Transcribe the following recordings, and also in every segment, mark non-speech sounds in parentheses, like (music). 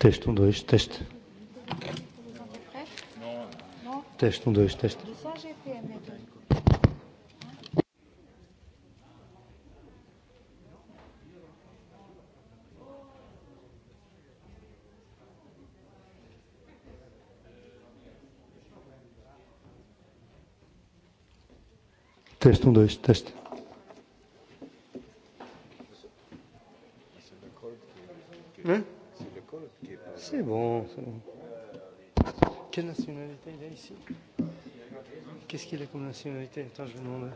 Test, um, dois, teste. Teste, um, dois, teste. Teste, um, dois, teste. Qu'est-ce qu'il a comme nationalité Attends, je vais demander. Ono,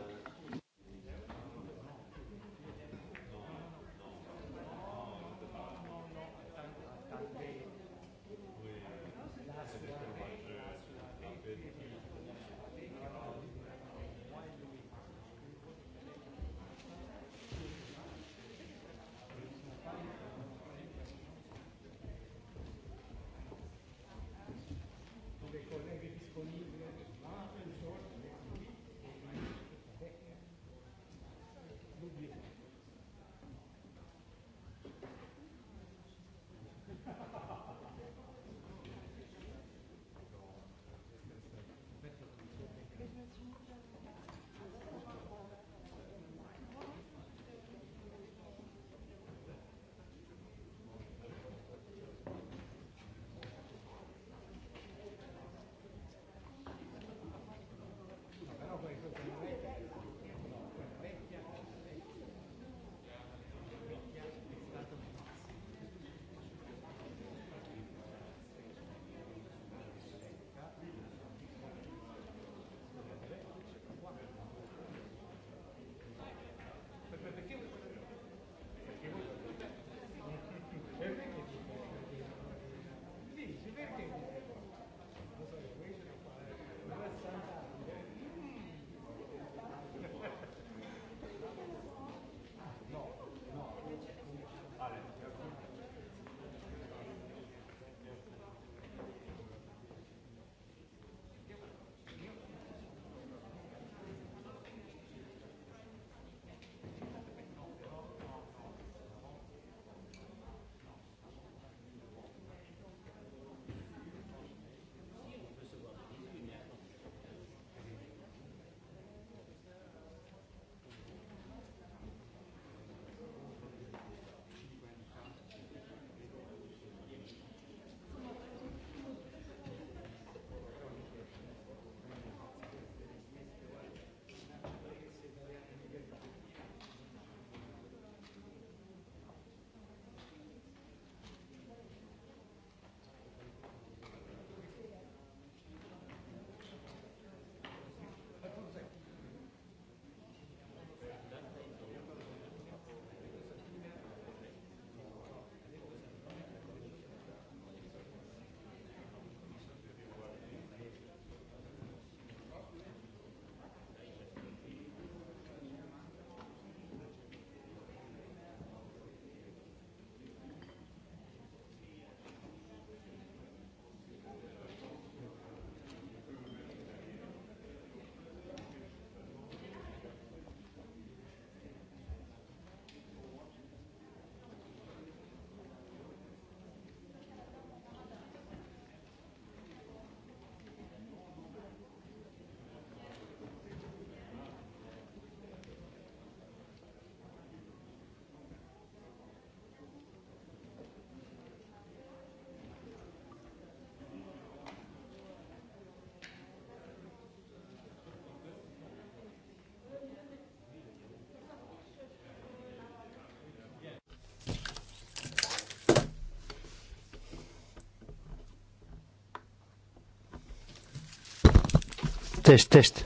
Test, test.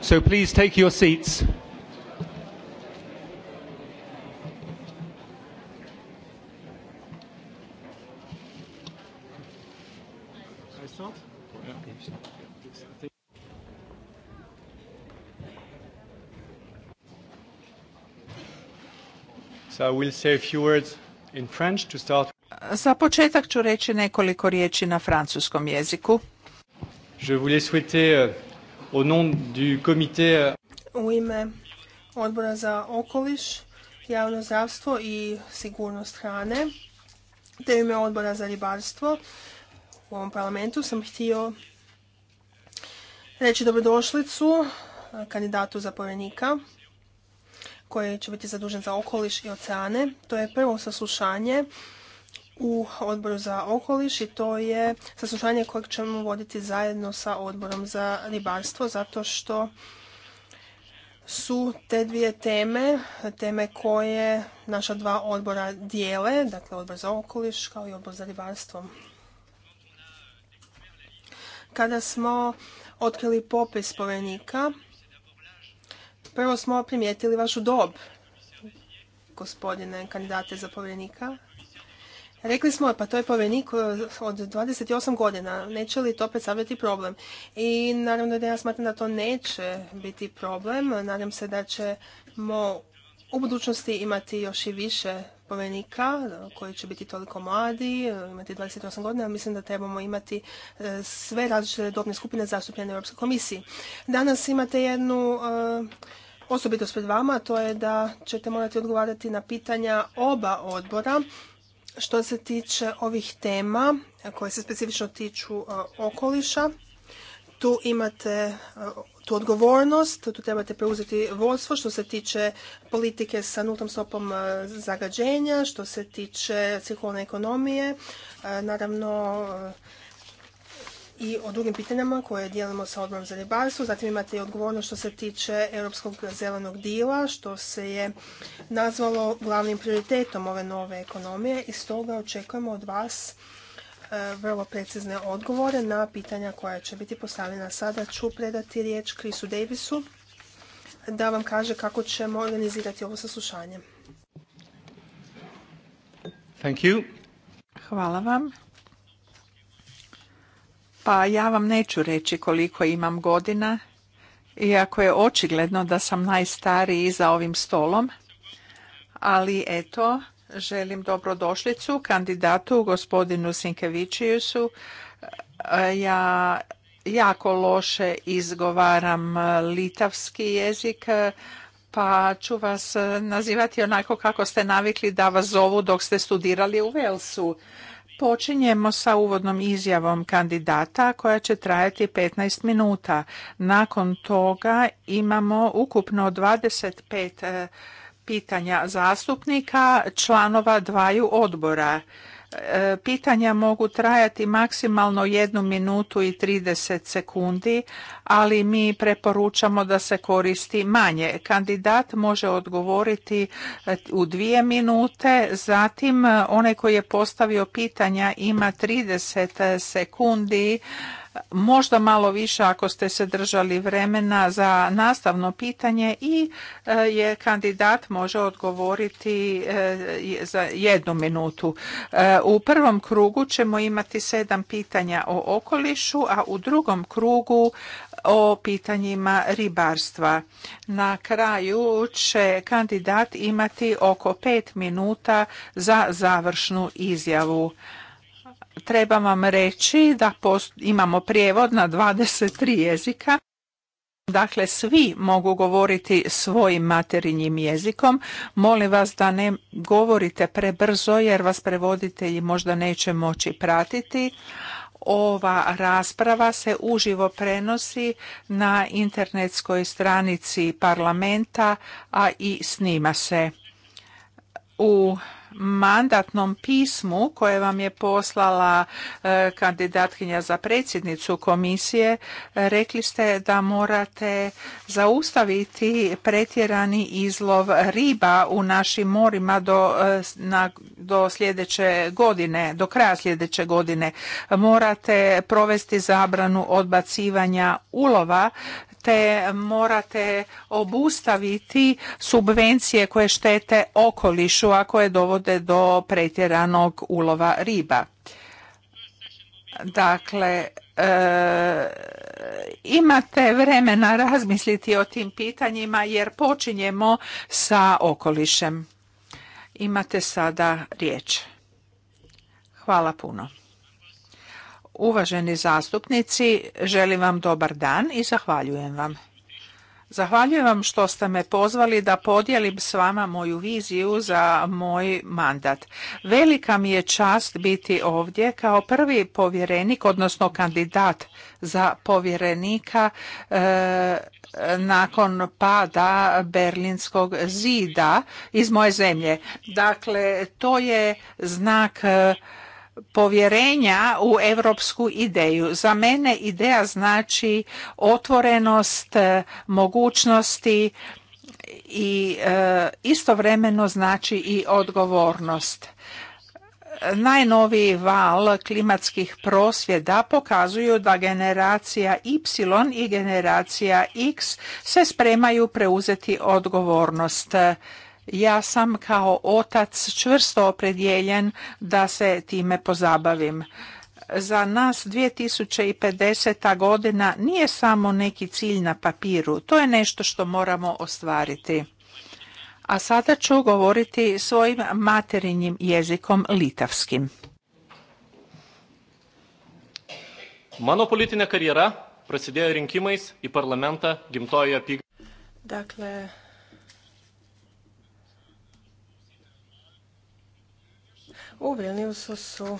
So please take your seats. So I will say a few words in French to start. Za početak ću reći nekoliko riječi na francuskom jeziku. Je voulais souhaiter euh, au nom du euh, u ime Odbora za okoliš, javno zdravstvo i sigurnost hrane, te u ime Odbora za ribarstvo u ovom parlamentu sam htio reći dobrodošlicu eh, kandidatu za povjenika koji će biti zadužen za okoliš i oceane. To je prvo saslušanje u odboru za okoliš i to je saslušanje kojeg ćemo voditi zajedno sa odborom za ribarstvo zato što su te dvije teme, teme koje naša dva odbora dijele, dakle odbor za okoliš kao i odbor za ribarstvo. Kada smo otkrili popis povenika, prvo smo primijetili vašu dob, gospodine kandidate za povjerenika. Rekli smo, pa to je povjerenik e, od 28 godina, neće li to predstavljati problem? I naravno da ja smatram da to neće biti problem, nadam se da ćemo u budućnosti imati još i više povjerenika e, koji će biti toliko mladi, e, imati 28 godina, mislim da trebamo imati sve različite dobne skupine zastupljene u Europskoj komisiji. Danas imate jednu osobitost pred vama, to je da ćete morati odgovarati na pitanja oba odbora što se tiče ovih tema koje se specifično tiču e, okoliša, tu imate e, tu odgovornost, tu trebate preuzeti vodstvo što se tiče politike sa nultom stopom e, zagađenja, što se tiče cirkulne ekonomije, naravno i o drugim pitanjama koje dijelimo sa odborom za ribarstvo. Zatim imate i odgovornost što se tiče Europskog zelenog dila, što se je nazvalo glavnim prioritetom ove nove ekonomije i stoga očekujemo od vas e, vrlo precizne odgovore na pitanja koja će biti postavljena. Sada ću predati riječ Krisu Davisu da vam kaže kako ćemo organizirati ovo saslušanje. Hvala vam. Pa ja vam neću reći koliko imam godina, iako je očigledno da sam najstariji za ovim stolom, ali eto, želim dobrodošlicu kandidatu gospodinu Sinkevičijusu. Ja jako loše izgovaram litavski jezik, pa ću vas nazivati onako kako ste navikli da vas zovu dok ste studirali u Velsu. Počinjemo sa uvodnom izjavom kandidata koja će trajati 15 minuta. Nakon toga imamo ukupno 25 eh, pitanja zastupnika, članova dvaju odbora. E, pitanja mogu trajati maksimalno jednu minutu i 30 sekundi, ali mi preporučamo da se koristi manje. Kandidat može odgovoriti e, u dvije minute, zatim e, onaj koji je postavio pitanja ima 30 sekundi možda malo više ako ste se držali vremena za nastavno pitanje i e, je kandidat može odgovoriti e, za jednu minutu. E, u prvom krugu ćemo imati sedam pitanja o okolišu, a u drugom krugu o pitanjima ribarstva. Na kraju će kandidat imati oko pet minuta za završnu izjavu. Trebam vam reći da imamo prijevod na 23 jezika. Dakle, svi mogu govoriti svojim materinjim jezikom. Molim vas da ne govorite prebrzo jer vas prevoditelji možda neće moći pratiti. Ova rasprava se uživo prenosi na internetskoj stranici parlamenta, a i snima se. U mandatnom pismu koje vam je poslala e, kandidatkinja za predsjednicu komisije e, rekli ste da morate zaustaviti pretjerani izlov riba u našim morima do, e, na, do sljedeće godine, do kraja sljedeće godine. Morate provesti zabranu odbacivanja ulova te morate obustaviti subvencije koje štete okolišu, a koje dovode do pretjeranog ulova riba. Dakle, e, imate vremena razmisliti o tim pitanjima jer počinjemo sa okolišem. Imate sada riječ. Hvala puno. Uvaženi zastupnici, želim vam dobar dan i zahvaljujem vam. Zahvaljujem vam što ste me pozvali da podijelim s vama moju viziju za moj mandat. Velika mi je čast biti ovdje kao prvi povjerenik, odnosno kandidat za povjerenika e, nakon pada Berlinskog zida iz moje zemlje. Dakle, to je znak e, povjerenja u europsku ideju. Za mene ideja znači otvorenost, e, mogućnosti i e, istovremeno znači i odgovornost. Najnoviji val klimatskih prosvjeda pokazuju da generacija Y i generacija X se spremaju preuzeti odgovornost. Ja sam kao otac čvrsto opredjeljen da se time pozabavim. Za nas 2050. godina nije samo neki cilj na papiru, to je nešto što moramo ostvariti. A sada ću govoriti svojim materinjim jezikom litavskim. Mano karjera prasidėjo rinkimais į parlamentą gimtojoje Dakle, U Vilniusu su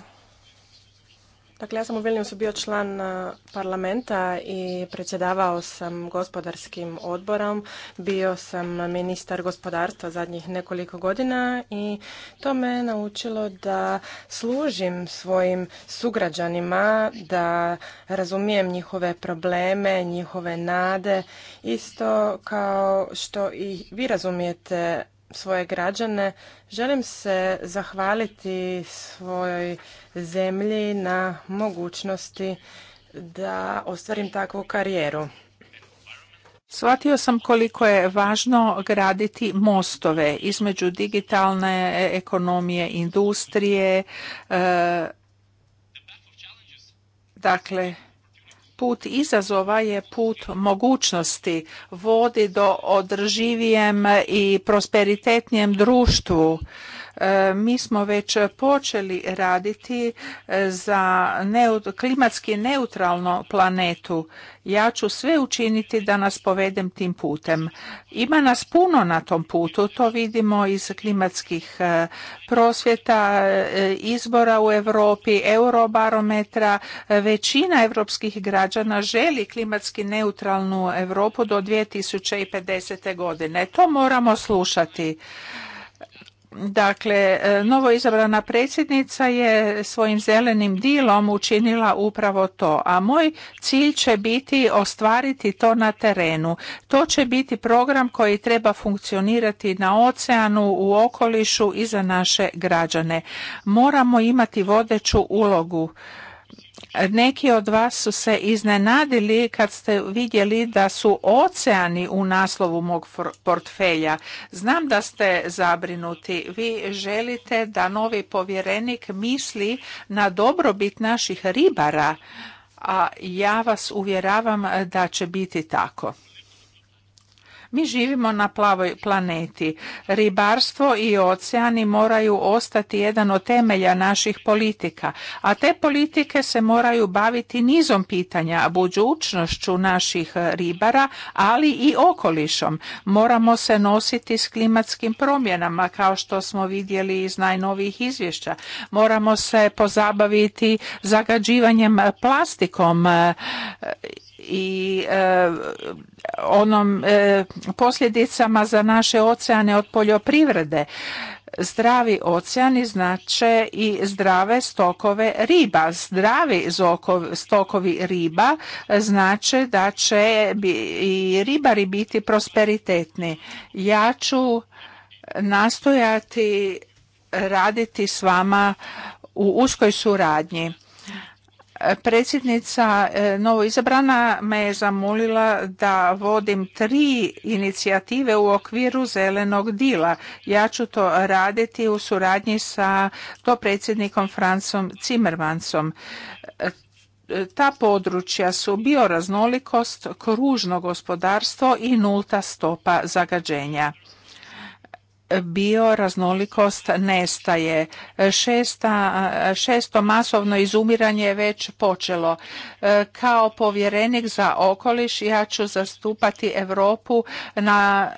Dakle, ja sam u Vilniusu bio član parlamenta i predsjedavao sam gospodarskim odborom. Bio sam ministar gospodarstva zadnjih nekoliko godina i to me naučilo da služim svojim sugrađanima, da razumijem njihove probleme, njihove nade, isto kao što i vi razumijete svoje građane. Želim se zahvaliti svojoj zemlji na mogućnosti da ostvarim takvu karijeru. Shvatio sam koliko je važno graditi mostove između digitalne ekonomije, industrije. E, dakle, put izazova je put mogućnosti, vodi do održivijem i prosperitetnijem društvu E, mi smo već počeli raditi e, za klimatski neutralno planetu. Ja ću sve učiniti da nas povedem tim putem. Ima nas puno na tom putu, to vidimo iz klimatskih e, prosvjeta, izbora u Europi, eurobarometra. Većina europskih građana želi klimatski neutralnu Europu do 2050. godine. To moramo slušati. Dakle, e, novo izabrana predsjednica je svojim zelenim dilom učinila upravo to, a moj cilj će biti ostvariti to na terenu. To će biti program koji treba funkcionirati na oceanu, u okolišu i za naše građane. Moramo imati vodeću ulogu neki od vas su se iznenadili kad ste vidjeli da su oceani u naslovu mog portfelja. Znam da ste zabrinuti. Vi želite da novi povjerenik misli na dobrobit naših ribara, a ja vas uvjeravam da će biti tako. Mi živimo na plavoj planeti. Ribarstvo i oceani moraju ostati jedan od temelja naših politika, a te politike se moraju baviti nizom pitanja, budućnošću naših ribara, ali i okolišom. Moramo se nositi s klimatskim promjenama, kao što smo vidjeli iz najnovijih izvješća. Moramo se pozabaviti zagađivanjem plastikom i e, onom e, posljedicama za naše oceane od poljoprivrede. Zdravi oceani znače i zdrave stokove riba. Zdravi stokovi riba znače da će i ribari biti prosperitetni. Ja ću nastojati raditi s vama u uskoj suradnji. Predsjednica e, novo izabrana me je zamolila da vodim tri inicijative u okviru zelenog dila. Ja ću to raditi u suradnji sa predsjednikom Francom Cimermansom. E, ta područja su bioraznolikost, kružno gospodarstvo i nulta stopa zagađenja bioraznolikost nestaje. Šesta, šesto masovno izumiranje je već počelo. Kao povjerenik za okoliš ja ću zastupati Europu na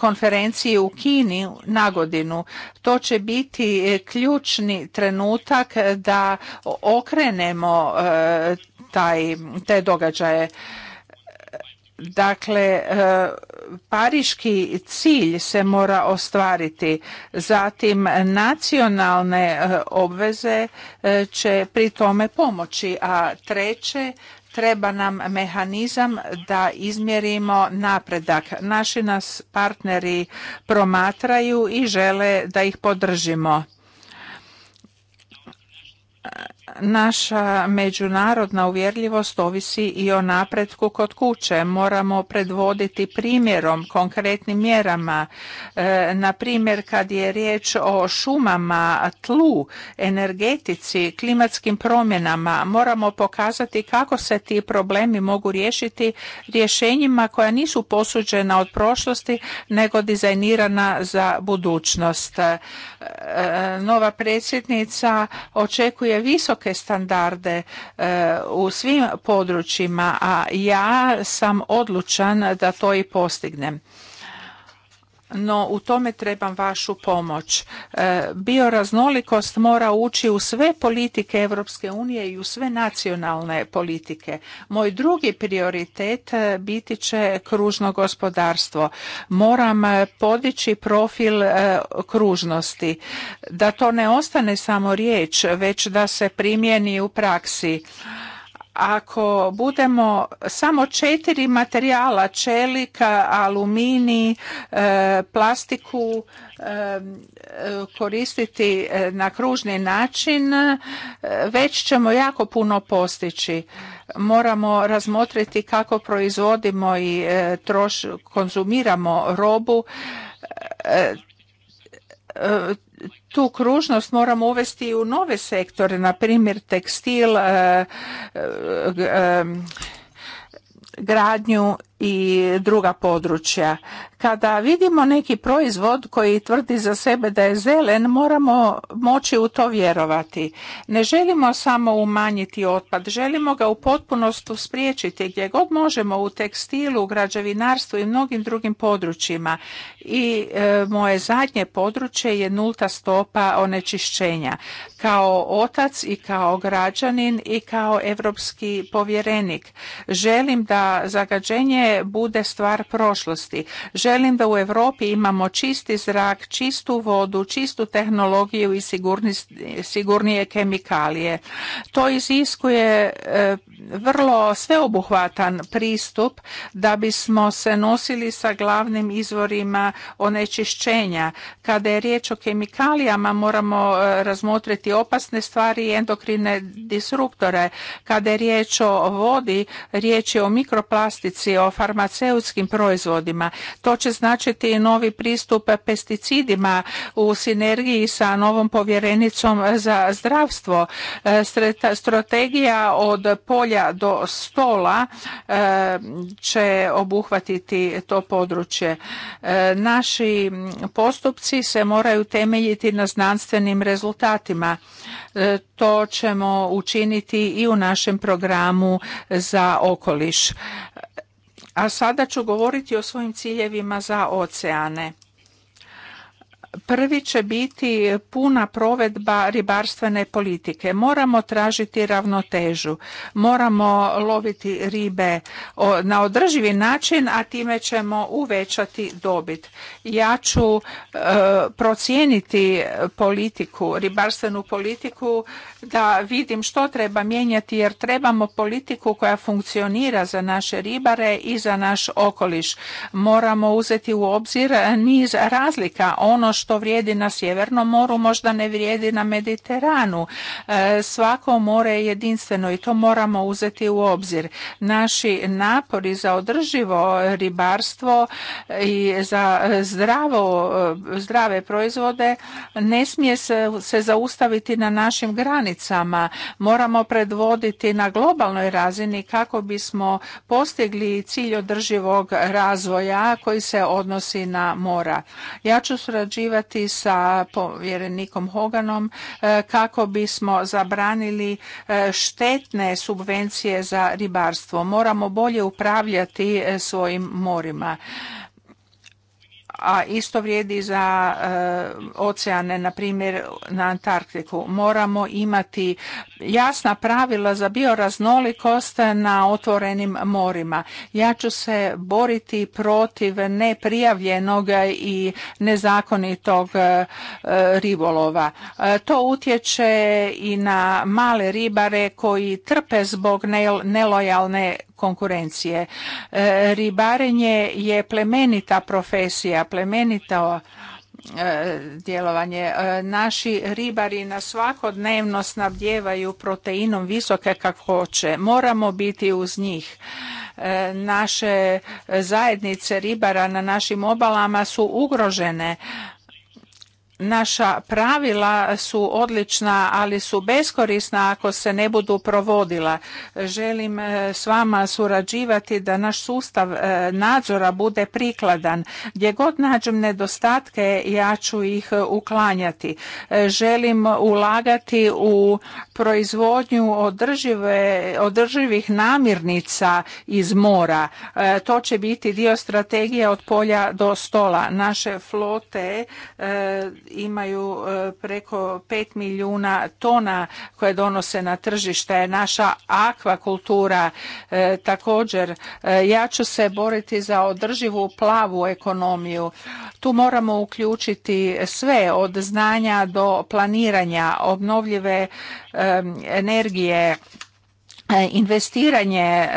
konferenciji u Kini na godinu. To će biti ključni trenutak da okrenemo e, taj, te događaje. Dakle, e, pariški cilj se mora ostvariti, zatim nacionalne e, obveze e, će pri tome pomoći, a treće, treba nam mehanizam da izmjerimo napredak. Naši nas partneri promatraju i žele da ih podržimo naša međunarodna uvjerljivost ovisi i o napretku kod kuće. Moramo predvoditi primjerom, konkretnim mjerama. E, na primjer, kad je riječ o šumama, tlu, energetici, klimatskim promjenama, moramo pokazati kako se ti problemi mogu riješiti rješenjima koja nisu posuđena od prošlosti, nego dizajnirana za budućnost. E, e, nova predsjednica očekuje visok visoke standarde e, u svim područjima, a ja sam odlučan da to i postignem no u tome trebam vašu pomoć. E, bioraznolikost mora ući u sve politike Europske unije i u sve nacionalne politike. Moj drugi prioritet e, biti će kružno gospodarstvo. Moram e, podići profil kružnosti. Da to ne ostane samo riječ, već da se primjeni u praksi. Ako budemo samo četiri materijala, čelika, aluminij, e, plastiku e, koristiti e, na kružni način, već ćemo jako puno postići. Moramo razmotriti kako proizvodimo i troš, konzumiramo robu tu kružnost moramo uvesti u nove sektore, na primjer tekstil, e, e, e, gradnju i druga područja. Kada vidimo neki proizvod koji tvrdi za sebe da je zelen, moramo moći u to vjerovati. Ne želimo samo umanjiti otpad, želimo ga u potpunosti spriječiti gdje god možemo u tekstilu, u građevinarstvu i mnogim drugim područjima. I e, moje zadnje područje je nulta stopa onečišćenja. Kao otac i kao građanin i kao europski povjerenik želim da zagađenje bude stvar prošlosti. Želim Želim da u Europi imamo čisti zrak, čistu vodu, čistu tehnologiju i sigurnije kemikalije. To iziskuje e, vrlo sveobuhvatan pristup da bismo se nosili sa glavnim izvorima onečišćenja. Kada je riječ o kemikalijama moramo e, razmotriti opasne stvari i endokrine disruptore. Kada je riječ o vodi, riječ je o mikroplastici, o farmaceutskim proizvodima. To će značiti novi pristup pesticidima u sinergiji sa novom povjerenicom za zdravstvo. E, strategija od polja do stola e, će obuhvatiti to područje. E, naši postupci se moraju temeljiti na znanstvenim rezultatima. To ćemo učiniti i u našem programu za okoliš. A sada ću govoriti o svojim ciljevima za oceane. Prvi će biti puna provedba ribarstvene politike. Moramo tražiti ravnotežu, moramo loviti ribe na održivi način, a time ćemo uvećati dobit. Ja ću e, procijeniti politiku, ribarstvenu politiku da vidim što treba mijenjati jer trebamo politiku koja funkcionira za naše ribare i za naš okoliš. Moramo uzeti u obzir niz razlika ono što vrijedi na Sjevernom moru možda ne vrijedi na Mediteranu. E, svako more je jedinstveno i to moramo uzeti u obzir. Naši napori za održivo ribarstvo i za zdravo, e, zdrave proizvode ne smije se, zaustaviti na našim granicama. Moramo predvoditi na globalnoj razini kako bismo postigli cilj održivog razvoja koji se odnosi na mora. Ja ću surađivati sa povjerenikom Hoganom e, kako bismo zabranili e, štetne subvencije za ribarstvo. Moramo bolje upravljati e, svojim morima a isto vrijedi za e, oceane, na primjer na Antarktiku. Moramo imati jasna pravila za bioraznolikost na otvorenim morima. Ja ću se boriti protiv neprijavljenog i nezakonitog e, ribolova. E, to utječe i na male ribare koji trpe zbog nelojalne konkurencije. E, ribarenje je plemenita profesija, plemenita e, djelovanje. E, naši ribari na svakodnevno snabdjevaju proteinom visoke kakvoće. Moramo biti uz njih. Naše zajednice ribara na našim obalama su ugrožene naša pravila su odlična, ali su beskorisna ako se ne budu provodila. Želim e, s vama surađivati da naš sustav e, nadzora bude prikladan. Gdje god nađem nedostatke, ja ću ih e, uklanjati. Želim ulagati u proizvodnju održive, održivih namirnica iz mora. To će biti dio strategije od polja do stola. Naše flote imaju e, preko 5 milijuna tona koje donose na tržište. Naša akvakultura e, također. E, ja ću se boriti za održivu plavu ekonomiju. Tu moramo uključiti sve od znanja do planiranja, obnovljive energije, investiranje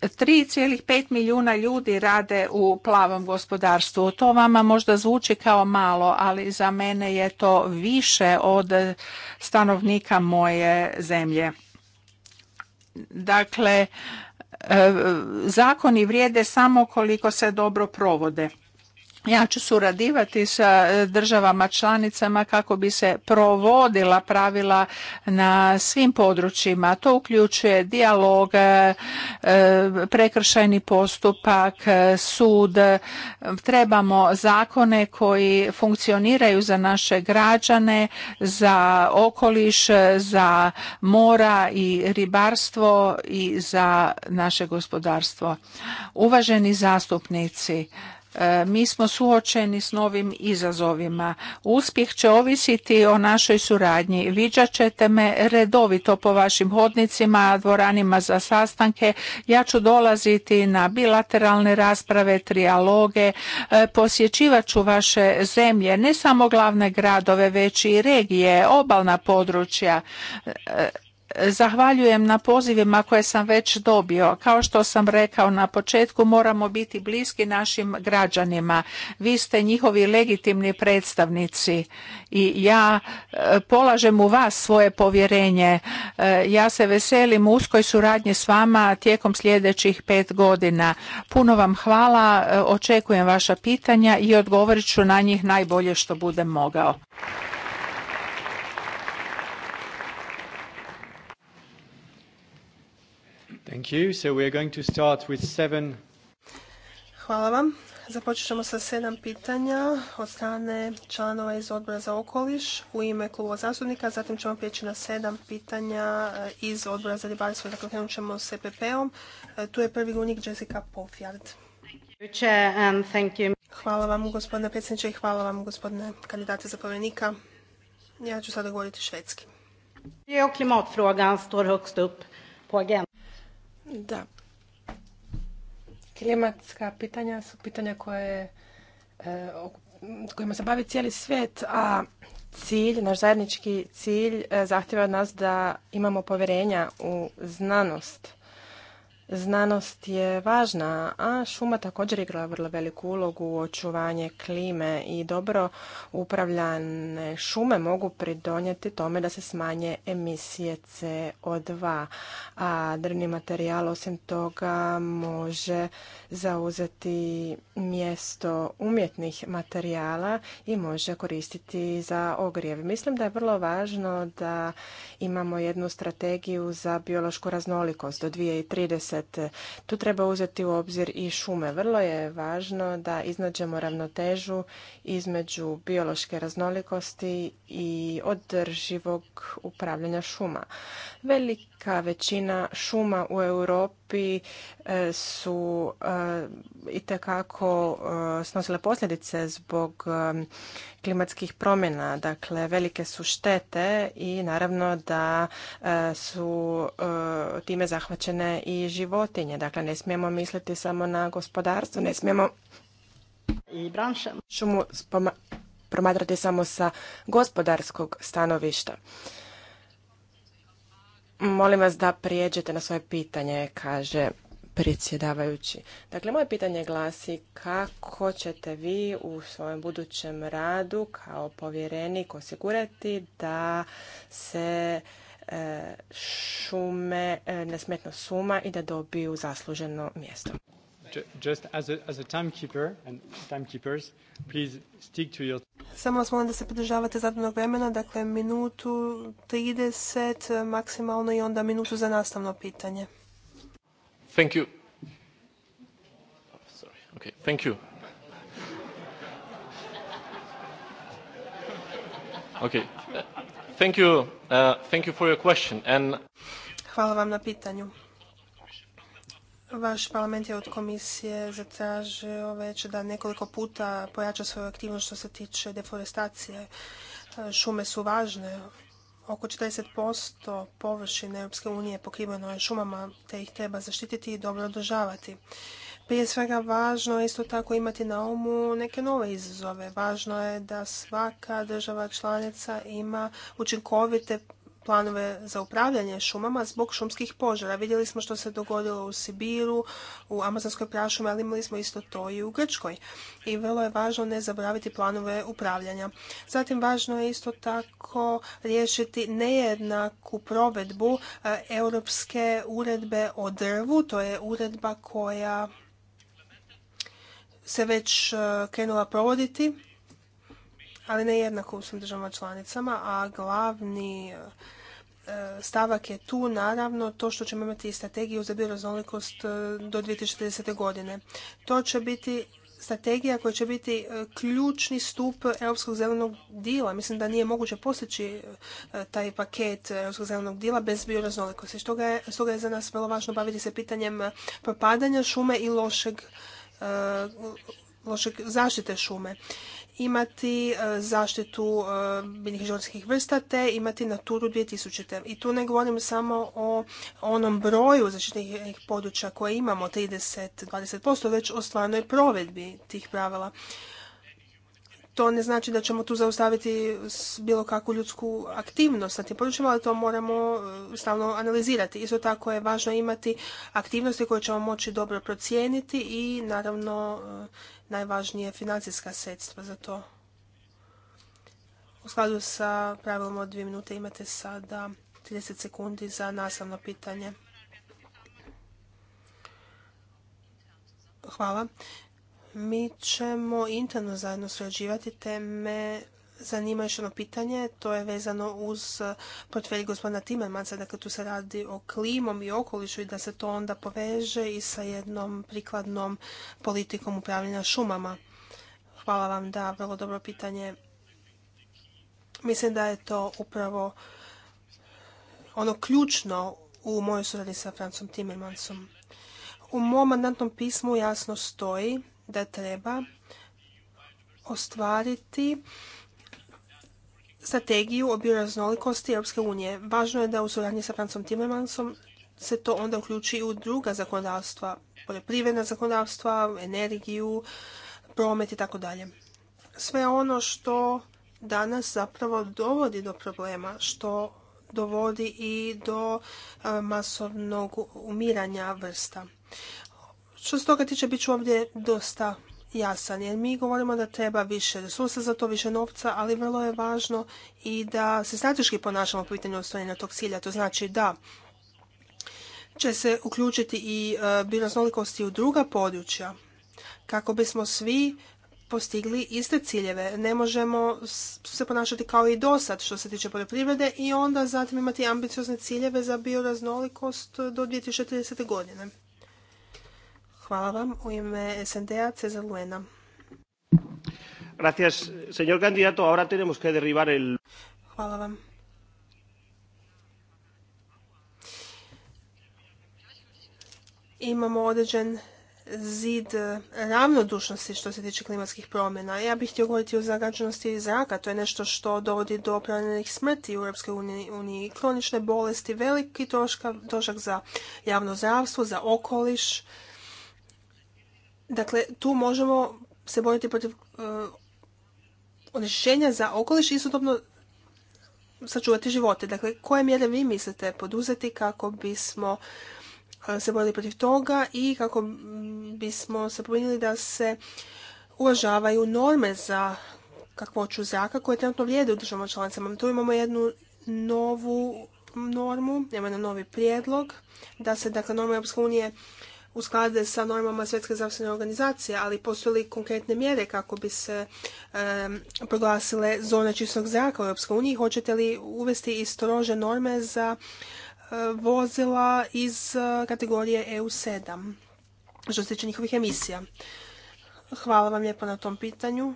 3,5 milijuna ljudi rade u plavom gospodarstvu. To vama možda zvuči kao malo, ali za mene je to više od stanovnika moje zemlje. Dakle, e, zakoni vrijede samo koliko se dobro provode ja ću surađivati sa e, državama članicama kako bi se provodila pravila na svim područjima. To uključuje dijalog, e, e, prekršajni postupak, sud. Trebamo zakone koji funkcioniraju za naše građane, za okoliš, za mora i ribarstvo i za naše gospodarstvo. Uvaženi zastupnici, E, mi smo suočeni s novim izazovima. Uspjeh će ovisiti o našoj suradnji. Viđat ćete me redovito po vašim hodnicima, dvoranima za sastanke. Ja ću dolaziti na bilateralne rasprave, trialoge, e, posjećivat ću vaše zemlje, ne samo glavne gradove, već i regije, obalna područja. E, Zahvaljujem na pozivima koje sam već dobio. Kao što sam rekao na početku, moramo biti bliski našim građanima. Vi ste njihovi legitimni predstavnici i ja e, polažem u vas svoje povjerenje. E, ja se veselim uskoj suradnji s vama tijekom sljedećih pet godina. Puno vam hvala, e, očekujem vaša pitanja i odgovorit ću na njih najbolje što budem mogao. Hvala vam. Započet ćemo sa sedam pitanja od strane članova iz Odbora za okoliš u ime kluba zastupnika. Zatim ćemo prijeći na sedam pitanja eh, iz Odbora za ribarstvo. Dakle, krenut ćemo s EPP-om. Eh, tu je prvi govornik Jessica Pofjard. Hvala vam, gospodine predsjedniče, i hvala vam, gospodine kandidate za Ja ću sada govoriti švedski. Klimatfrågan står högst upp på da. Klimatska pitanja su pitanja koje e, kojima se bavi cijeli svijet, a cilj, naš zajednički cilj eh, zahtjeva od nas da imamo povjerenja u znanost. Znanost je važna, a šuma također igra vrlo veliku ulogu u očuvanje klime i dobro upravljane šume mogu pridonijeti tome da se smanje emisije CO2, a drvni materijal osim toga može zauzeti mjesto umjetnih materijala i može koristiti za ogrijev. Mislim da je vrlo važno da imamo jednu strategiju za biološku raznolikost do 2030 tu treba uzeti u obzir i šume. Vrlo je važno da iznađemo ravnotežu između biološke raznolikosti i održivog upravljanja šuma. Velika većina šuma u Europi Evropi e, su e, itekako e, snosile posljedice zbog klimatskih promjena. Dakle, velike su štete i naravno da su time zahvaćene i životinje. Dakle, ne smijemo misliti samo na gospodarstvo, ne smijemo i branša šumu promatrati samo sa gospodarskog stanovišta. Molim vas da prijeđete na svoje pitanje, kaže predsjedavajući. Dakle, moje pitanje glasi kako ćete vi u svojem budućem radu kao povjerenik osigurati da se e, šume e, nesmetno suma i da dobiju zasluženo mjesto. Just as a, as a timekeeper and timekeepers, please stick to your... Samo vas molim da se podržavate zadanog vremena, dakle minutu 30 eh, maksimalno i onda minutu za nastavno pitanje. Thank you. Sorry. Okay, thank you. Okay. Thank you. Uh, thank you for your question and Hvala vam na pitanju. Vaš parlament je od komisije zatražio već da nekoliko puta pojača svoju aktivnost što se tiče deforestacije. E, šume su važne. Oko 40% površine Europske unije pokriveno je šumama, te ih treba zaštititi i dobro održavati. Prije svega važno je isto tako imati na umu neke nove izazove. Važno je da svaka država članica ima učinkovite planove za upravljanje šumama zbog šumskih požara. Vidjeli smo što se dogodilo u Sibiru, u Amazonskoj prašumi, ali imali smo isto to i u Grčkoj. I vrlo je važno ne zaboraviti planove upravljanja. Zatim važno je isto tako riješiti nejednaku provedbu eh, europske uredbe o drvu. To je uredba koja se već eh, krenula provoditi ali ne jednako u svim državama članicama, a glavni e, stavak je tu naravno to što ćemo imati i strategiju za bioraznolikost e, do 2030. godine. To će biti strategija koja će biti e, ključni stup Europskog zelenog dila. Mislim da nije moguće postići taj paket Europskog zelenog dila bez bioraznolikosti. Stoga je, je za nas vrlo važno baviti se pitanjem propadanja šume i lošeg, lošeg zaštite šume imati e, zaštitu e, biljnih životinskih vrsta te imati Naturu 2000. I tu ne govorim samo o onom broju zaštitnih područja koje imamo, 30-20%, već o stvarnoj provedbi tih pravila to ne znači da ćemo tu zaustaviti bilo kakvu ljudsku aktivnost na tim područjima, ali to moramo e, stalno analizirati. Isto tako je važno imati aktivnosti koje ćemo moći dobro procijeniti i naravno e, najvažnije financijska sredstva za to. U skladu sa pravilom od dvije minute imate sada 30 sekundi za nastavno pitanje. Hvala. Mi ćemo interno zajedno surađivati, teme, zanima još jedno pitanje, to je vezano uz portfelj gospodina Timmermansa, dakle tu se radi o klimom i okolišu i da se to onda poveže i sa jednom prikladnom politikom upravljanja šumama. Hvala vam, da, vrlo dobro pitanje. Mislim da je to upravo ono ključno u mojoj suradnji sa Francom Timmermansom. U mom mandatnom pismu jasno stoji da treba ostvariti strategiju o bioraznolikosti Europske unije. Važno je da u suradnji sa Francom Timmermansom se to onda uključi u druga zakonodavstva, poljoprivredna zakonodavstva, energiju, promet i tako dalje. Sve ono što danas zapravo dovodi do problema, što dovodi i do masovnog umiranja vrsta. Što se toga tiče, bit ću ovdje dosta jasan, jer mi govorimo da treba više resursa za to, više novca, ali vrlo je važno i da se strateški ponašamo po pitanju ostvarenja tog cilja. To znači da će se uključiti i e, bioraznolikosti u druga područja, kako bismo svi postigli iste ciljeve. Ne možemo se ponašati kao i dosad što se tiče poljoprivrede i onda zatim imati ambiciozne ciljeve za bioraznolikost do 2030. godine. Hvala vam. U ime SND-a Cezar Luena. Gracias, señor candidato. Ahora tenemos que derribar el... Hvala vam. Imamo određen zid ravnodušnosti što se tiče klimatskih promjena. Ja bih htio govoriti o zagađenosti zraka. To je nešto što dovodi do opravljenih smrti u Europskoj uniji. Kronične bolesti, veliki trošak za javno zdravstvo, za okoliš Dakle, tu možemo se boriti protiv eh, onečišćenja za okoliš i istodobno sačuvati živote. Dakle, koje mjere vi mislite poduzeti kako bismo eh, se borili protiv toga i kako bismo se pobrinili da se uvažavaju norme za kakvoću zraka koje trenutno vrijede u državama članicama. Tu imamo jednu novu normu, imamo jedan novi prijedlog da se dakle norme Europske unije usklade sa normama Svjetske zdravstvene organizacije, ali postoje li konkretne mjere kako bi se proglasile zone čistog zraka u EU? Hoćete li uvesti i strože norme za e, vozila iz e, kategorije EU7 što se tiče njihovih emisija? Hvala vam lijepo na tom pitanju.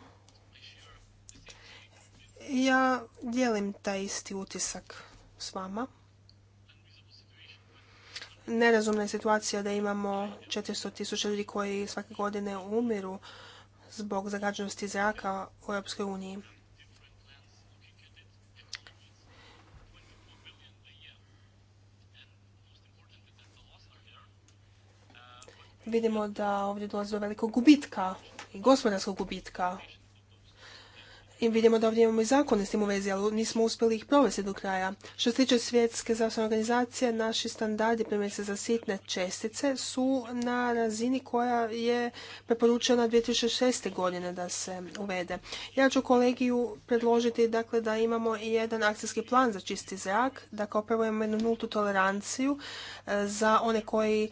Ja dijelim taj isti utisak s vama. Nerazumna je situacija da imamo 400.000 ljudi koji svake godine umiru zbog zagađenosti zraka u Europskoj uniji. Vidimo da ovdje dolazi do velikog gubitka i gospodarskog gubitka i vidimo da ovdje imamo i zakone s tim u vezi, ali nismo uspjeli ih provesti do kraja. Što se tiče svjetske zdravstvene organizacije, naši standardi, primjerice za sitne čestice, su na razini koja je preporučena 2006. godine da se uvede. Ja ću kolegiju predložiti dakle, da imamo i jedan akcijski plan za čisti zrak, da kao imamo jednu nultu toleranciju e, za one koji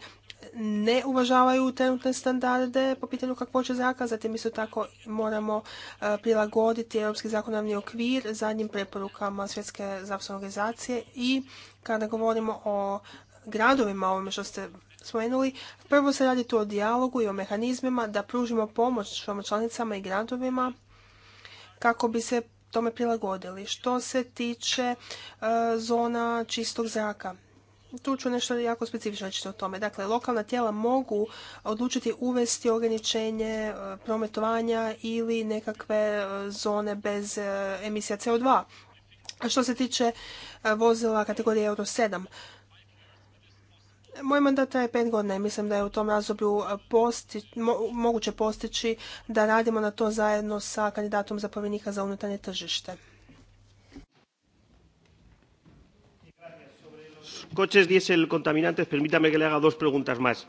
ne uvažavaju trenutne standarde po pitanju kakvoće zraka, zatim isto tako moramo e, prilagoditi Europski zakonodavni okvir zadnjim preporukama Svjetske zdravstvene organizacije i kada govorimo o gradovima, ovome što ste spomenuli, prvo se radi tu o dijalogu i o mehanizmima da pružimo pomoć članicama i gradovima kako bi se tome prilagodili. Što se tiče e, zona čistog zraka, tu ću nešto jako specifično reći o tome. Dakle, lokalna tijela mogu odlučiti uvesti ograničenje e, prometovanja ili nekakve e, zone bez e, emisija CO2. A što se tiče vozila kategorije Euro 7, moj mandat traje pet godina i mislim da je u tom razdoblju posti, moguće postići da radimo na to zajedno sa kandidatom za zapovjednika za unutarnje tržište. coches diésel contaminantes, permítame que le haga dos preguntas más.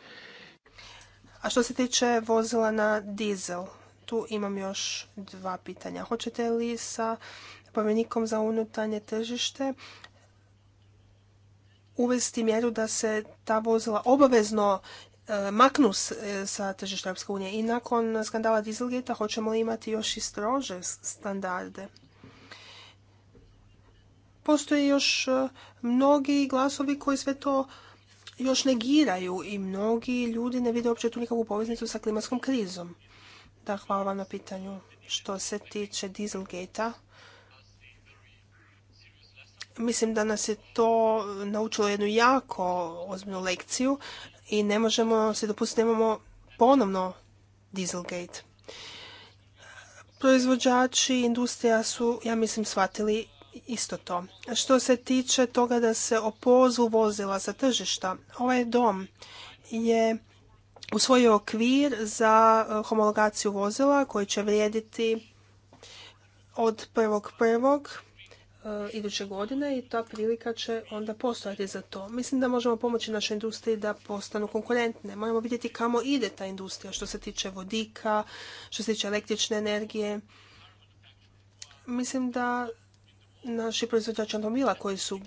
A što se tiče vozila na dizel, tu imam još dva pitanja. Hoćete li sa povjerenikom za unutarnje tržište uvesti mjeru da se ta vozila obavezno e, maknu e, sa tržišta Europske unije i nakon skandala Dieselgate hoćemo li imati još i strože standarde? postoje još e, mnogi glasovi koji sve to još negiraju i mnogi ljudi ne vide uopće tu nikakvu poveznicu sa klimatskom krizom. Da, hvala vam na pitanju. Što se tiče dieselgate mislim da nas je to naučilo jednu jako ozbiljnu lekciju i ne možemo se dopustiti da imamo ponovno Dieselgate. Proizvođači industrija su, ja mislim, shvatili isto to. Što se tiče toga da se opozu vozila sa tržišta, ovaj dom je usvojio okvir za e, homologaciju vozila koji će vrijediti od prvog e, iduće godine i ta prilika će onda postojati za to. Mislim da možemo pomoći našoj industriji da postanu konkurentne. Moramo vidjeti kamo ide ta industrija što se tiče vodika, što se tiče električne energije. Mislim da naši proizvođači automobila koji su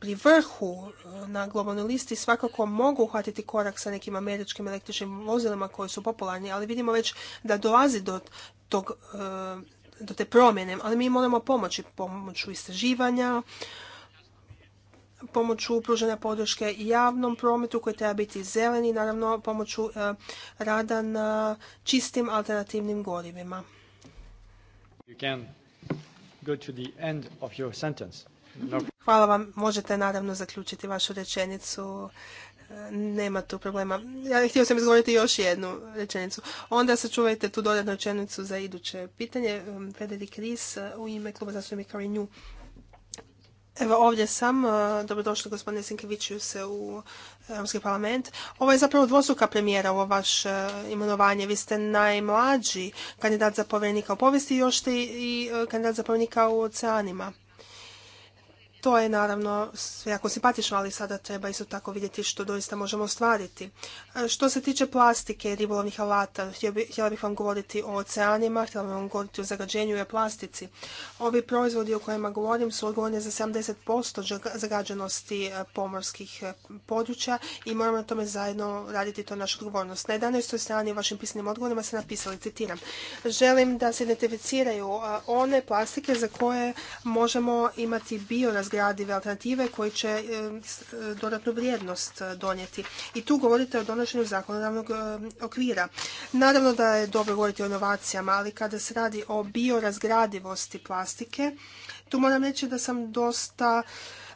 pri vrhu e, na globalnoj listi svakako mogu uhvatiti korak sa nekim američkim električnim vozilima koji su popularni, ali vidimo već da dolazi do tog e, do te promjene, ali mi moramo pomoći pomoću istraživanja, pomoću pružanja podrške javnom prometu koji treba biti zeleni, naravno pomoću e, rada na čistim alternativnim gorivima go Hvala vam. Možete naravno zaključiti vašu rečenicu. E, nema tu problema. Ja htio sam izgovoriti još jednu rečenicu. Onda sačuvajte tu dodatnu rečenicu za iduće pitanje. Frederik Ries e, u ime kluba zastupnika Renew. Evo ovdje sam, e, dobrodošli gospodine Sinkeviću se u Europski parlament. Ovo je zapravo dvostruka premijera, ovo vaše e, imenovanje. Vi ste najmlađi kandidat za povjerenika u povijesti i još ste i e, kandidat za povjerenika u oceanima. To je naravno jako simpatično, ali sada treba isto tako vidjeti što doista možemo ostvariti. E, što se tiče plastike i ribolovnih alata, htjela bih vam govoriti o oceanima, htjela bih vam govoriti o zagađenju i o plastici. Ovi proizvodi o kojima govorim su odgovorni za 70% zagađenosti e, pomorskih e, područja i moramo na tome zajedno raditi to našu odgovornost. Na 11. strani vašim pisanim odgovorima se napisali, citiram, želim da se identificiraju one plastike za koje možemo imati bio izgradive alternative koji će e, e, dodatnu vrijednost e, donijeti. I tu govorite o donošenju zakonodavnog okvira. Naravno da je dobro govoriti o inovacijama, ali kada se radi o biorazgradivosti plastike, tu moram reći da sam dosta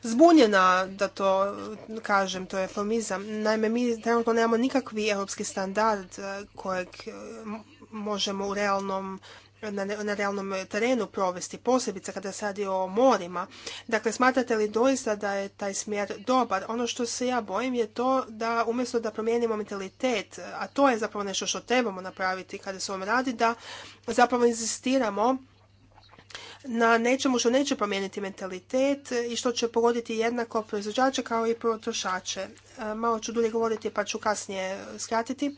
zbunjena da to kažem, to je formizam. Naime, mi trenutno nemamo nikakvi europski standard kojeg možemo u realnom na, realnom e, terenu provesti, posebice kada se radi o morima. Dakle, smatrate li doista da je taj smjer dobar? Ono što se ja bojim je to da umjesto da promijenimo mentalitet, a to je zapravo nešto što trebamo napraviti kada se ovom radi, da zapravo insistiramo na nečemu što neće promijeniti mentalitet i što će pogoditi jednako proizvođače kao i potrošače. E, malo ću dulje govoriti pa ću kasnije skratiti.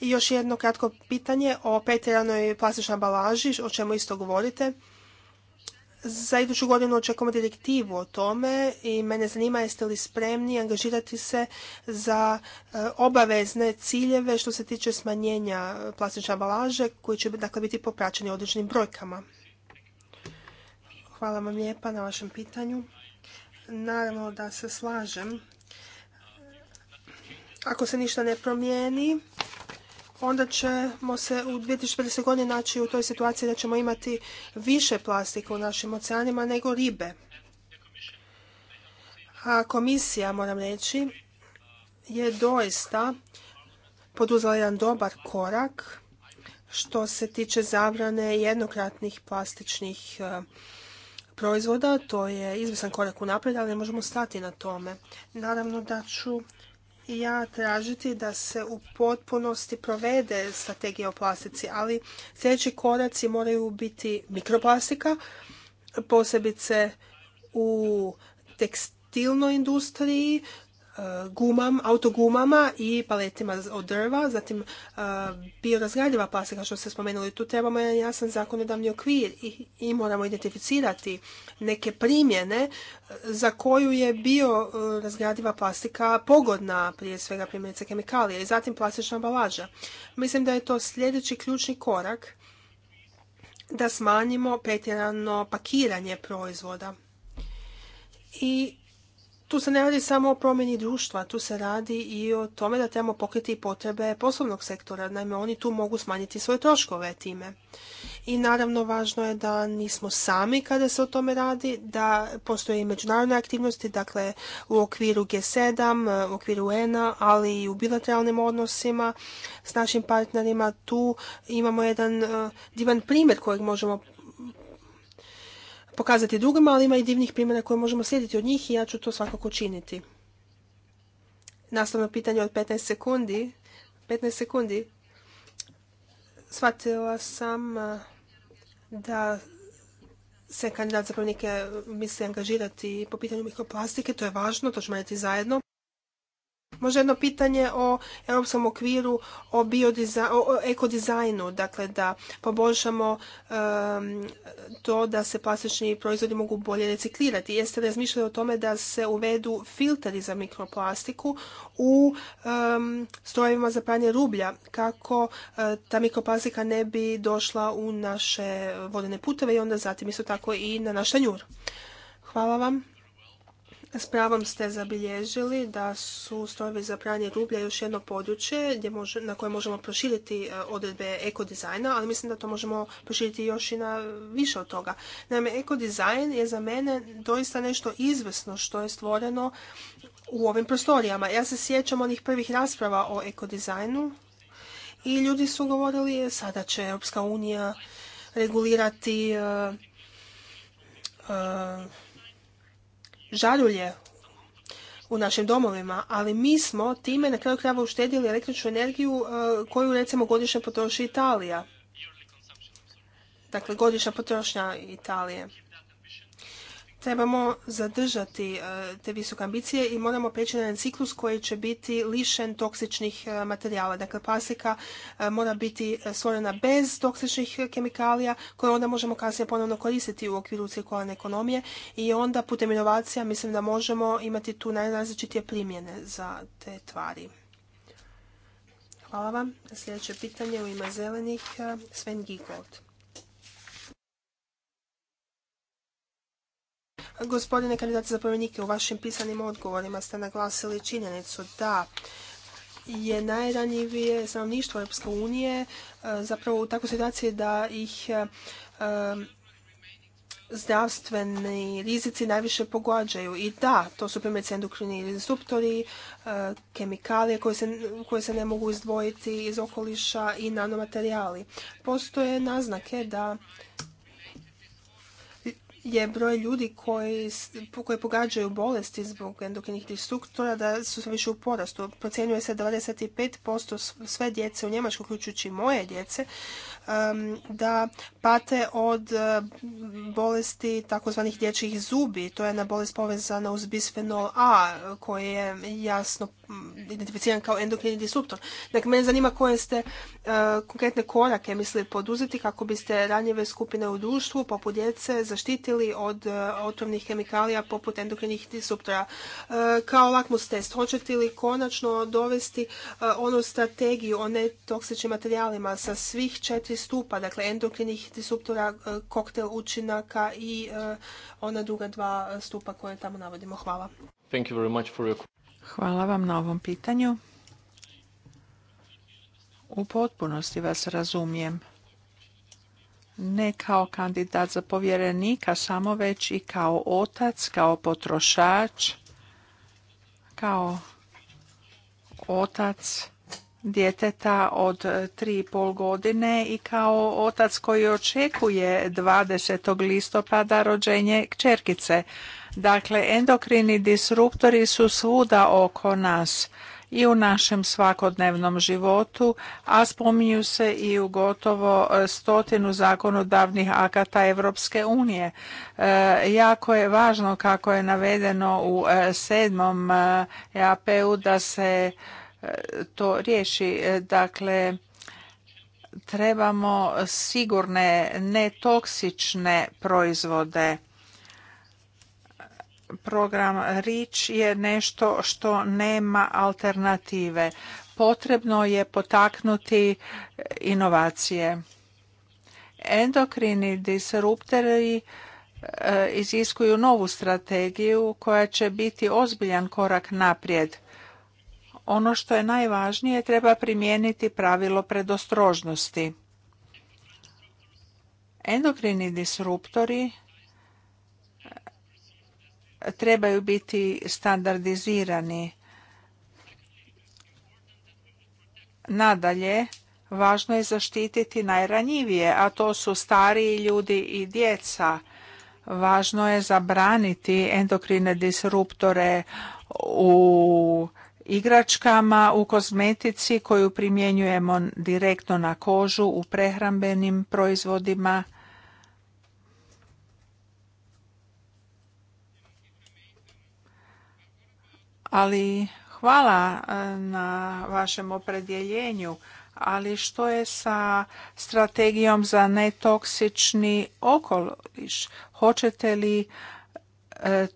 I još jedno kratko pitanje o petiranoj plastičnoj ambalaži, o čemu isto govorite. Za iduću godinu očekujemo direktivu o tome i mene zanima jeste li spremni angažirati se za e, obavezne ciljeve što se tiče smanjenja plastične ambalaže koji će dakle, biti popraćeni određenim brojkama. Hvala vam lijepa na vašem pitanju. Naravno da se slažem. Ako se ništa ne promijeni, onda ćemo se u 2050. godini naći u toj situaciji da ćemo imati više plastike u našim oceanima nego ribe. A komisija, moram reći, je doista poduzela jedan dobar korak što se tiče zabrane jednokratnih plastičnih eh, proizvoda, to je izvisan korak unaprijed, ali ne možemo stati na tome. Naravno da ću ja tražiti da se u potpunosti provede strategija o plastici, ali sljedeći koraci moraju biti mikroplastika, posebice u tekstilnoj industriji, gumam, autogumama i paletima od drva, zatim e, biorazgradiva plastika što ste spomenuli, tu trebamo jedan jasan zakonodavni okvir i, moramo identificirati neke primjene e, za koju je biorazgradiva plastika pogodna, prije svega primjerice kemikalije i zatim plastična balaža. Mislim da je to sljedeći ključni korak da smanjimo pretjerano pakiranje proizvoda. I tu se ne radi samo o promjeni društva, tu se radi i o tome da trebamo pokriti potrebe poslovnog sektora, naime oni tu mogu smanjiti svoje troškove time. I naravno važno je da nismo sami kada se o tome radi, da postoje i međunarodne aktivnosti, dakle u okviru G7, u okviru un ali i u bilateralnim odnosima s našim partnerima. Tu imamo jedan eh, divan primjer kojeg možemo pokazati drugima, ali ima i divnih primjera koje možemo slijediti od njih i ja ću to svakako činiti. Nastavno pitanje od 15 sekundi. 15 sekundi. Shvatila sam da se kandidat za pravnike misli angažirati po pitanju mikroplastike. To je važno, to ćemo raditi zajedno. Može jedno pitanje o europskom okviru, o, o ekodizajnu, dakle da poboljšamo ehm, to da se plastični proizvodi mogu bolje reciklirati. Jeste razmišljali o tome da se uvedu filteri za mikroplastiku u um, strojevima za pranje rublja, kako e, ta mikroplastika ne bi došla u naše vodene puteve i onda zatim isto tako i na naš tanjur. Hvala vam. S pravom ste zabilježili da su strojevi za pranje rublja još jedno područje na koje možemo proširiti e, odredbe ekodizajna, ali mislim da to možemo proširiti još i na više od toga. Naime, ekodizajn je za mene doista nešto izvrsno što je stvoreno u ovim prostorijama. Ja se sjećam onih prvih rasprava o ekodizajnu i ljudi su govorili e, sada će Europska unija regulirati e, žarulje u našim domovima, ali mi smo time na kraju krajeva uštedili električnu energiju e, koju recimo godišnje potroši Italija. Dakle, godišnja potrošnja Italije trebamo zadržati e, te visoke ambicije i moramo preći na jedan ciklus koji će biti lišen toksičnih e, materijala. Dakle, plastika e, mora biti stvorena bez toksičnih kemikalija koje onda možemo kasnije ponovno koristiti u okviru cirkularne ekonomije i onda putem inovacija mislim da možemo imati tu najrazličitije primjene za te tvari. Hvala vam. Sljedeće pitanje u ima zelenih Sven Gigold. Gospodine kandidat za povjerenike, u vašim pisanim odgovorima ste naglasili činjenicu da je najranjivije stanovništvo Europske unije e, zapravo u takvoj situaciji da ih e, e, zdravstveni rizici najviše pogađaju. I da, to su primjerice endokrini disruptori, kemikalije koje se, koje se ne mogu izdvojiti iz okoliša i nanomaterijali. Postoje naznake da je broj ljudi koji, koji pogađaju bolesti zbog endokrinih struktura da su sve više u porastu. Procjenjuje se 25% sve djece u Njemačkoj, uključujući moje djece, da pate od eh, bolesti takozvanih dječjih zubi. To je jedna bolest povezana uz bisfenol A koji je jasno mm, identificiran kao endokrini disruptor. Dakle, mene zanima koje ste eh, konkretne korake mislili poduzeti kako biste ranjive skupine u društvu poput djece zaštitili od eh, otrovnih kemikalija poput endokrinih disruptora. Kao lakmus test, hoćete li konačno dovesti onu strategiju o netoksičnim materijalima sa svih četiri stupa, dakle endokrinih disruptora, e, koktel učinaka i e, ona druga dva stupa koje tamo navodimo. Hvala. Hvala vam na ovom pitanju. U potpunosti vas razumijem. Ne kao kandidat za povjerenika, samo već i kao otac, kao potrošač, kao otac djeteta od pol godine i kao otac koji očekuje 20. listopada rođenje kćerkice. Dakle, endokrini disruptori su svuda oko nas i u našem svakodnevnom životu, a spominju se i u gotovo stotinu zakonodavnih akata Europske unije. E, jako je važno kako je navedeno u e, sedmom EAP-u da se to riješi. Dakle, trebamo sigurne, netoksične proizvode. Program REACH je nešto što nema alternative. Potrebno je potaknuti inovacije. Endokrini disruptori e, iziskuju novu strategiju koja će biti ozbiljan korak naprijed ono što je najvažnije treba primijeniti pravilo predostrožnosti. Endokrini disruptori eh, trebaju biti standardizirani. Nadalje, važno je zaštititi najranjivije, a to su stariji ljudi i djeca. Važno je zabraniti endokrine disruptore u igračkama u kozmetici koju primjenjujemo direktno na kožu u prehrambenim proizvodima ali hvala e, na vašem opredjeljenju ali što je sa strategijom za netoksični okoliš hoćete li e,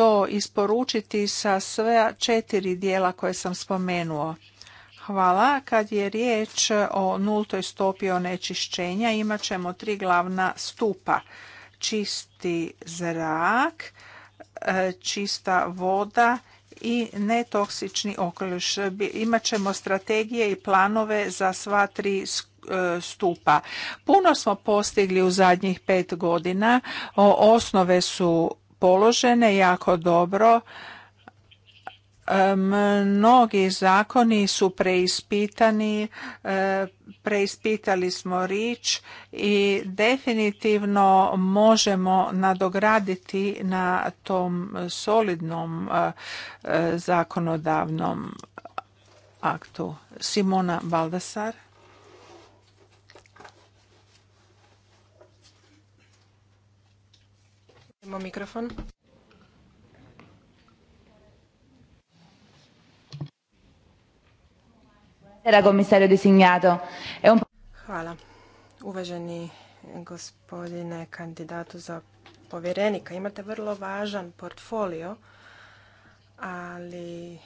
to isporučiti sa sve četiri dijela koje sam spomenuo. Hvala. Kad je riječ o nultoj stopi onečišćenja imat ćemo tri glavna stupa. Čisti zrak, e, čista voda i netoksični okoliš. Imat ćemo strategije i planove za sva tri e, stupa. Puno smo postigli u zadnjih pet godina. Osnove su položene jako dobro. Mnogi zakoni su preispitani, e, preispitali smo rič i definitivno možemo nadograditi na tom solidnom e, e, zakonodavnom aktu. Simona Baldasar. mikrofon. Hvala. Uvaženi gospodine kandidatu za povjerenika, imate vrlo važan portfolio, ali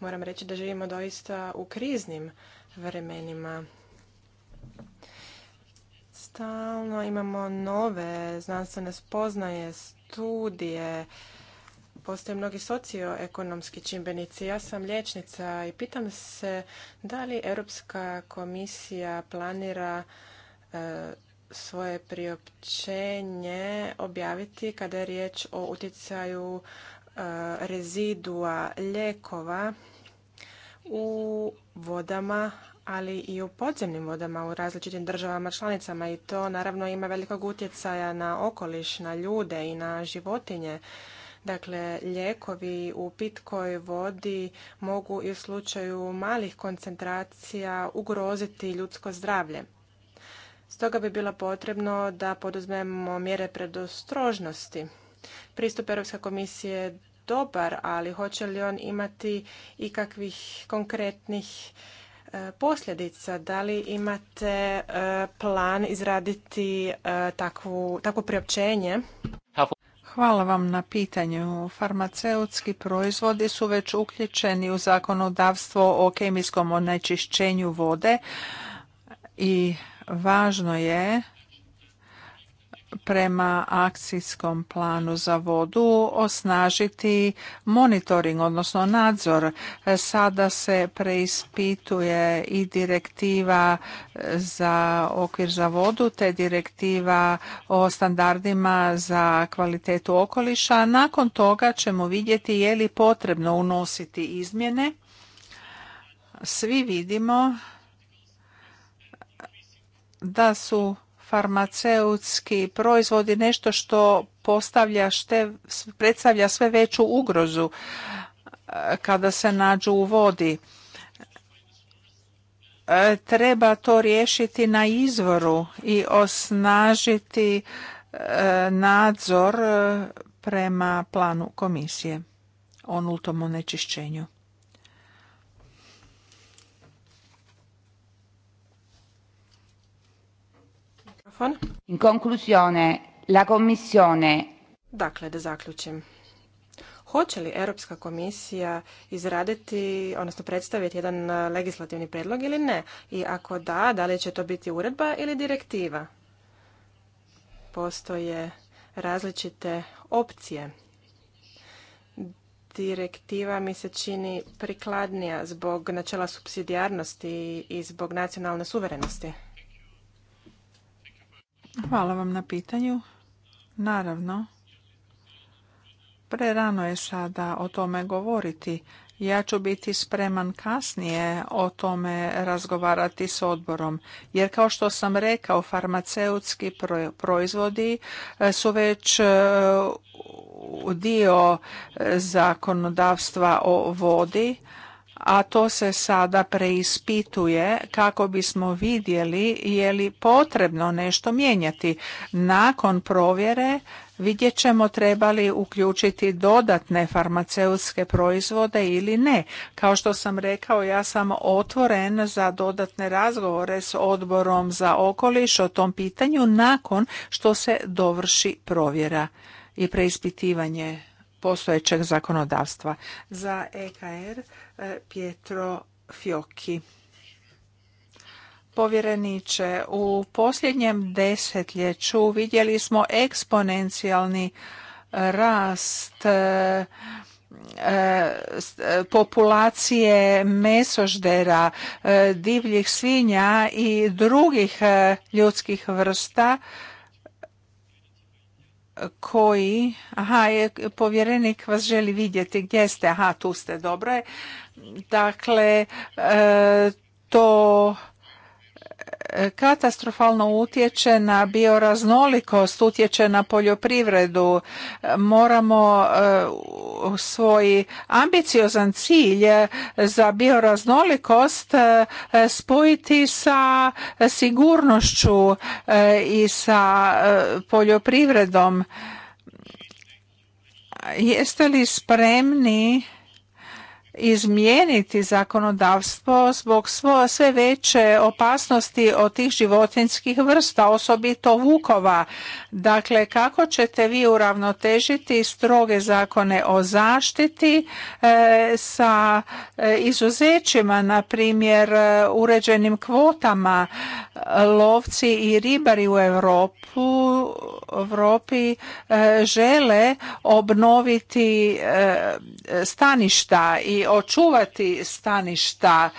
moram reći da živimo doista u kriznim vremenima Stalno imamo nove znanstvene spoznaje, studije, postoje mnogi socioekonomski čimbenici. Ja sam liječnica i pitam se da li Europska komisija planira e, svoje priopćenje objaviti kada je riječ o utjecaju e, rezidua ljekova u vodama ali i u podzemnim vodama u različitim državama članicama i to naravno ima velikog utjecaja na okoliš, na ljude i na životinje. Dakle, lijekovi u pitkoj vodi mogu i u slučaju malih koncentracija ugroziti ljudsko zdravlje. Stoga bi bilo potrebno da poduzmemo mjere predostrožnosti. Pristup Europske komisije dobar, ali hoće li on imati ikakvih konkretnih E, posljedica? Da li imate e, plan izraditi e, takvo priopćenje? Hvala vam na pitanju. Farmaceutski proizvodi su već uključeni u zakonodavstvo o kemijskom onečišćenju vode i važno je prema akcijskom planu za vodu osnažiti monitoring, odnosno nadzor. Sada se preispituje i direktiva za okvir za vodu, te direktiva o standardima za kvalitetu okoliša. Nakon toga ćemo vidjeti je li potrebno unositi izmjene. Svi vidimo da su farmaceutski proizvodi nešto što postavlja šte, predstavlja sve veću ugrozu e, kada se nađu u vodi. E, treba to riješiti na izvoru i osnažiti e, nadzor prema planu komisije o nultom onečišćenju. Mikrofon. In conclusione, la commissione... Dakle, da zaključim. Hoće li Europska komisija izraditi, odnosno predstaviti jedan e, legislativni predlog ili ne? I ako da, da li će to biti uredba ili direktiva? Postoje različite opcije. Direktiva mi se čini prikladnija zbog načela supsidijarnosti i zbog nacionalne suverenosti. Hvala vam na pitanju. Naravno, prerano je sada o tome govoriti. Ja ću biti spreman kasnije o tome razgovarati s odborom, jer kao što sam rekao, farmaceutski proizvodi e, su već e, dio e, zakonodavstva o vodi, a to se sada preispituje kako bismo vidjeli je li potrebno nešto mijenjati. Nakon provjere vidjet ćemo trebali uključiti dodatne farmaceutske proizvode ili ne. Kao što sam rekao, ja sam otvoren za dodatne razgovore s odborom za okoliš o tom pitanju nakon što se dovrši provjera i preispitivanje postojećeg zakonodavstva. Za EKR Pietro Fiocchi. Povjereniče, u posljednjem desetljeću vidjeli smo eksponencijalni rast e, e, populacije mesoždera, e, divljih svinja i drugih ljudskih vrsta koji, aha, je, povjerenik vas želi vidjeti gdje ste, aha, tu ste, dobro je. Dakle, e, to katastrofalno utječe na bioraznolikost, utječe na poljoprivredu. Moramo e, svoj ambiciozan cilj e, za bioraznolikost e, spojiti sa sigurnošću i sa poljoprivredom. Jeste li spremni izmijeniti zakonodavstvo zbog sve veće opasnosti od tih životinskih vrsta, osobito vukova. Dakle, kako ćete vi uravnotežiti stroge zakone o zaštiti e, sa e, izuzećima, na primjer e, uređenim kvotama lovci i ribari u Europu, Europi žele obnoviti staništa i očuvati staništa.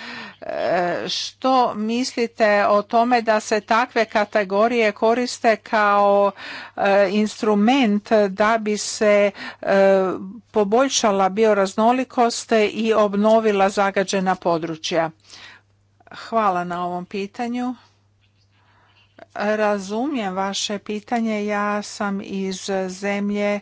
E, što mislite o tome da se takve kategorije koriste kao e, instrument da bi se e, poboljšala bioraznolikost i obnovila zagađena područja? Hvala na ovom pitanju. Razumijem vaše pitanje. Ja sam iz zemlje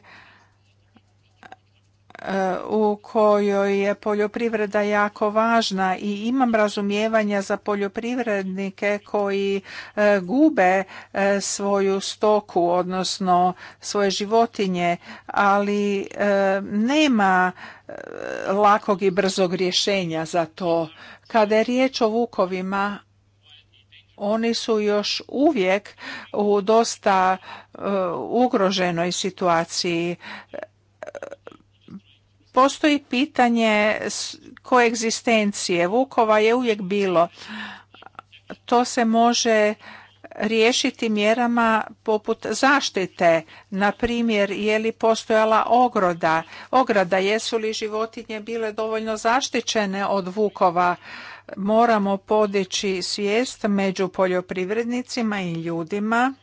u kojoj je poljoprivreda jako važna i imam razumijevanja za poljoprivrednike koji e, gube e, svoju stoku, odnosno svoje životinje, ali e, nema lakog i brzog rješenja za to. Kada je riječ o vukovima, oni su još uvijek u dosta ugroženoj situaciji Postoji pitanje koegzistencije. Vukova je uvijek bilo. To se može riješiti mjerama poput zaštite. Na primjer, je li postojala ogroda, ograda, jesu li životinje bile dovoljno zaštićene od vukova. Moramo podići svijest među poljoprivrednicima i ljudima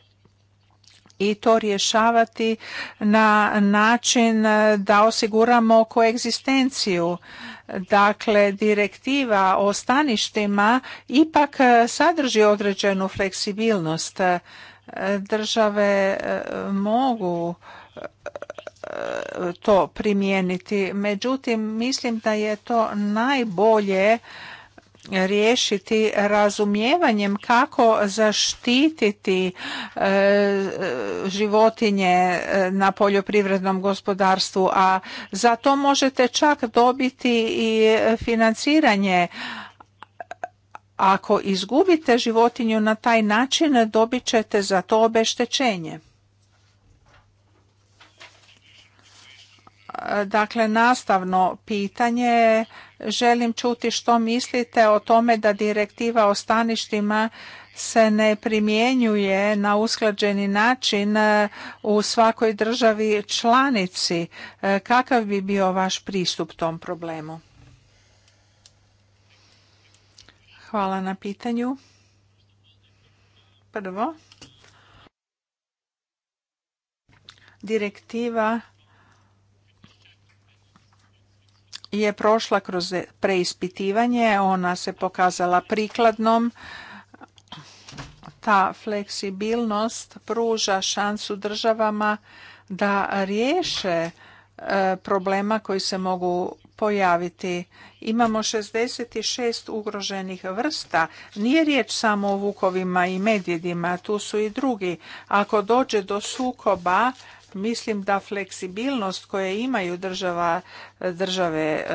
i to rješavati na način e, da osiguramo koegzistenciju. Dakle, direktiva o staništima ipak e, sadrži određenu fleksibilnost. E, države mogu to primijeniti. Međutim, mislim da je to najbolje riješiti razumijevanjem kako zaštititi e, životinje e, na poljoprivrednom gospodarstvu, a za to možete čak dobiti i financiranje. Ako izgubite životinju na taj način, dobit ćete za to obeštećenje. Dakle, nastavno pitanje, želim čuti što mislite o tome da direktiva o staništima se ne primjenjuje na usklađeni način e, u svakoj državi članici. E, kakav bi bio vaš pristup tom problemu? Hvala na pitanju. Prvo, direktiva je prošla kroz preispitivanje, ona se pokazala prikladnom. Ta fleksibilnost pruža šansu državama da riješe e, problema koji se mogu pojaviti. Imamo 66 ugroženih vrsta. Nije riječ samo o vukovima i medvjedima, tu su i drugi. Ako dođe do sukoba, Mislim da fleksibilnost koje imaju država, države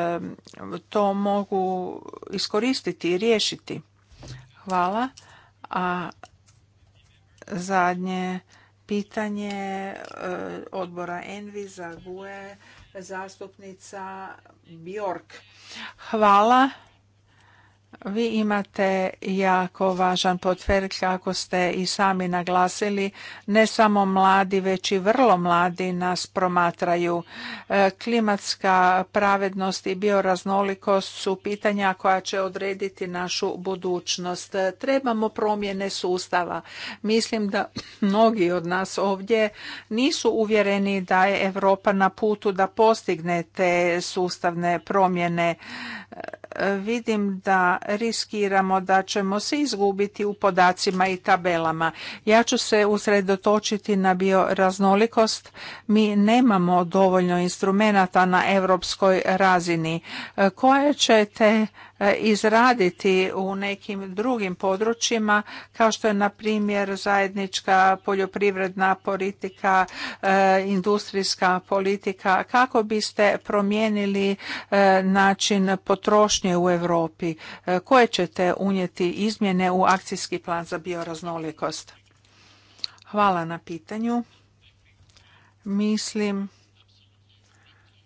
to mogu iskoristiti i riješiti. Hvala. A zadnje pitanje eh, odbora Envi za GUE zastupnica Bjork. Hvala. Vi imate jako važan portfelj kako ste i sami naglasili, ne samo mladi, već i vrlo mladi nas promatraju. E, klimatska pravednost i bioraznolikost su pitanja koja će odrediti našu budućnost. Trebamo promjene sustava. Mislim da (clears throat) mnogi od nas ovdje nisu uvjereni da je Europa na putu da postigne te sustavne promjene e, vidim da riskiramo da ćemo se izgubiti u podacima i tabelama. Ja ću se usredotočiti na bioraznolikost. Mi nemamo dovoljno instrumenata na europskoj razini. Koje ćete E, izraditi u nekim drugim područjima kao što je na primjer zajednička poljoprivredna politika, e, industrijska politika kako biste promijenili e, način potrošnje u Europi? Koje ćete unijeti izmjene u akcijski plan za bioraznolikost? Hvala na pitanju. Mislim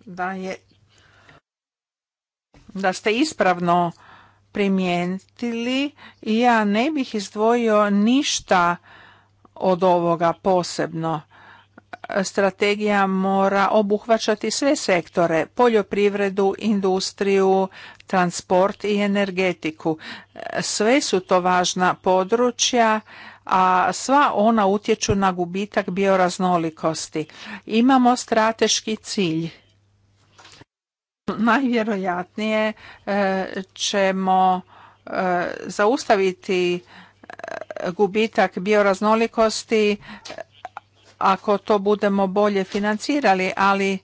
da je da ste ispravno i ja ne bih izdvojio ništa od ovoga posebno strategija mora obuhvaćati sve sektore, poljoprivredu, industriju, transport i energetiku. Sve su to važna područja, a sva ona utječu na gubitak bioraznolikosti. Imamo strateški cilj (laughs) najvjerojatnije e, ćemo e, zaustaviti e, gubitak bioraznolikosti ako to budemo bolje financirali, ali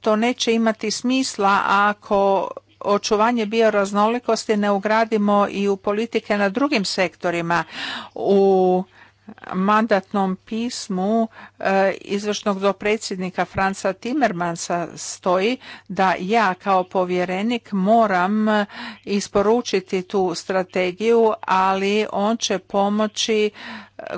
to neće imati smisla ako očuvanje bioraznolikosti ne ugradimo i u politike na drugim sektorima. U mandatnom pismu e, izvršnog dopredsjednika Franca Timmermansa stoji da ja kao povjerenik moram isporučiti tu strategiju, ali on će pomoći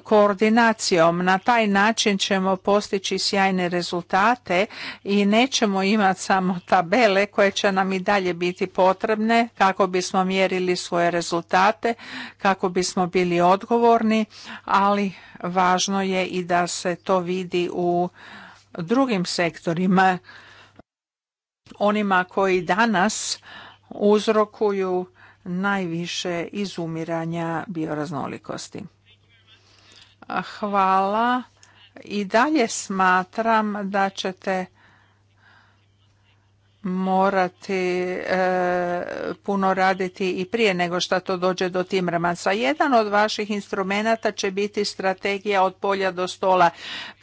koordinacijom. Na taj način ćemo postići sjajne rezultate i nećemo imati samo tabele koje će nam i dalje biti potrebne kako bismo mjerili svoje rezultate, kako bismo bili odgovorni, ali važno je i da se to vidi u drugim sektorima, onima koji danas uzrokuju najviše izumiranja bioraznolikosti. Hvala. I dalje smatram da ćete morati e, puno raditi i prije nego što to dođe do Timmermansa. Jedan od vaših instrumenata će biti strategija od polja do stola.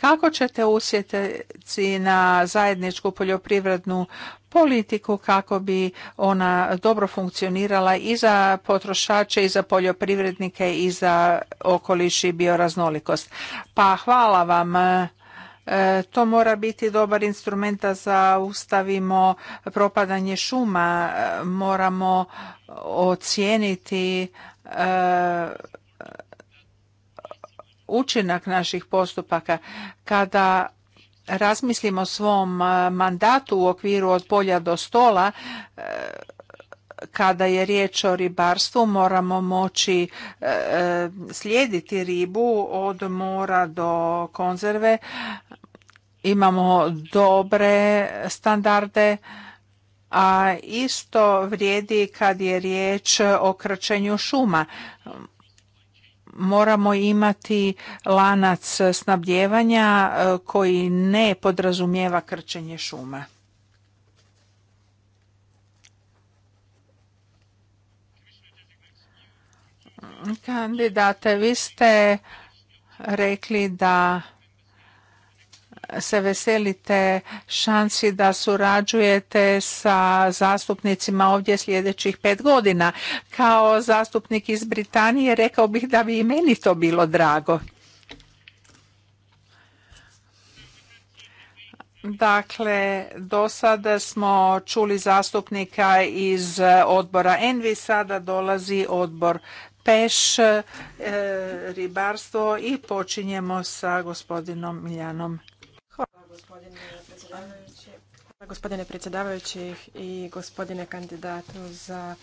Kako ćete usjetiti na zajedničku poljoprivrednu politiku kako bi ona dobro funkcionirala i za potrošače i za poljoprivrednike i za okoliš i bioraznolikost. Pa hvala vam E, to mora biti dobar instrument da zaustavimo propadanje šuma. E, moramo ocijeniti e, učinak naših postupaka. Kada razmislimo o svom mandatu u okviru od polja do stola, kada je riječ o ribarstvu moramo moći e, e, slijediti ribu od mora do konzerve. Imamo dobre standarde a isto vrijedi kad je riječ o krčenju šuma. Moramo imati lanac snabdjevanja e, koji ne podrazumijeva krčenje šuma. kandidate, vi ste rekli da se veselite šansi da surađujete sa zastupnicima ovdje sljedećih pet godina. Kao zastupnik iz Britanije rekao bih da bi i meni to bilo drago. Dakle, do sada smo čuli zastupnika iz odbora Envi, sada dolazi odbor peš, e, ribarstvo i počinjemo sa gospodinom Miljanom. Hvala gospodine predsjedavajući. gospodine predsjedavajući i gospodine kandidatu za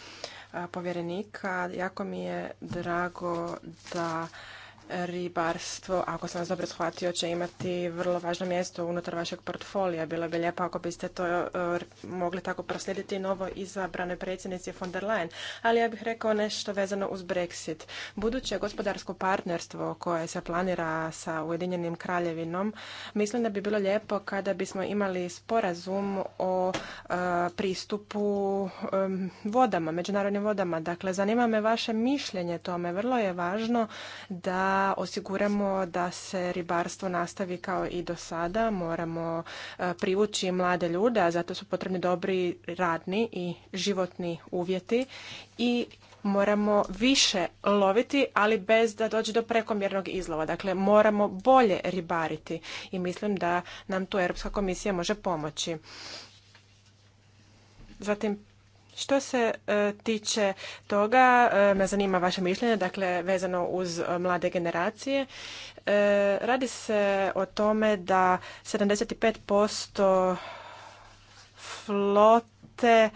povjerenika. Jako mi je drago da ribarstvo, ako sam vas dobro shvatio, će imati vrlo važno mjesto unutar vašeg portfolija. Bilo bi lijepo ako biste to e, mogli tako proslijediti novo izabrane predsjednici von der Leyen. Ali ja bih rekao nešto vezano uz Brexit. Buduće gospodarsko partnerstvo koje se planira sa Ujedinjenim kraljevinom, mislim da bi bilo lijepo kada bismo imali sporazum o e, pristupu e, vodama, međunarodnim vodama. Dakle, zanima me vaše mišljenje tome. Vrlo je važno da osiguramo da se ribarstvo nastavi kao i do sada. Moramo e, privući mlade ljude, a zato su potrebni dobri radni i životni uvjeti i moramo više loviti, ali bez da dođe do prekomjernog izlova. Dakle, moramo bolje ribariti i mislim da nam tu Europska komisija može pomoći. Zatim, što se e, tiče toga, e, me zanima vaše mišljenje, dakle vezano uz e, mlade generacije. Radi se o tome da 75% flote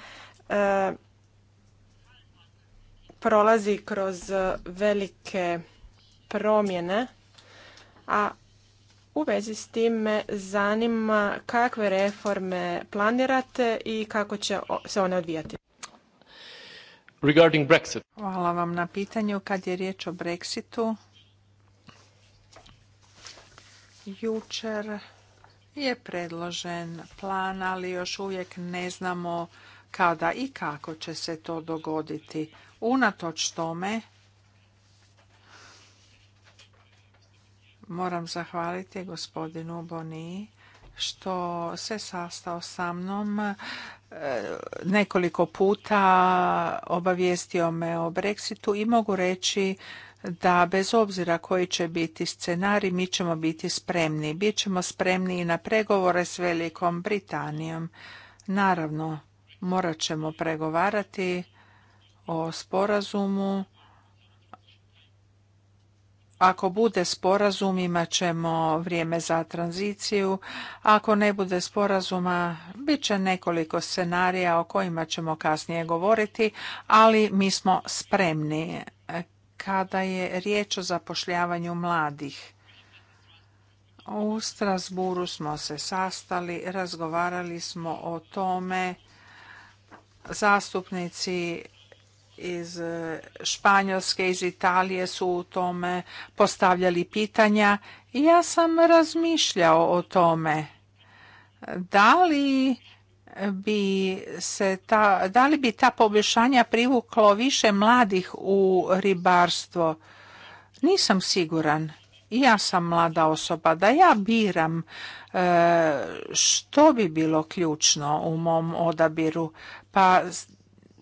prolazi kroz velike promjene, a u vezi s tim me zanima kakve reforme planirate i kako će se one odvijati regarding Hvala vam na pitanju. Kad je riječ o Brexitu, jučer je predložen plan, ali još uvijek ne znamo kada i kako će se to dogoditi. Unatoč tome, moram zahvaliti gospodinu Boni što se sastao sa mnom nekoliko puta obavijestio me o Brexitu i mogu reći da bez obzira koji će biti scenarij, mi ćemo biti spremni. Bićemo spremni i na pregovore s Velikom Britanijom. Naravno, morat ćemo pregovarati o sporazumu ako bude sporazum imat ćemo vrijeme za tranziciju, ako ne bude sporazuma bit će nekoliko scenarija o kojima ćemo kasnije govoriti, ali mi smo spremni kada je riječ o zapošljavanju mladih. U Strasburu smo se sastali, razgovarali smo o tome. Zastupnici iz e, Španjolske, iz Italije su u tome postavljali pitanja i ja sam razmišljao o tome. Da li bi se ta, da li bi ta poboljšanja privuklo više mladih u ribarstvo? Nisam siguran. Ja sam mlada osoba, da ja biram e, što bi bilo ključno u mom odabiru, pa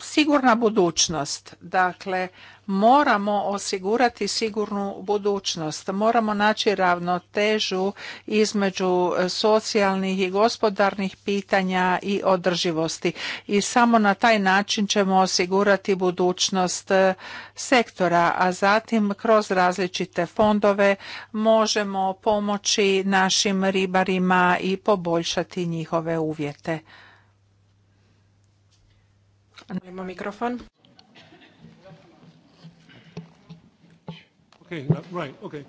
sigurna budućnost. Dakle, moramo osigurati sigurnu budućnost. Moramo naći ravnotežu između socijalnih i gospodarnih pitanja i održivosti. I samo na taj način ćemo osigurati budućnost e, sektora, a zatim kroz različite fondove možemo pomoći našim ribarima i poboljšati njihove uvjete. Molimo mikrofon. Okay, right, okay.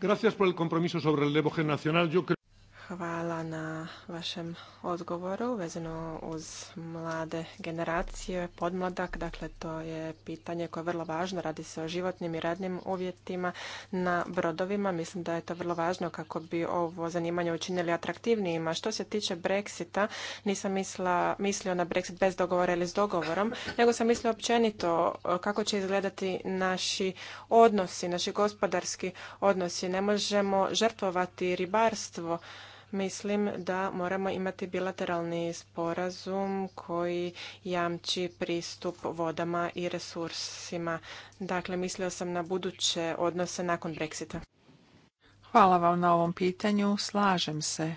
Gracias por el compromiso sobre el nacional. Yo creo... Hvala na vašem odgovoru vezano uz mlade generacije, podmladak. Dakle, to je pitanje koje je vrlo važno. Radi se o životnim i radnim uvjetima na brodovima. Mislim da je to vrlo važno kako bi ovo zanimanje učinili atraktivnijima. Što se tiče Brexita, nisam mislio na Brexit bez dogovora ili s dogovorom, nego sam mislio općenito kako će izgledati naši odnosi, naši gospodarski odnosi. Ne možemo žrtvovati ribarstvo Mislim da moramo imati bilateralni sporazum koji jamči pristup vodama i resursima. Dakle, mislio sam na buduće odnose nakon Brexita. Hvala vam na ovom pitanju. Slažem se.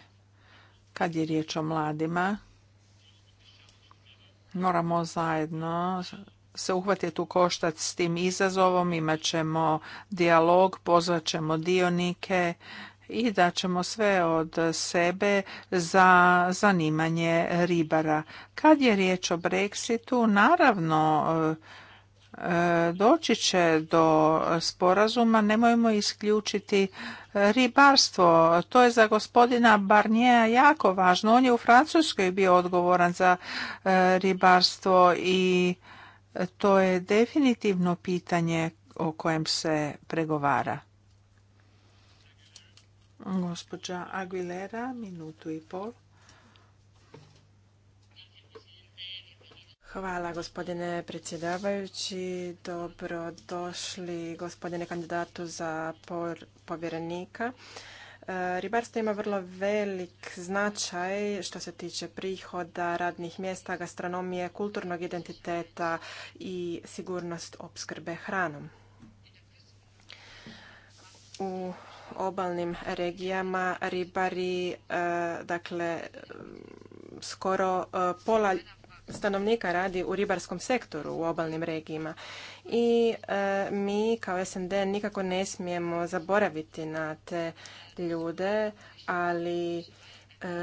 Kad je riječ o mladima, moramo zajedno se uhvatiti u koštac s tim izazovom, imat ćemo dijalog, pozvat ćemo dionike, i da ćemo sve od sebe za zanimanje ribara. Kad je riječ o Brexitu, naravno e, doći će do sporazuma, nemojmo isključiti ribarstvo. To je za gospodina Barnijeja jako važno. On je u Francuskoj bio odgovoran za e, ribarstvo i to je definitivno pitanje o kojem se pregovara. Gospođa Aguilera, minutu i pol. Hvala gospodine predsjedavajući. Dobro došli gospodine kandidatu za povjerenika. E, ribarstvo ima vrlo velik značaj što se tiče prihoda, radnih mjesta, gastronomije, kulturnog identiteta i sigurnost opskrbe hranom. U obalnim regijama ribari e, dakle skoro e, pola stanovnika radi u ribarskom sektoru u obalnim regijima i e, mi kao SND nikako ne smijemo zaboraviti na te ljude ali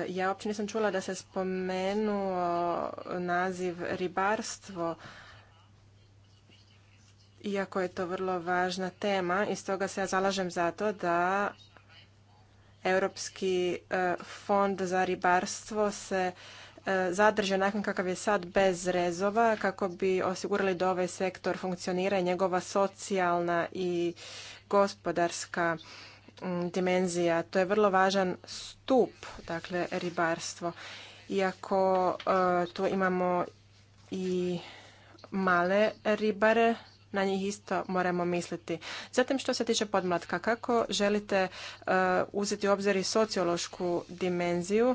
ja uopće nisam čula da se spomenuo naziv ribarstvo iako je to vrlo važna tema i stoga se ja zalažem za to da Europski e, fond za ribarstvo se e, zadrže nakon kakav je sad bez rezova kako bi osigurali da ovaj sektor funkcionira i njegova socijalna i gospodarska dimenzija. To je vrlo važan stup, dakle, ribarstvo. Iako e, tu imamo i male ribare, na njih isto moramo misliti. Zatim što se tiče podmlatka, kako želite e, uzeti u obzir i sociološku dimenziju?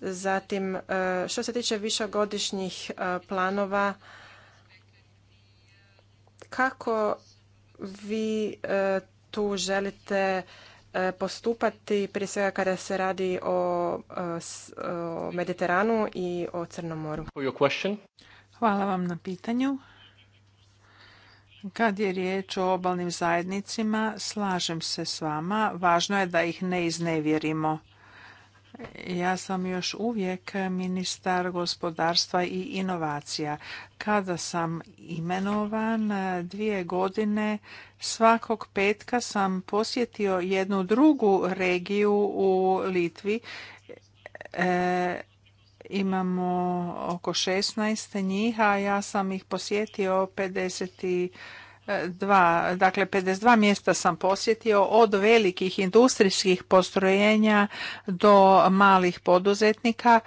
Zatim e, što se tiče višegodišnjih e, planova, kako vi tu želite postupati prije svega kada se radi o, Mediteranu i o Crnom moru. Hvala vam na pitanju. Kad je riječ o obalnim zajednicima, slažem se s vama. Važno je da ih ne iznevjerimo. Ja sam još uvijek ministar gospodarstva i inovacija. Kada sam imenovan dvije godine, svakog petka sam posjetio jednu drugu regiju u Litvi. E, imamo oko 16 njih, a ja sam ih posjetio 52, dakle 52 mjesta sam posjetio od velikih industrijskih postrojenja do malih poduzetnika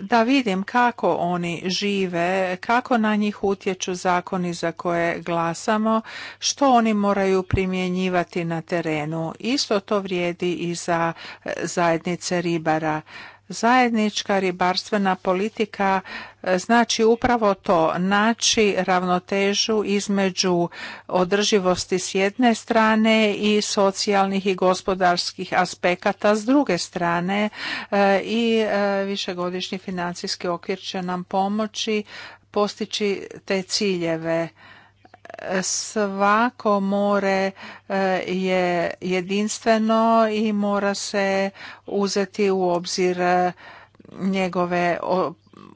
da vidim kako oni žive, kako na njih utječu zakoni za koje glasamo, što oni moraju primjenjivati na terenu. Isto to vrijedi i za zajednice ribara. Zajednička ribarstvena politika e, znači upravo to, naći ravnotežu između održivosti s jedne strane i socijalnih i gospodarskih aspekata s druge strane e, i e, višegodišnji financijski okvir će nam pomoći postići te ciljeve svako more e, je jedinstveno i mora se uzeti u obzir e, njegove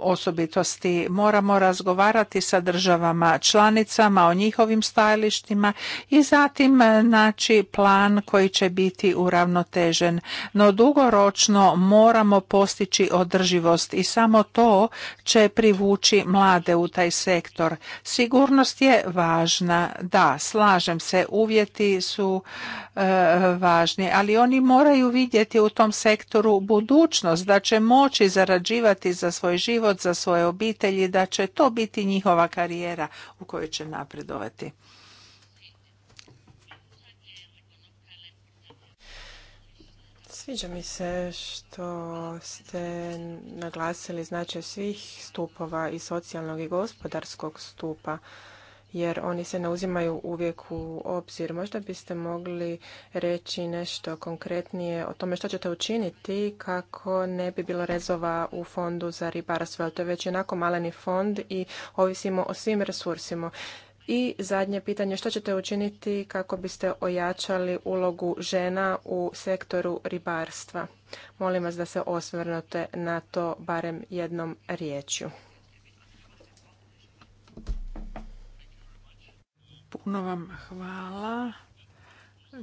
osobitosti. Moramo razgovarati sa državama članicama o njihovim stajalištima i zatim e, naći plan koji će biti uravnotežen. No dugoročno moramo postići održivost i samo to će privući mlade u taj sektor. Sigurnost je važna, da, slažem se, uvjeti su E, važni, ali oni moraju vidjeti u tom sektoru budućnost, da će moći zarađivati za svoj život, za svoje obitelji, da će to biti njihova karijera u kojoj će napredovati. Sviđa mi se što ste naglasili značaj svih stupova i socijalnog i gospodarskog stupa jer oni se ne uzimaju uvijek u obzir. Možda biste mogli reći nešto konkretnije o tome što ćete učiniti kako ne bi bilo rezova u fondu za ribarstvo. To je već onako maleni fond i ovisimo o svim resursima. I zadnje pitanje, što ćete učiniti kako biste ojačali ulogu žena u sektoru ribarstva? Molim vas da se osvrnute na to barem jednom riječju. Puno vam hvala.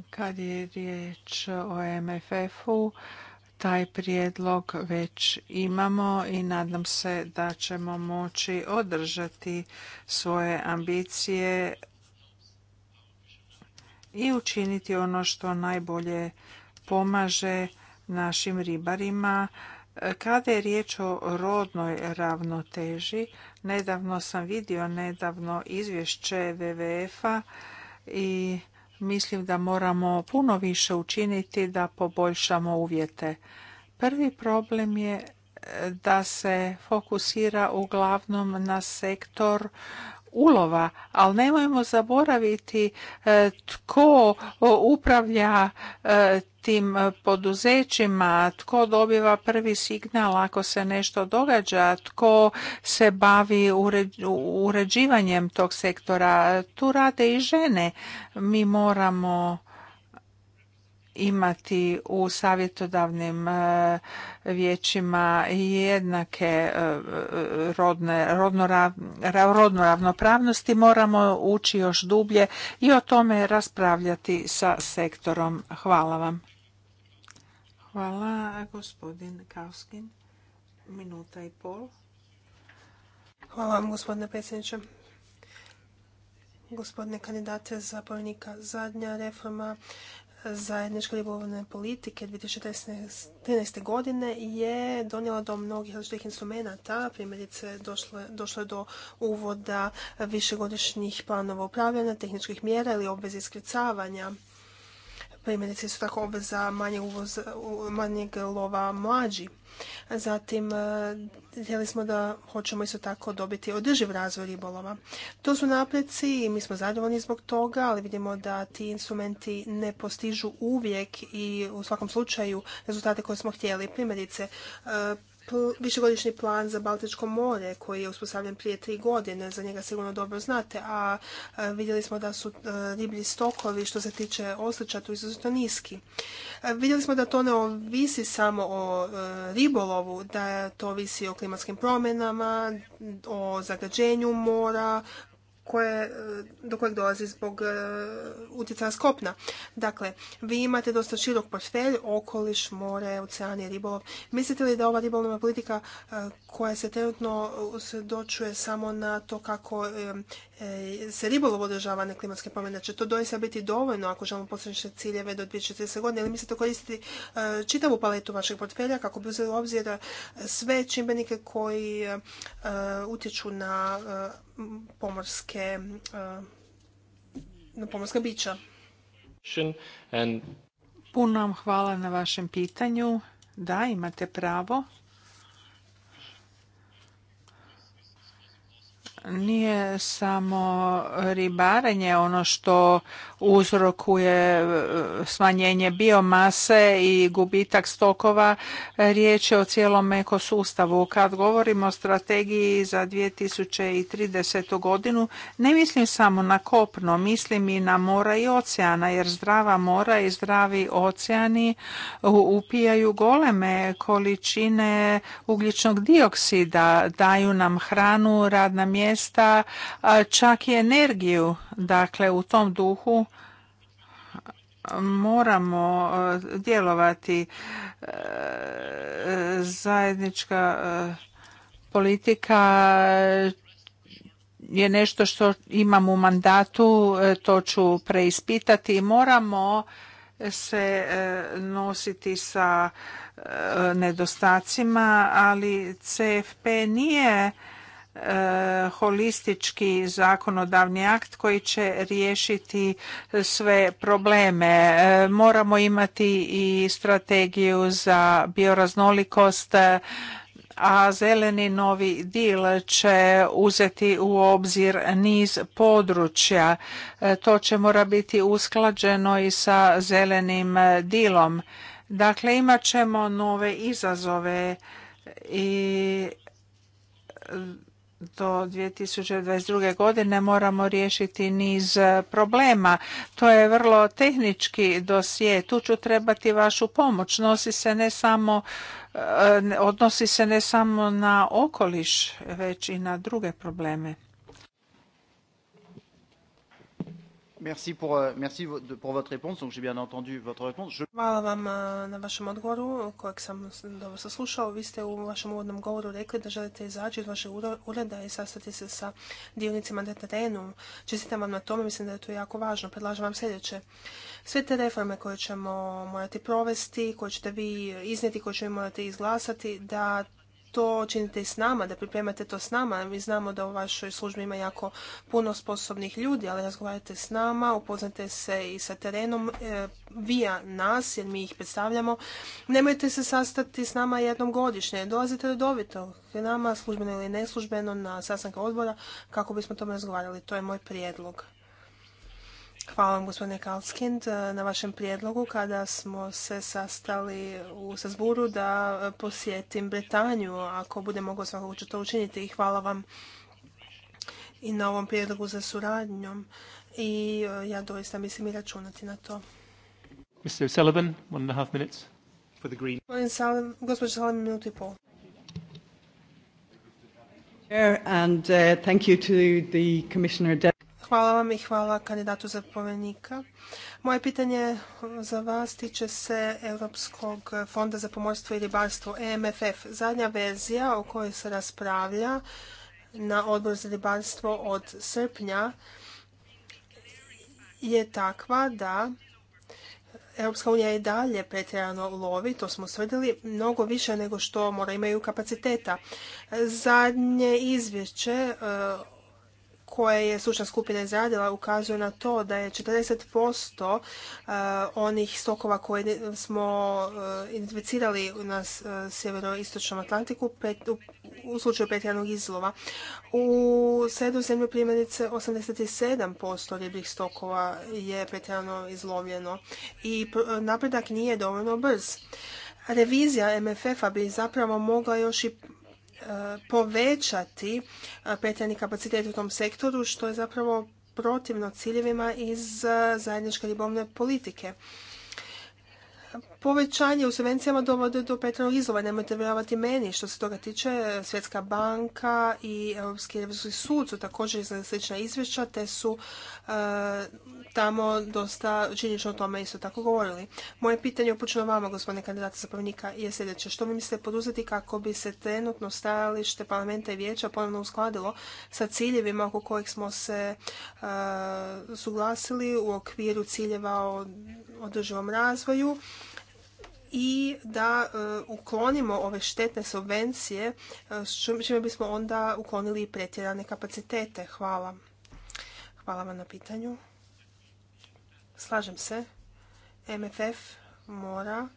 Kad je riječ o MFF-u, taj prijedlog već imamo i nadam se da ćemo moći održati svoje ambicije i učiniti ono što najbolje pomaže našim ribarima kada je riječ o rodnoj ravnoteži, nedavno sam vidio nedavno izvješće WWF-a i mislim da moramo puno više učiniti da poboljšamo uvjete. Prvi problem je da se fokusira uglavnom na sektor ulova, ali nemojmo zaboraviti e, tko e, upravlja e, tim poduzećima, tko dobiva prvi signal ako se nešto događa, tko se bavi uređivanjem tog sektora. Tu rade i žene. Mi moramo imati u savjetodavnim e, vijećima jednake e, rodne, rodno, ravnopravnosti, moramo ući još dublje i o tome raspravljati sa sektorom. Hvala vam. Hvala gospodin Kavskin. Minuta i pol. Hvala vam gospodine predsjedniče. Gospodine kandidate za zapovjednika, zadnja reforma zajedničke ribolovne politike 2013. godine je donijela do mnogih različitih instrumenta. Primjerice, došlo, došlo je do uvoda višegodišnjih planova upravljanja, tehničkih mjera ili obveze iskrcavanja Primjerice su tako obveza manje uvoz, manjeg lova mlađi. Zatim, e, htjeli smo da hoćemo isto tako dobiti održiv razvoj ribolova. To su napreci i mi smo zadovoljni zbog toga, ali vidimo da ti instrumenti ne postižu uvijek i u svakom slučaju rezultate koje smo htjeli. Primjerice, e, višegodišnji plan za Baltičko more koji je uspostavljen prije tri godine, za njega sigurno dobro znate, a vidjeli smo da su e, riblji stokovi što se tiče osjeća, tu izuzetno niski. E, vidjeli smo da to ne ovisi samo o e, ribolovu, da to ovisi o klimatskim promjenama, o zagađenju mora, koje, e, do kojeg dolazi zbog e, utjecaja skopna. Dakle, vi imate dosta širok portfelj, okoliš, more, oceani, ribolov. Mislite li da ova ribolovna politika e, koja se trenutno usredočuje samo na to kako E, se ribolov održava na klimatske promjene. Će znači to doista biti dovoljno ako želimo postići ciljeve do 2030. godine ili mislite koristiti e, čitavu paletu vašeg portfelja kako bi uzeli obzir sve čimbenike koji e, utječu na pomorske na pomorska bića. Puno vam hvala na vašem pitanju. Da, imate pravo. nije samo ribarenje ono što uzrokuje e, smanjenje biomase i gubitak stokova, riječ je o cijelom ekosustavu. Kad govorimo o strategiji za 2030. godinu, ne mislim samo na kopno, mislim i na mora i oceana, jer zdrava mora i zdravi oceani upijaju goleme količine ugljičnog dioksida, daju nam hranu, radna mjesta, mjesta, čak i energiju. Dakle, u tom duhu moramo djelovati zajednička politika je nešto što imam u mandatu, to ću preispitati i moramo se nositi sa nedostacima, ali CFP nije E, holistički zakonodavni akt koji će riješiti sve probleme. E, moramo imati i strategiju za bioraznolikost, a zeleni novi dil će uzeti u obzir niz područja. E, to će mora biti usklađeno i sa zelenim dilom. Dakle, imat ćemo nove izazove i do 2022. godine moramo riješiti niz e, problema. To je vrlo tehnički dosje. Tu ću trebati vašu pomoć. Nosi se ne samo, e, odnosi se ne samo na okoliš, već i na druge probleme. Merci pour, euh, merci pour votre réponse. Donc j'ai bien entendu votre réponse. Hvala vam euh, na vašem odgovoru kojeg sam dobro saslušao. Vi ste u vašem uvodnom govoru rekli da želite izaći iz vašeg ureda i sastati se sa dionicima na terenu. Čestitam vam na tome, mislim da je to jako važno. Predlažem vam sljedeće. Sve te reforme koje ćemo morati provesti, koje ćete vi iznijeti, koje ćemo morati izglasati, da to činite i s nama, da pripremate to s nama. Mi znamo da u vašoj službi ima jako puno sposobnih ljudi, ali razgovarajte s nama, upoznate se i sa terenom e, via nas, jer mi ih predstavljamo. Nemojte se sastati s nama jednom godišnje. Dolazite redovito k nama, službeno ili neslužbeno, na sastanke odbora, kako bismo tome razgovarali. To je moj prijedlog. Hvala vam gospodine Kalskind eh, na vašem prijedlogu kada smo se sastali u Sazburu da eh, posjetim Bretanju. Ako bude mogao svakog ću to učiniti i hvala vam i na ovom prijedlogu za suradnjom i eh, ja doista mislim i računati na to. Mr. Sullivan, one and a half minutes for the green. Gospodin Sullivan, minutu i pol. And thank you to the Commissioner. Hvala vam i hvala kandidatu za povjerenika. Moje pitanje za vas tiče se Europskog fonda za pomorstvo i ribarstvo, EMFF. Zadnja verzija o kojoj se raspravlja na odbor za ribarstvo od srpnja je takva da Europska unija i dalje pretjerano lovi, to smo svrdili, mnogo više nego što mora imaju kapaciteta. Zadnje izvješće e, koje je slučna skupina izradila ukazuje na to da je 40% e, onih stokova koje smo e, identificirali na e, sjeveroistočnom Atlantiku u slučaju petjanog izlova. U sredozemlju primjerice 87% ribih stokova je petjano izlovljeno i napredak nije dovoljno brz. Revizija MFF-a bi zapravo mogla još i povećati petljani kapacitet u tom sektoru, što je zapravo protivno ciljevima iz zajedničke ribovne politike povećanje u subvencijama dovode do petrolnog izlova. Nemojte vjerovati meni što se toga tiče. Svjetska banka i Europski revizorski sud su također izgledali slična izvješća, te su e, tamo dosta činično o tome isto tako govorili. Moje pitanje upućeno vama, gospodine kandidata zapravnika, je sljedeće. Što vi mislite poduzeti kako bi se trenutno stajalište parlamenta i vijeća ponovno uskladilo sa ciljevima oko kojih smo se e, suglasili u okviru ciljeva o održivom razvoju? i da e, uklonimo ove štetne subvencije e, s čime bismo onda uklonili i pretjerane kapacitete. Hvala. Hvala vam na pitanju. Slažem se. MFF mora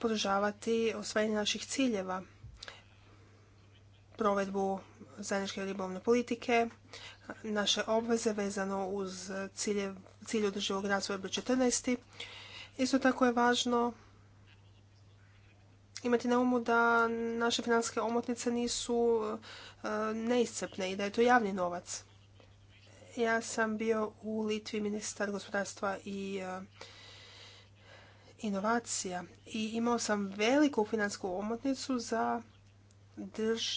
podržavati osvajanje naših ciljeva, provedbu zajedničke ribovne politike, naše obveze vezano uz cilje, cilj održivog razvoja broj 14. Isto tako je važno imati na umu da naše financijske omotnice nisu e, neiscrpne i da je to javni novac. Ja sam bio u Litvi ministar gospodarstva i e, inovacija i imao sam veliku financijsku omotnicu za,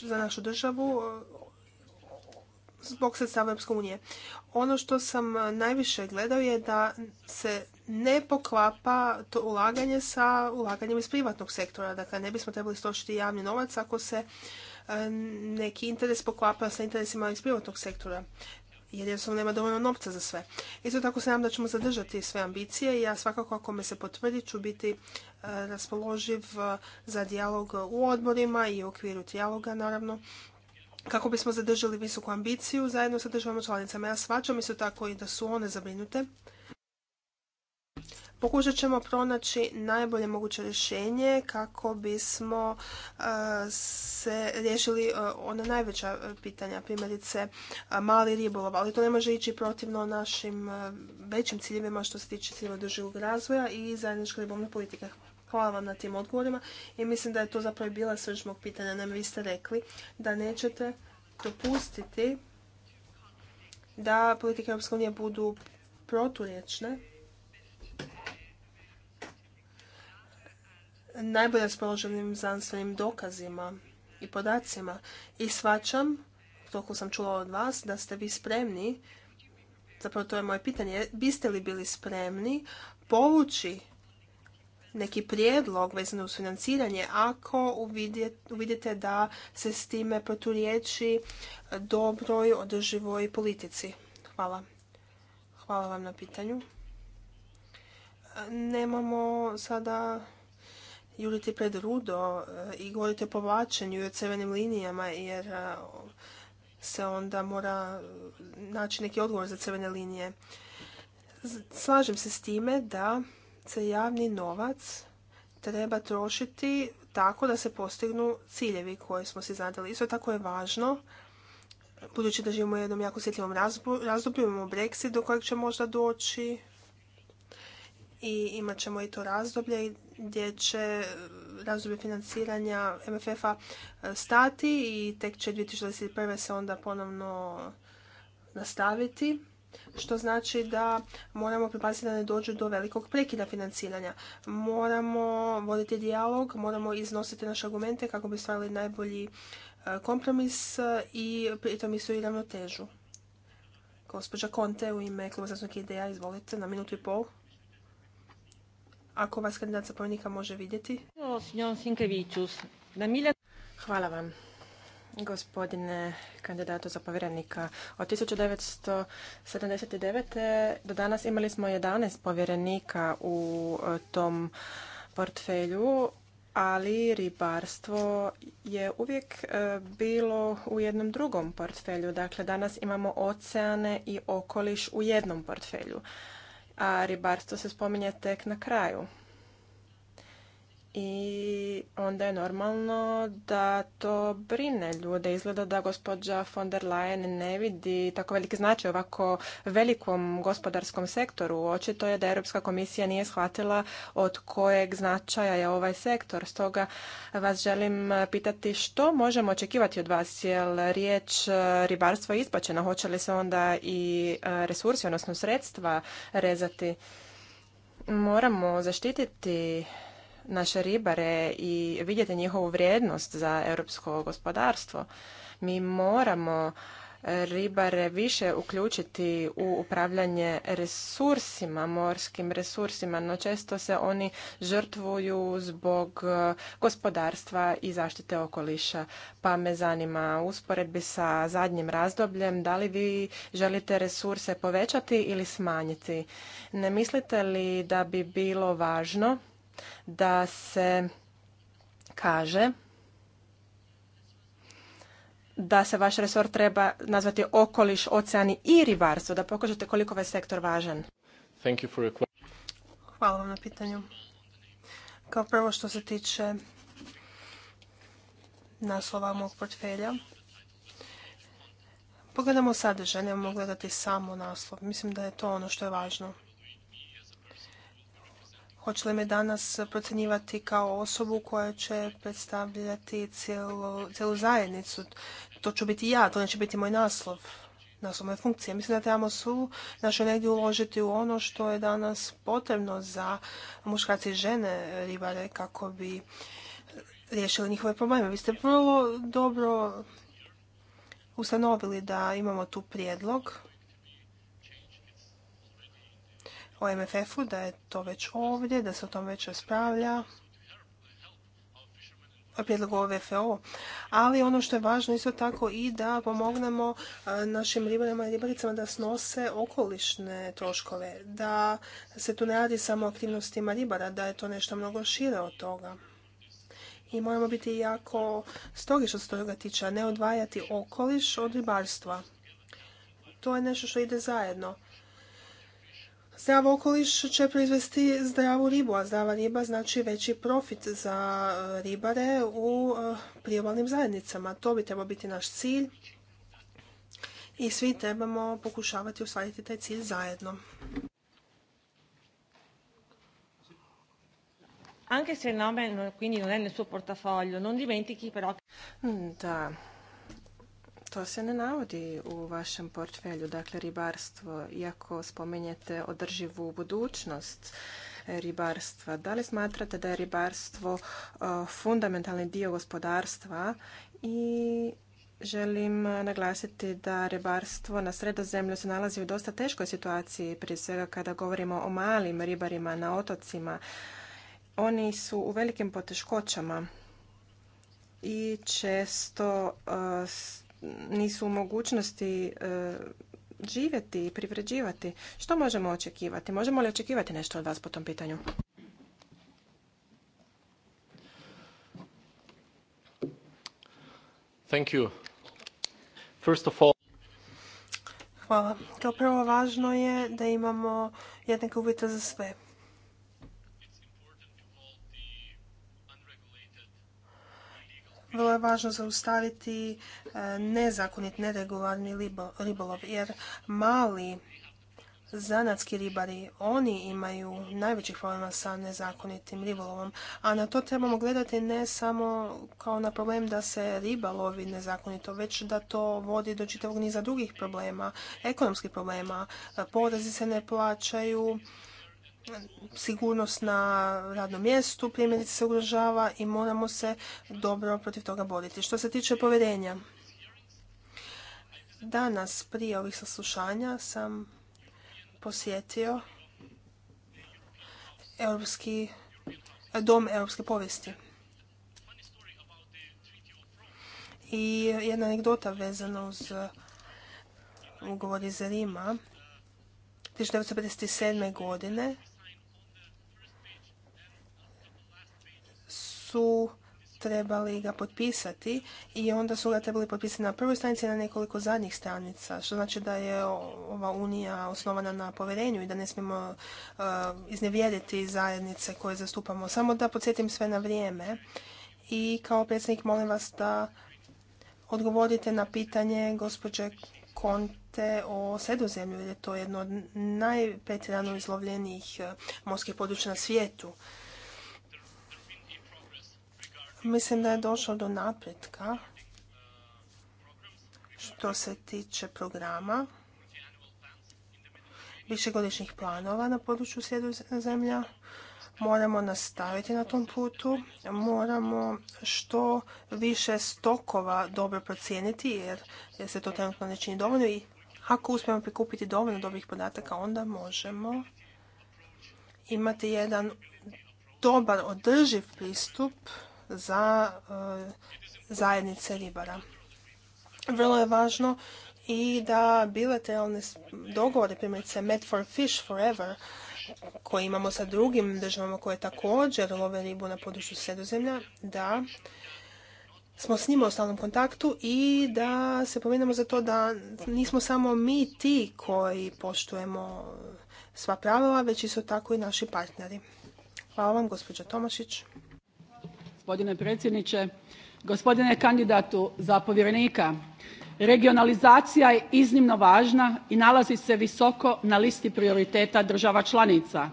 za našu državu zbog sredstava Europske unije. Ono što sam e, najviše gledao je da se ne poklapa to ulaganje sa ulaganjem iz privatnog sektora. Dakle, ne bismo trebali stošiti javni novac ako se e, neki interes poklapa sa interesima iz privatnog sektora jer jednostavno nema dovoljno novca za sve. Isto tako se nadam da ćemo zadržati sve ambicije i ja svakako ako me se potvrdi ću biti e, raspoloživ za dijalog u odborima i u okviru dijaloga naravno kako bismo zadržali visoku ambiciju zajedno sa državama članicama. Ja svačam isto tako i da su one zabrinute. Pokušat ćemo pronaći najbolje moguće rješenje kako bismo e, se riješili e, ona najveća e, pitanja, primjerice mali ribolov, ali to ne može ići protivno našim većim ciljevima što se tiče ciljeva održivog razvoja i zajedničke ribolovne politike. Hvala vam na tim odgovorima i mislim da je to zapravo bila srž mog pitanja. Nam vi ste rekli da nećete dopustiti da politike Europske unije budu proturječne. najbolje raspoloženim znanstvenim dokazima i podacima. I svačam, toliko sam čula od vas, da ste vi spremni, zapravo to je moje pitanje, biste li bili spremni povući neki prijedlog vezan uz financiranje ako uvidite da se s time proturiječi dobroj, održivoj politici? Hvala. Hvala vam na pitanju. Nemamo sada juriti pred rudo e, i govoriti o povlačenju i o crvenim linijama jer e, se onda mora e, naći neki odgovor za crvene linije. Slažem se s time da se javni novac treba trošiti tako da se postignu ciljevi koje smo si zadali. Isto tako je važno, budući da živimo u jednom jako osjetljivom razdoblju, imamo Brexit do kojeg će možda doći i imat ćemo i to razdoblje gdje će razdoblje financiranja MFF-a e, stati i tek će 2021. se onda ponovno nastaviti što znači da moramo pripaziti da ne dođe do velikog prekida financiranja. Moramo voditi dijalog, moramo iznositi naše argumente kako bi stvarili najbolji e, kompromis e, i pritom isto i ravnotežu. Gospođa Konte u ime Kluba zastupnog ideja, izvolite na minutu i pol. Ako vas kandidat zapovjednika može vidjeti. Hvala vam. Gospodine kandidatu za povjerenika, od 1979. do danas imali smo 11 povjerenika u e, tom portfelju, ali ribarstvo je uvijek e, bilo u jednom drugom portfelju. Dakle, danas imamo oceane i okoliš u jednom portfelju, a ribarstvo se spominje tek na kraju i onda je normalno da to brine ljude. Izgleda da gospođa von der Leyen ne vidi tako veliki značaj ovako velikom gospodarskom sektoru. Očito je da Europska komisija nije shvatila od kojeg značaja je ovaj sektor. Stoga vas želim pitati što možemo očekivati od vas, jel riječ e, ribarstvo je ispačena. Hoće li se onda i e, resursi, odnosno sredstva rezati? Moramo zaštititi naše ribare i vidjeti njihovu vrijednost za europsko gospodarstvo. Mi moramo e, ribare više uključiti u upravljanje resursima, morskim resursima, no često se oni žrtvuju zbog e, gospodarstva i zaštite okoliša. Pa me zanima usporedbi sa zadnjim razdobljem, da li vi želite resurse povećati ili smanjiti? Ne mislite li da bi bilo važno da se kaže da se vaš resor treba nazvati okoliš, oceani i ribarstvo, da pokažete koliko je ovaj sektor važan. Hvala vam na pitanju. Kao prvo što se tiče naslova mog portfelja, pogledamo sadržaj, mogu gledati samo naslov. Mislim da je to ono što je važno. Hoće li me danas procjenjivati kao osobu koja će predstavljati cijelu, zajednicu? To ću biti ja, to neće biti moj naslov, naslov moje funkcije. Mislim da trebamo svu našu energiju uložiti u ono što je danas potrebno za muškarce i žene ribare kako bi riješili njihove probleme. Vi ste vrlo dobro ustanovili da imamo tu prijedlog o MFF-u, da je to već ovdje, da se o tom već raspravlja o prijedlogu OVFO, ali ono što je važno isto tako i da pomognemo e, našim ribarima i ribaricama da snose okolišne troškove, da se tu ne radi samo o aktivnostima ribara, da je to nešto mnogo šire od toga. I moramo biti jako strogi što se toga tiče, a ne odvajati okoliš od ribarstva. To je nešto što ide zajedno. Zdrav okoliš će proizvesti zdravu ribu, a zdrava riba znači veći profit za e, ribare u e, priobalnim zajednicama. To bi trebao biti naš cilj i svi trebamo pokušavati ostvariti taj cilj zajedno. Anche se il nome quindi non è nel suo portafoglio, non dimentichi però mm, Da, to se ne navodi u vašem portfelju, dakle ribarstvo, iako spomenjete održivu budućnost ribarstva. Da li smatrate da je ribarstvo e, fundamentalni dio gospodarstva i Želim naglasiti da ribarstvo na sredozemlju se nalazi u dosta teškoj situaciji, prije svega kada govorimo o malim ribarima na otocima. Oni su u velikim poteškoćama i često e, nisu u mogućnosti e, živjeti i privređivati. Što možemo očekivati? Možemo li očekivati nešto od vas po tom pitanju? Thank you. First of all... Hvala. Kao prvo važno je da imamo jednake uvjete za sve. Vrlo je važno zaustaviti e, nezakonit, neregularni ribolov, jer mali zanatski ribari, oni imaju najvećih problema sa nezakonitim ribolovom, a na to trebamo gledati ne samo kao na problem da se riba lovi nezakonito, već da to vodi do čitavog niza drugih problema, ekonomskih problema, e, porezi se ne plaćaju, sigurnost na radnom mjestu primjerice se ugrožava i moramo se dobro protiv toga boriti. Što se tiče povjerenja, danas prije ovih saslušanja sam posjetio Europski, dom europske povijesti. I jedna anegdota vezana uz ugovor iz Rima 1957. godine su trebali ga potpisati i onda su ga trebali potpisati na prvoj stranici i na nekoliko zadnjih stranica, što znači da je ova unija osnovana na poverenju i da ne smijemo e, iznevjeriti zajednice koje zastupamo. Samo da podsjetim sve na vrijeme i kao predsjednik molim vas da odgovorite na pitanje gospođe Konte o sredozemlju, jer je to jedno od najpretjerano izlovljenijih e, morskih područja na svijetu. Mislim da je došlo do napretka što se tiče programa višegodišnjih planova na području zemlja. Moramo nastaviti na tom putu, moramo što više stokova dobro procijeniti jer se to trenutno ne čini dovoljno i ako uspijemo prikupiti dovoljno dobrih podataka onda možemo imati jedan dobar održiv pristup za e, zajednice ribara. Vrlo je važno i da bilateralne dogovore, primjerice Met for Fish Forever, koje imamo sa drugim državama koje također love ribu na području sredozemlja, da smo s njima u stalnom kontaktu i da se pominemo za to da nismo samo mi ti koji poštujemo sva pravila, već isto tako i naši partneri. Hvala vam, gospođo Tomašić gospodine predsjedniče. Gospodine kandidatu za povjerenika, regionalizacija je iznimno važna i nalazi se visoko na listi prioriteta država članica.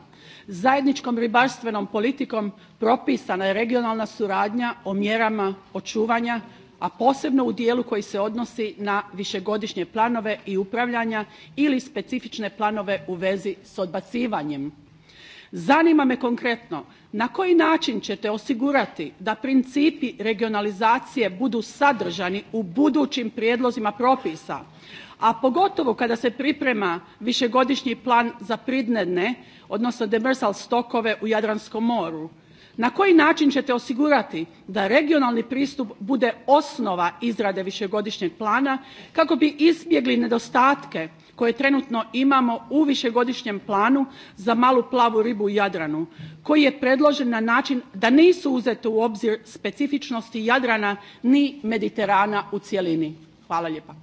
Zajedničkom ribarstvenom politikom propisana je regionalna suradnja o mjerama očuvanja, a posebno u dijelu koji se odnosi na višegodišnje planove i upravljanja ili specifične planove u vezi s odbacivanjem. Zanima me konkretno na koji način ćete osigurati da principi regionalizacije budu sadržani u budućim prijedlozima propisa, a pogotovo kada se priprema višegodišnji plan za pridnedne odnosno demersal stokove u Jadranskom moru? Na koji način ćete osigurati da regionalni pristup bude osnova izrade višegodišnjeg plana kako bi izbjegli nedostatke koje trenutno imamo u višegodišnjem planu za malu plavu ribu u Jadranu koji je predložen na način da nisu uzete u obzir specifičnosti Jadrana ni Mediterana u cjelini. Hvala lijepa.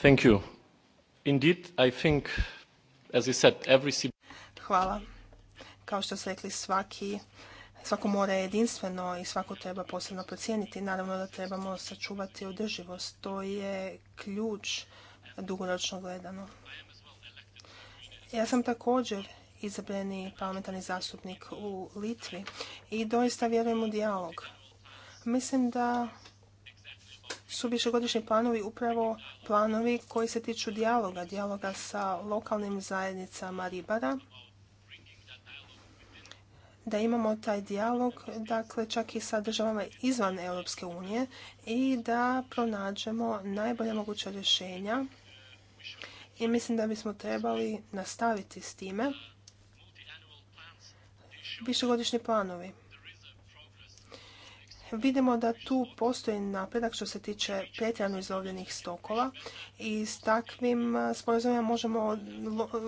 Thank you. Indeed, I think, as said, every... Hvala. Kao što rekli, svaki Svako mora je jedinstveno i svako treba posebno procijeniti. Naravno da trebamo sačuvati održivost. To je ključ dugoročno gledano. Ja sam također izabrani parlamentarni zastupnik u Litvi i doista vjerujem u dijalog. Mislim da su višegodišnji planovi upravo planovi koji se tiču dijaloga, dijaloga sa lokalnim zajednicama ribara, da imamo taj dijalog, dakle čak i sa državama izvan Europske unije i da pronađemo najbolje moguća rješenja i mislim da bismo trebali nastaviti s time. Višegodišnji planovi vidimo da tu postoji napredak što se tiče pretjerano izlovljenih stokova i s takvim sporazumima možemo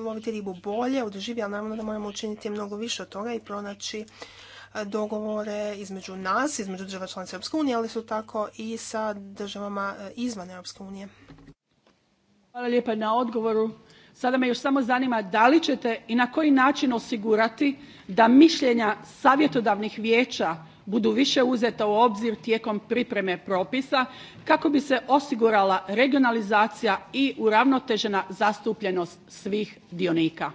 loviti ribu bolje, održivije, ali naravno da moramo učiniti mnogo više od toga i pronaći dogovore između nas, između država članica Europske unije, ali su tako i sa državama izvan Europske unije. Hvala lijepa na odgovoru. Sada me još samo zanima da li ćete i na koji način osigurati da mišljenja savjetodavnih vijeća budu više uzeta u obzir tijekom pripreme propisa kako bi se osigurala regionalizacija i uravnotežena zastupljenost svih dionika.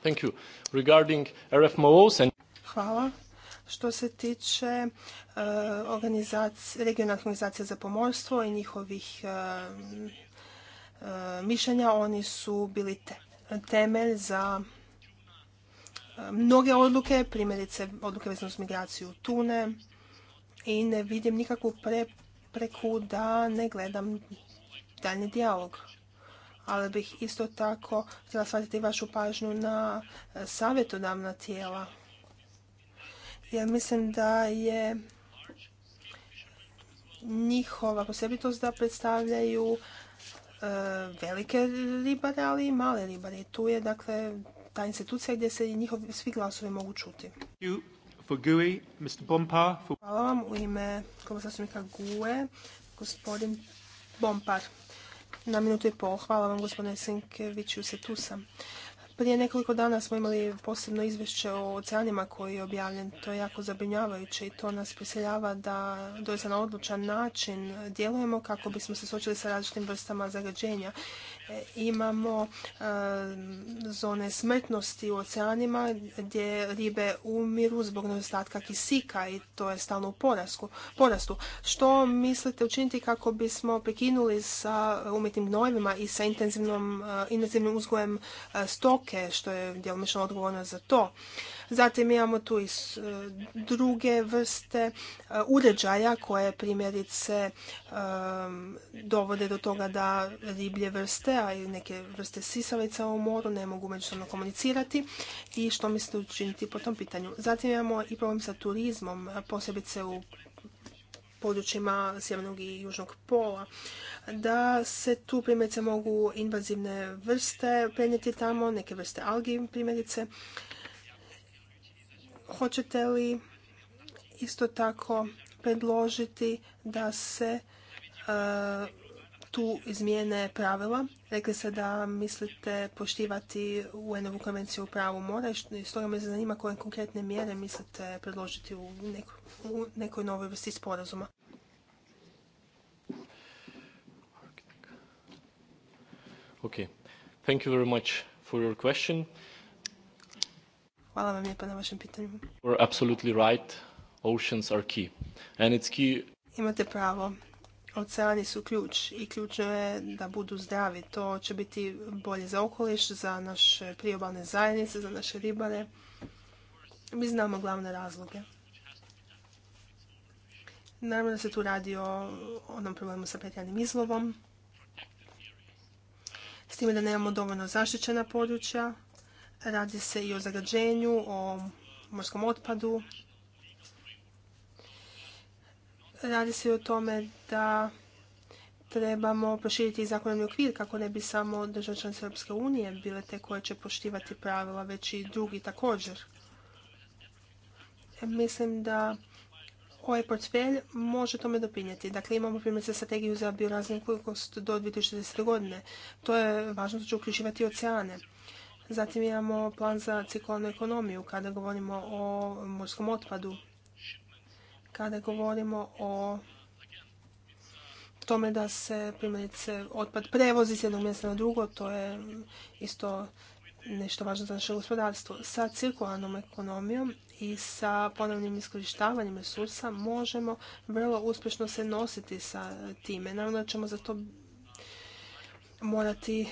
Thank Hvala. Što se tiče uh, e, regionalnih organizacija za pomorstvo i njihovih e, mišljenja. Oni su bili temelj za e, mnoge odluke, primjerice odluke vezano s migraciju Tune i ne vidim nikakvu prepreku da ne gledam daljni dijalog. Ali bih isto tako htjela shvatiti vašu pažnju na e, savjetodavna tijela. Jer mislim da je njihova posebitost da predstavljaju E, velike ribare, ali i male ribare. tu je dakle ta institucija gdje se njihovi svi glasovi mogu čuti. Hvala vam u ime kluba zastupnika GUE, gospodin Bompar. Na minutu i pol. Hvala vam gospodine Sinkeviću, se tu sam. Prije nekoliko dana smo imali posebno izvješće o oceanima koji je objavljen. To je jako zabrinjavajuće i to nas prisiljava da doista na odlučan način djelujemo kako bismo se suočili sa različitim vrstama zagađenja. E, imamo e, zone smrtnosti u oceanima gdje ribe umiru zbog nedostatka kisika i to je stalno u porastu. Što mislite učiniti kako bismo prekinuli sa umjetnim gnojivima i sa e, intenzivnim uzgojem stoke, što je djelomično odgovorno za to? Zatim imamo tu i e, druge vrste e, uređaja koje primjerice e, dovode do toga da riblje vrste, a i neke vrste sisalica u moru ne mogu međusobno komunicirati i što mislite učiniti po tom pitanju. Zatim imamo i problem sa turizmom, posebice u područjima sjevernog i južnog pola, da se tu primjerice mogu invazivne vrste prenijeti tamo, neke vrste algi primjerice, hoćete li isto tako predložiti da se e, tu izmijene pravila. Rekli ste da mislite poštivati UN-ovu konvenciju o pravu mora i stoga me zanima koje konkretne mjere mislite predložiti u, nekoj novoj vrsti sporazuma. Hvala vam lijepa na vašem pitanju. absolutely right. Oceans are key. Imate pravo. Oceani su ključ i ključno je da budu zdravi. To će biti bolje za okoliš, za naše priobalne zajednice, za naše ribare. Mi znamo glavne razloge. Naravno da se tu radi o onom problemu sa pretjanim izlovom. S time da nemamo dovoljno zaštićena područja, Radi se i o zagađenju, o morskom otpadu. Radi se i o tome da trebamo proširiti zakonodavni okvir kako ne bi samo države članice Europske unije bile te koje će poštivati pravila, već i drugi također. Mislim da ovaj portfelj može tome doprinijeti. Dakle, imamo primjerice strategiju za bioraznolikost do 2060. godine. To je važno što će uključivati oceane. Zatim imamo plan za ciklonu ekonomiju kada govorimo o morskom otpadu, kada govorimo o tome da se primjerice otpad prevozi s jednog mjesta na drugo, to je isto nešto važno za naše gospodarstvo. Sa cirkularnom ekonomijom i sa ponovnim iskorištavanjem resursa možemo vrlo uspješno se nositi sa time. Naravno da ćemo za to morati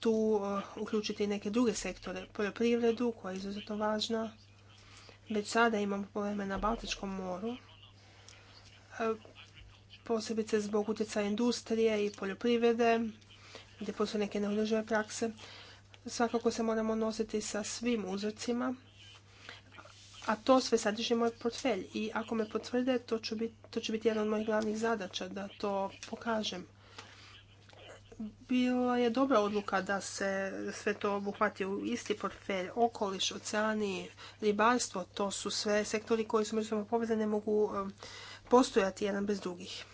tu uh, uključiti i neke druge sektore, poljoprivredu koja je izuzetno važna. Već sada imamo probleme na Baltičkom moru, uh, posebice zbog utjecaja industrije i poljoprivrede, gdje postoje neke neodržive prakse. Svakako se moramo nositi sa svim uzorcima, a to sve sadrži moj portfelj. I ako me potvrde, to, to će biti jedna od mojih glavnih zadaća da to pokažem bila je dobra odluka da se sve to obuhvati u isti portfelj. Okoliš, oceani, ribarstvo, to su sve sektori koji su međusobno povezani, ne mogu e, postojati jedan bez drugih.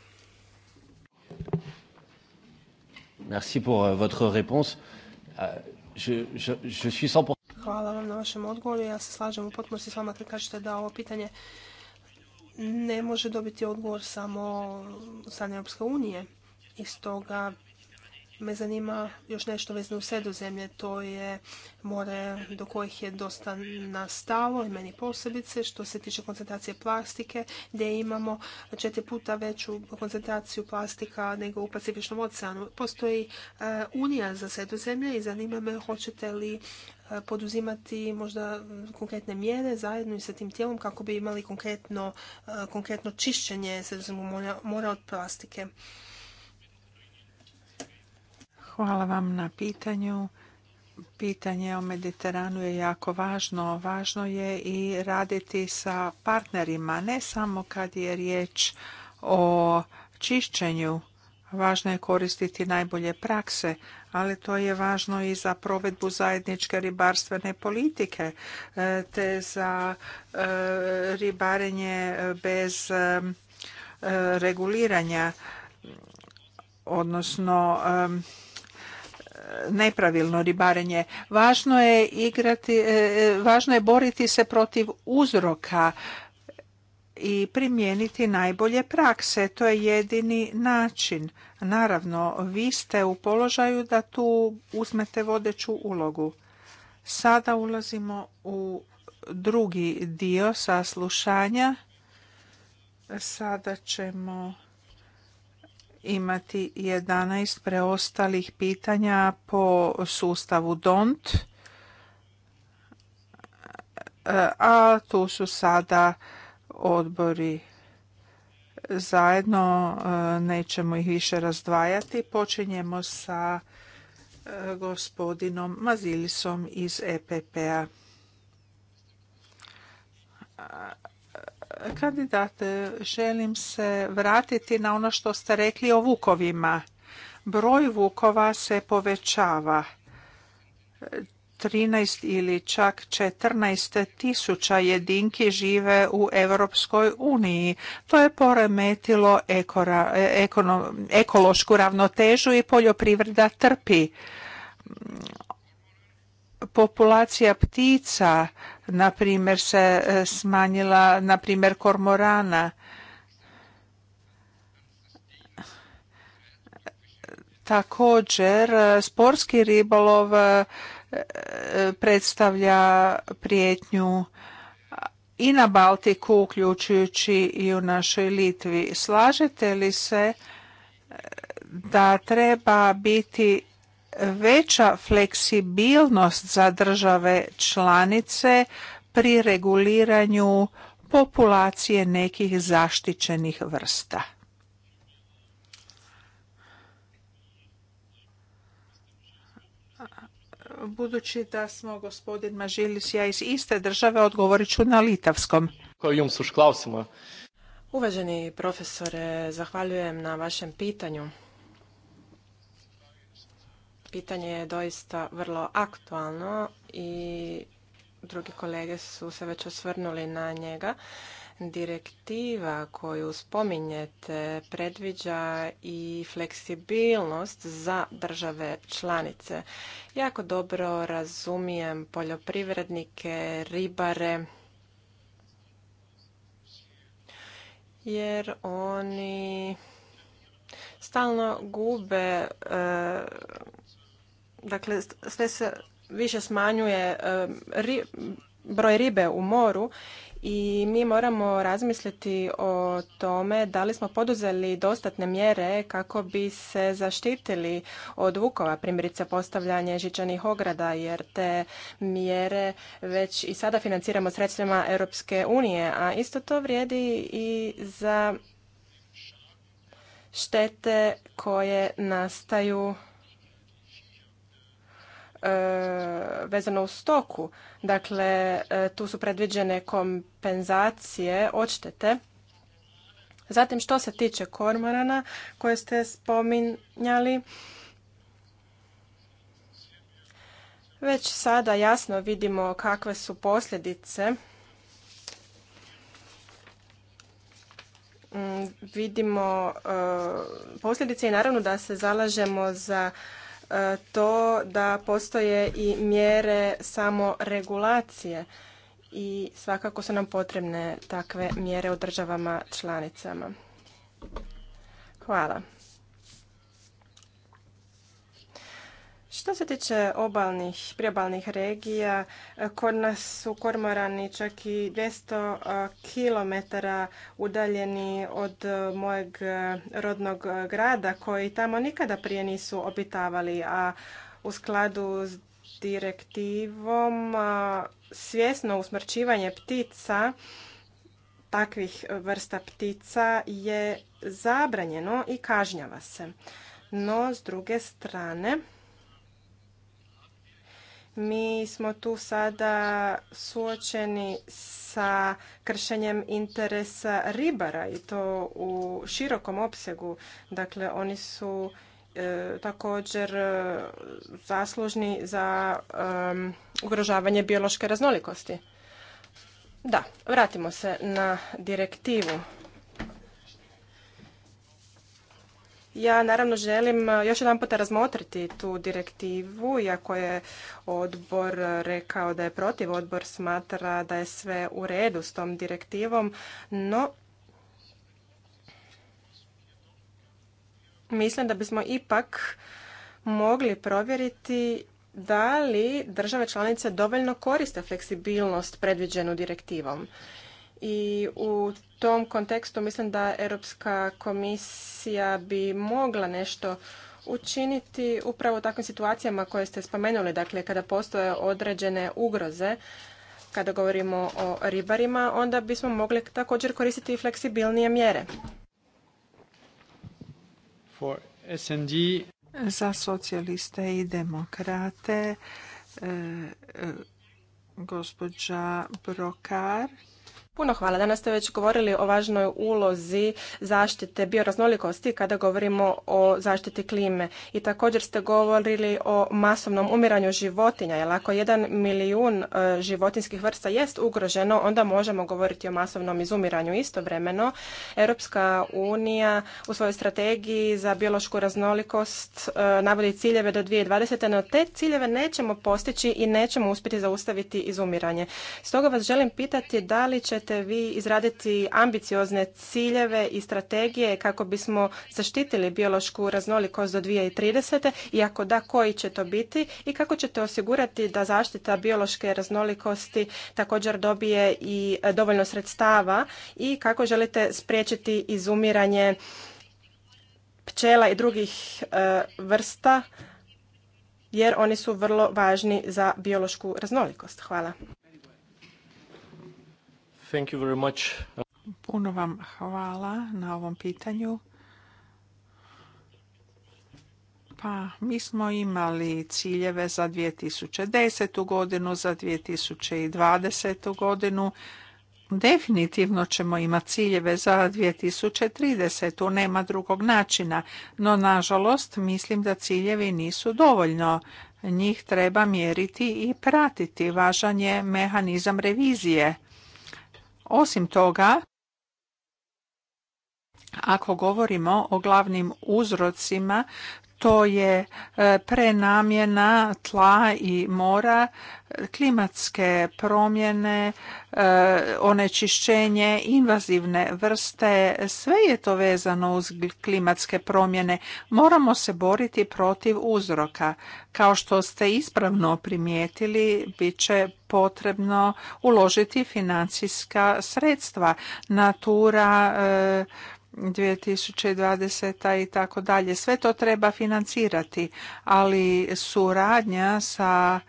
Merci pour euh, votre réponse. Euh, je, suis Hvala vam na vašem odgovoru. Ja se slažem u potpunosti s vama kad kažete da ovo pitanje ne može dobiti odgovor samo od strane Europske unije. I stoga me zanima još nešto vezano u sredozemlje, to je more do kojih je dosta nastalo i meni posebice što se tiče koncentracije plastike gdje imamo četiri puta veću koncentraciju plastika nego u Pacifičnom oceanu. Postoji eh, Unija za sredozemlje i zanima me hoćete li eh, poduzimati možda konkretne mjere zajedno i sa tim tijelom kako bi imali konkretno, eh, konkretno čišćenje sredozemnog mora od plastike. Hvala vam na pitanju. Pitanje o Mediteranu je jako važno. Važno je i raditi sa partnerima, ne samo kad je riječ o čišćenju. Važno je koristiti najbolje prakse, ali to je važno i za provedbu zajedničke ribarstvene politike, e, te za e, ribarenje bez e, reguliranja, odnosno nepravilno ribarenje. Važno je igrati, e, e, važno je boriti se protiv uzroka i primijeniti najbolje prakse. To je jedini način. Naravno, vi ste u položaju da tu uzmete vodeću ulogu. Sada ulazimo u drugi dio saslušanja. Sada ćemo imati 11 preostalih pitanja po sustavu DONT, a tu su sada odbori zajedno, nećemo ih više razdvajati. Počinjemo sa e, gospodinom Mazilisom iz EPP-a. Kandidat, želim se vratiti na ono što ste rekli o vukovima. Broj vukova se povećava. 13 ili čak 14 tisuća jedinki žive u Europskoj uniji. To je poremetilo ekološku ravnotežu i poljoprivreda trpi populacija ptica, na primjer, se e, smanjila, na primjer, kormorana. Također, sportski ribolov e, predstavlja prijetnju i na Baltiku, uključujući i u našoj Litvi. Slažete li se e, da treba biti veća fleksibilnost za države članice pri reguliranju populacije nekih zaštićenih vrsta. Budući da smo gospodin Mažilis ja iz iste države, odgovorit ću na litavskom. Uvaženi profesore, zahvaljujem na vašem pitanju pitanje je doista vrlo aktualno i drugi kolege su se već osvrnuli na njega. Direktiva koju spominjete predviđa i fleksibilnost za države članice. Jako dobro razumijem poljoprivrednike, ribare, jer oni stalno gube e, dakle sve se više smanjuje broj ribe u moru i mi moramo razmisliti o tome da li smo poduzeli dostatne mjere kako bi se zaštitili od vukova, primjerice postavljanje žičanih ograda, jer te mjere već i sada financiramo sredstvima Europske unije, a isto to vrijedi i za štete koje nastaju E, vezano u stoku. Dakle, e, tu su predviđene kompenzacije, odštete. Zatim, što se tiče kormorana koje ste spominjali, već sada jasno vidimo kakve su posljedice. Mm, vidimo e, posljedice i naravno da se zalažemo za E, to da postoje i mjere samoregulacije i svakako su nam potrebne takve mjere u državama članicama. Hvala. Što se tiče obalnih, priobalnih regija, eh, kod nas su kormorani čak i 200 eh, km udaljeni od eh, mojeg rodnog grada koji tamo nikada prije nisu obitavali, a u skladu s direktivom svjesno usmrćivanje ptica takvih vrsta ptica je zabranjeno i kažnjava se. No, s druge strane, mi smo tu sada suočeni sa kršenjem interesa ribara i to u širokom opsegu. Dakle, oni su e, također e, zaslužni za ugrožavanje biološke raznolikosti. Da, vratimo se na direktivu. Ja naravno želim e, još jedan puta razmotriti tu direktivu, iako je odbor rekao da je protiv, odbor smatra da je sve u redu s tom direktivom, no mislim da bismo ipak mogli provjeriti da li države članice dovoljno koriste fleksibilnost predviđenu direktivom i u tom kontekstu mislim da Europska komisija bi mogla nešto učiniti upravo u takvim situacijama koje ste spomenuli, dakle kada postoje određene ugroze, kada govorimo o ribarima, onda bismo mogli također koristiti i fleksibilnije mjere. Za socijaliste i demokrate, e, e, gospođa Brokar. Puno hvala. Danas ste već govorili o važnoj ulozi zaštite bioraznolikosti kada govorimo o zaštiti klime. I također ste govorili o masovnom umiranju životinja, jer ako jedan milijun e, životinskih vrsta jest ugroženo, onda možemo govoriti o masovnom izumiranju. Istovremeno, Europska unija u svojoj strategiji za biološku raznolikost e, navodi ciljeve do 2020. No te ciljeve nećemo postići i nećemo uspjeti zaustaviti izumiranje. Stoga vas želim pitati da li će ćete vi izraditi ambiciozne ciljeve i strategije kako bismo zaštitili biološku raznolikost do 2030. i ako da, koji će to biti i kako ćete osigurati da zaštita biološke raznolikosti također dobije i dovoljno sredstava i kako želite spriječiti izumiranje pčela i drugih e, vrsta jer oni su vrlo važni za biološku raznolikost. Hvala. Puno vam hvala na ovom pitanju. Pa, mi smo imali ciljeve za 2010. godinu, za 2020. godinu. Definitivno ćemo imati ciljeve za 2030. Nema drugog načina. No, nažalost, mislim da ciljevi nisu dovoljno. Njih treba mjeriti i pratiti. Važan je mehanizam revizije. Osim toga, ako govorimo o glavnim uzrocima to je e, prenamjena tla i mora, klimatske promjene, e, onečišćenje, invazivne vrste, sve je to vezano uz klimatske promjene. Moramo se boriti protiv uzroka. Kao što ste ispravno primijetili, bit će potrebno uložiti financijska sredstva. Natura e, 2020. i tako dalje. Sve to treba financirati, ali suradnja sa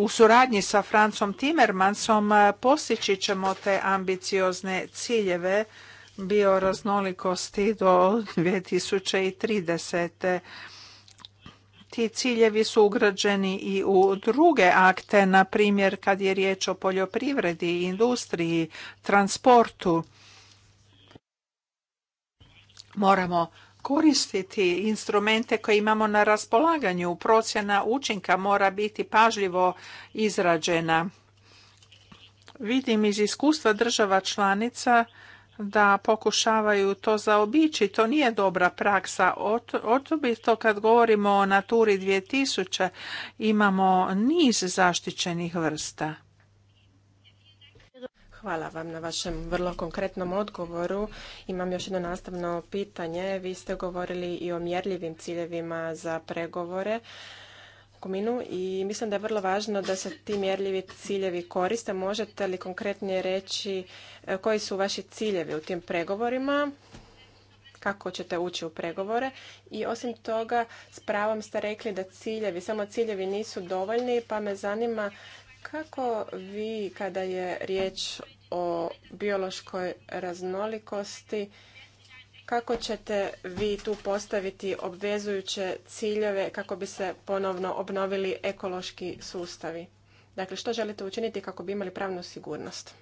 u suradnji sa Francom Timmermansom postići ćemo te ambiciozne ciljeve bioraznolikosti do 2030. Ti ciljevi su ugrađeni i u druge akte, na primjer kad je riječ o poljoprivredi, industriji, transportu. Moramo koristiti instrumente koje imamo na raspolaganju. Procjena učinka mora biti pažljivo izrađena. Vidim iz iskustva država članica da pokušavaju to zaobići. To nije dobra praksa. Osobito kad govorimo o Naturi 2000 imamo niz zaštićenih vrsta. Hvala vam na vašem vrlo konkretnom odgovoru. Imam još jedno nastavno pitanje. Vi ste govorili i o mjerljivim ciljevima za pregovore i mislim da je vrlo važno da se ti mjerljivi ciljevi koriste. Možete li konkretnije reći e, koji su vaši ciljevi u tim pregovorima? kako ćete ući u pregovore i osim toga s pravom ste rekli da ciljevi, samo ciljevi nisu dovoljni pa me zanima kako vi, kada je riječ o biološkoj raznolikosti, kako ćete vi tu postaviti obvezujuće ciljeve kako bi se ponovno obnovili ekološki sustavi? Dakle, što želite učiniti kako bi imali pravnu sigurnost?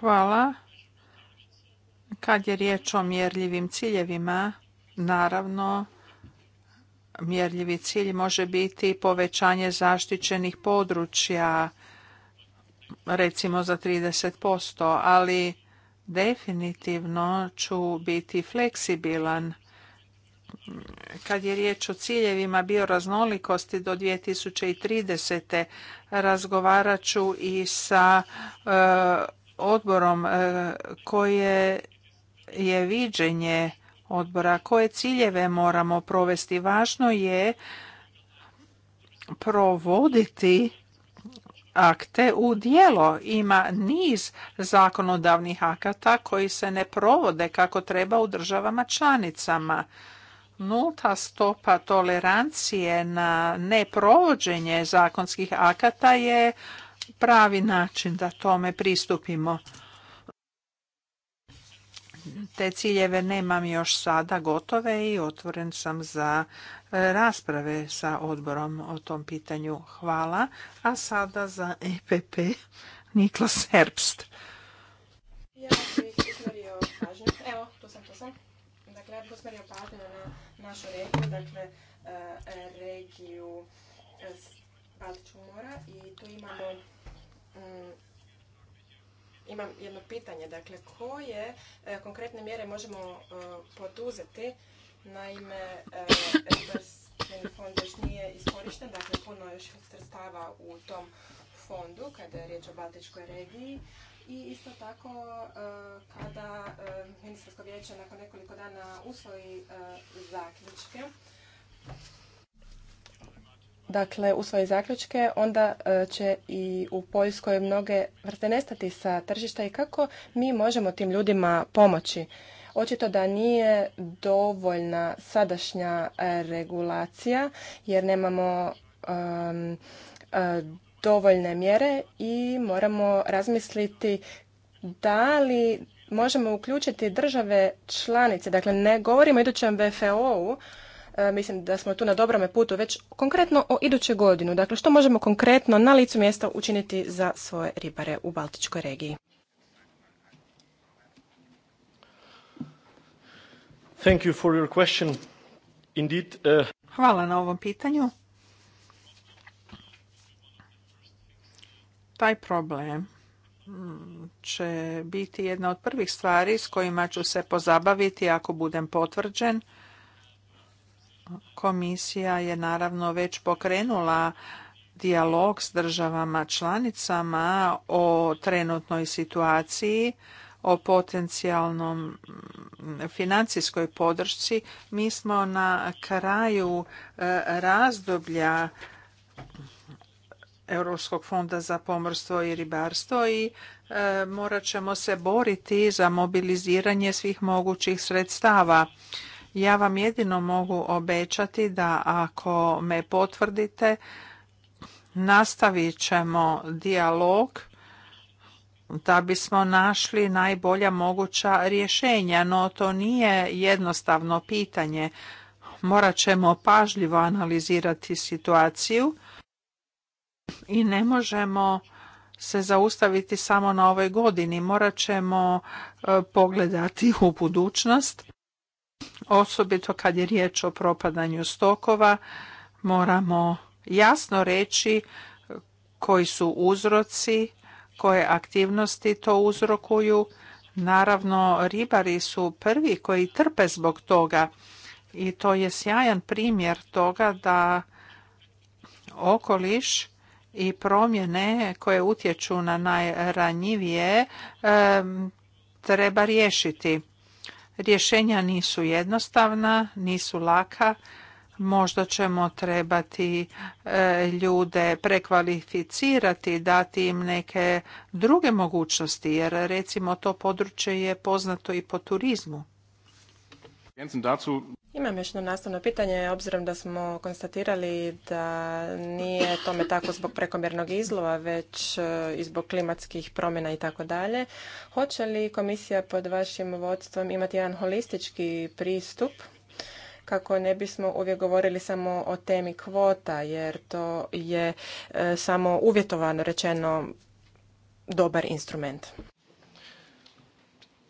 Hvala. Kad je riječ o mjerljivim ciljevima, naravno Mjerljivi cilj može biti povećanje zaštićenih područja, recimo za 30%, ali definitivno ću biti fleksibilan kad je riječ o ciljevima bioraznolikosti do 2030. razgovarat ću i sa e, odborom e, koje je viđenje odbora. Koje ciljeve moramo provesti? Važno je provoditi akte u dijelo. Ima niz zakonodavnih akata koji se ne provode kako treba u državama članicama. Nulta stopa tolerancije na neprovođenje zakonskih akata je pravi način da tome pristupimo te ciljeve nemam još sada gotove i otvoren sam za e, rasprave sa odborom o tom pitanju. Hvala. A sada za EPP Niklas Herbst. Ja bih usmerio pažnju. Evo, tu sam, tu sam. Dakle, ja bih usmerio pažnju na našu regiju, dakle, e, regiju e, Baltičkog mora i tu imamo mm, imam jedno pitanje. Dakle, koje e, konkretne mjere možemo e, poduzeti? Naime, ime fond još nije iskorišten, dakle puno još sredstava u tom fondu kada je riječ o Baltičkoj regiji. I isto tako e, kada ministarsko vijeće nakon nekoliko dana usvoji zaključke dakle u svoje zaključke, onda e, će i u Poljskoj mnoge vrste nestati sa tržišta i kako mi možemo tim ljudima pomoći. Očito da nije dovoljna sadašnja e, regulacija jer nemamo e, dovoljne mjere i moramo razmisliti da li možemo uključiti države članice. Dakle, ne govorimo o idućem VFO-u, E, mislim da smo tu na dobrome putu već konkretno o idućoj godinu. Dakle, što možemo konkretno na licu mjesta učiniti za svoje ribare u Baltičkoj regiji? Thank you for your question. Indeed, e, Hvala na ovom pitanju. Taj problem mm, će biti jedna od prvih stvari s kojima ću se pozabaviti ako budem potvrđen Komisija je naravno već pokrenula dijalog s državama članicama o trenutnoj situaciji, o potencijalnom financijskoj podršci. Mi smo na kraju e, razdoblja Europskog fonda za pomorstvo i ribarstvo i e, morat ćemo se boriti za mobiliziranje svih mogućih sredstava. Ja vam jedino mogu obećati da ako me potvrdite, nastavit ćemo dijalog da bismo našli najbolja moguća rješenja, no to nije jednostavno pitanje. Morat ćemo pažljivo analizirati situaciju i ne možemo se zaustaviti samo na ovoj godini. Morat ćemo e, pogledati u budućnost osobito kad je riječ o propadanju stokova, moramo jasno reći koji su uzroci, koje aktivnosti to uzrokuju. Naravno, ribari su prvi koji trpe zbog toga i to je sjajan primjer toga da okoliš i promjene koje utječu na najranjivije treba riješiti. Rješenja nisu jednostavna, nisu laka. Možda ćemo trebati e, ljude prekvalificirati, dati im neke druge mogućnosti, jer recimo to područje je poznato i po turizmu. Imam još jedno nastavno pitanje, obzirom da smo konstatirali da nije tome tako zbog prekomjernog izlova, već e, i zbog klimatskih promjena i tako dalje. Hoće li komisija pod vašim vodstvom imati jedan holistički pristup kako ne bismo uvijek govorili samo o temi kvota, jer to je e, samo uvjetovano rečeno dobar instrument.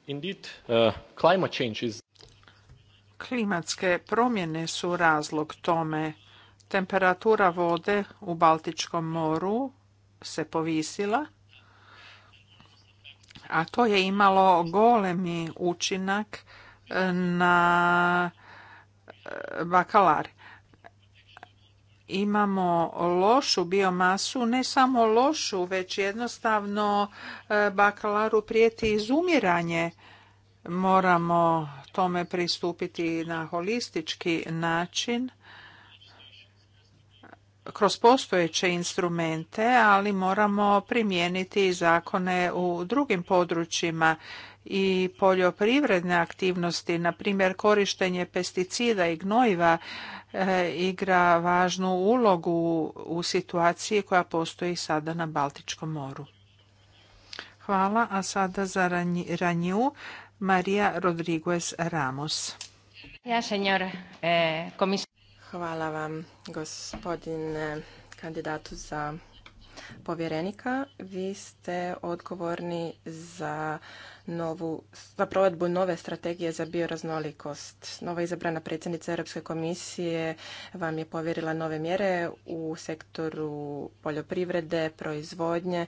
Uh, climate change is Klimatske promjene su razlog tome. Temperatura vode u Baltičkom moru se povisila, a to je imalo golemi učinak e, na e, bakalar. Imamo lošu biomasu, ne samo lošu, već jednostavno e, bakalaru prijeti izumiranje moramo tome pristupiti na holistički način kroz postojeće instrumente, ali moramo primijeniti zakone u drugim područjima i poljoprivredne aktivnosti, na primjer korištenje pesticida i gnojiva e, igra važnu ulogu u situaciji koja postoji sada na Baltičkom moru. Hvala, a sada za ranju Marija Rodriguez Ramos. Ja, senjor, eh, komis... Hvala vam, gospodine kandidatu za povjerenika. Vi ste odgovorni za novu, za provedbu nove strategije za bioraznolikost. Nova izabrana predsjednica Europske komisije vam je povjerila nove mjere u sektoru poljoprivrede, proizvodnje.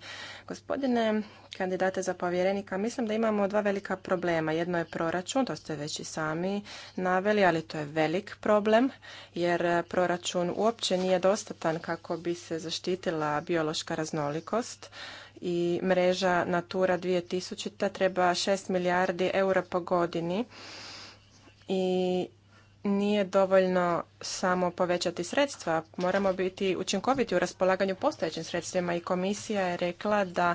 Gospodine kandidate za povjerenika, mislim da imamo dva velika problema. Jedno je proračun, to ste već i sami naveli, ali to je velik problem jer proračun uopće nije dostatan kako bi se zaštitila biološka raznolikost i mreža Natura 2000 treba 6 milijardi eura po godini i nije dovoljno samo povećati sredstva, moramo biti učinkoviti u raspolaganju postojećim sredstvima i komisija je rekla da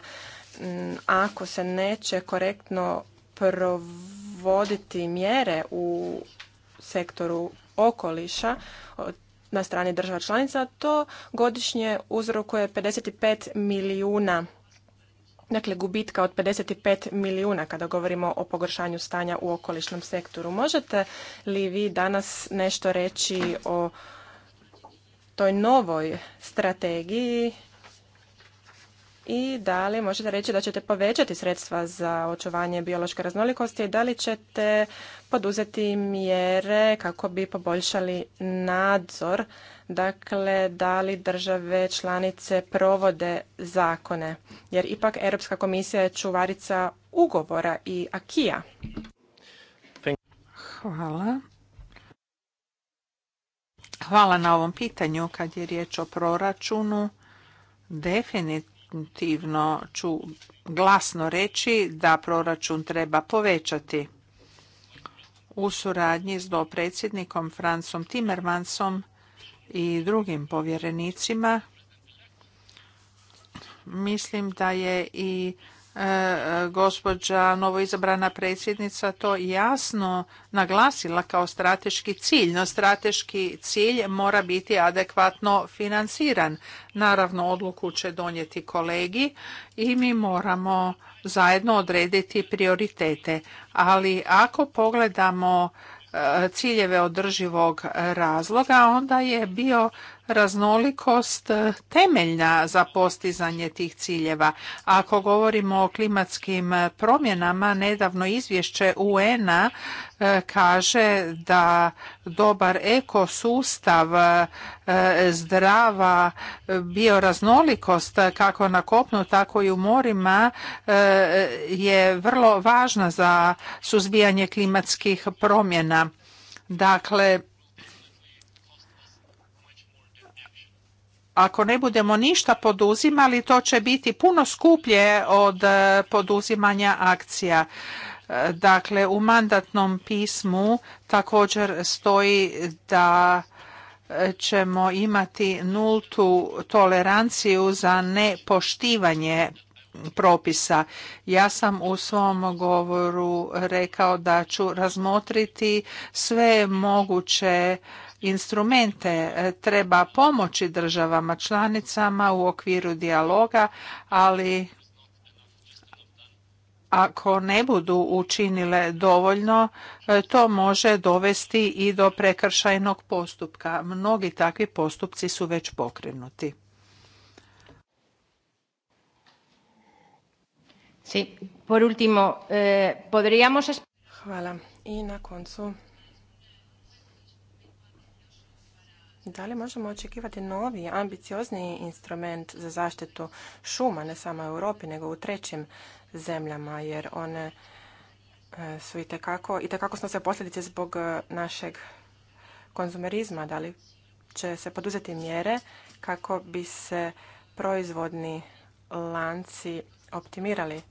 ako se neće korektno provoditi mjere u sektoru okoliša na strani država članica, to godišnje uzrokuje 55 milijuna dakle gubitka od 55 milijuna kada govorimo o pogoršanju stanja u okolišnom sektoru. Možete li vi danas nešto reći o toj novoj strategiji i da li možete reći da ćete povećati sredstva za očuvanje biološke raznolikosti i da li ćete poduzeti mjere kako bi poboljšali nadzor dakle da li države članice provode zakone jer ipak Europska komisija je čuvarica ugovora i akija. Hvala. Hvala na ovom pitanju kad je riječ o proračunu. Definitivno ću glasno reći da proračun treba povećati. U suradnji s dopredsjednikom Francom Timmermansom i drugim povjerenicima. Mislim da je i e, gospođa novoizabrana predsjednica to jasno naglasila kao strateški cilj, no strateški cilj mora biti adekvatno financiran. Naravno, odluku će donijeti kolegi i mi moramo zajedno odrediti prioritete. Ali ako pogledamo ciljeve održivog razloga, onda je bio raznolikost temeljna za postizanje tih ciljeva. Ako govorimo o klimatskim promjenama, nedavno izvješće UN-a e, kaže da dobar ekosustav, e, zdrava bioraznolikost kako na kopnu tako i u morima e, je vrlo važna za suzbijanje klimatskih promjena. Dakle, Ako ne budemo ništa poduzimali, to će biti puno skuplje od e, poduzimanja akcija. E, dakle, u mandatnom pismu također stoji da e, ćemo imati nultu toleranciju za nepoštivanje propisa. Ja sam u svom govoru rekao da ću razmotriti sve moguće instrumente. E, treba pomoći državama članicama u okviru dijaloga, ali ako ne budu učinile dovoljno, e, to može dovesti i do prekršajnog postupka. Mnogi takvi postupci su već pokrenuti. Eh, Hvala. I na koncu Da li možemo očekivati novi, ambiciozniji instrument za zaštitu šuma, ne samo u Europi, nego u trećim zemljama, jer one e, su i tekako, i tekako snose posljedice zbog e, našeg konzumerizma. Da li će se poduzeti mjere kako bi se proizvodni lanci optimirali?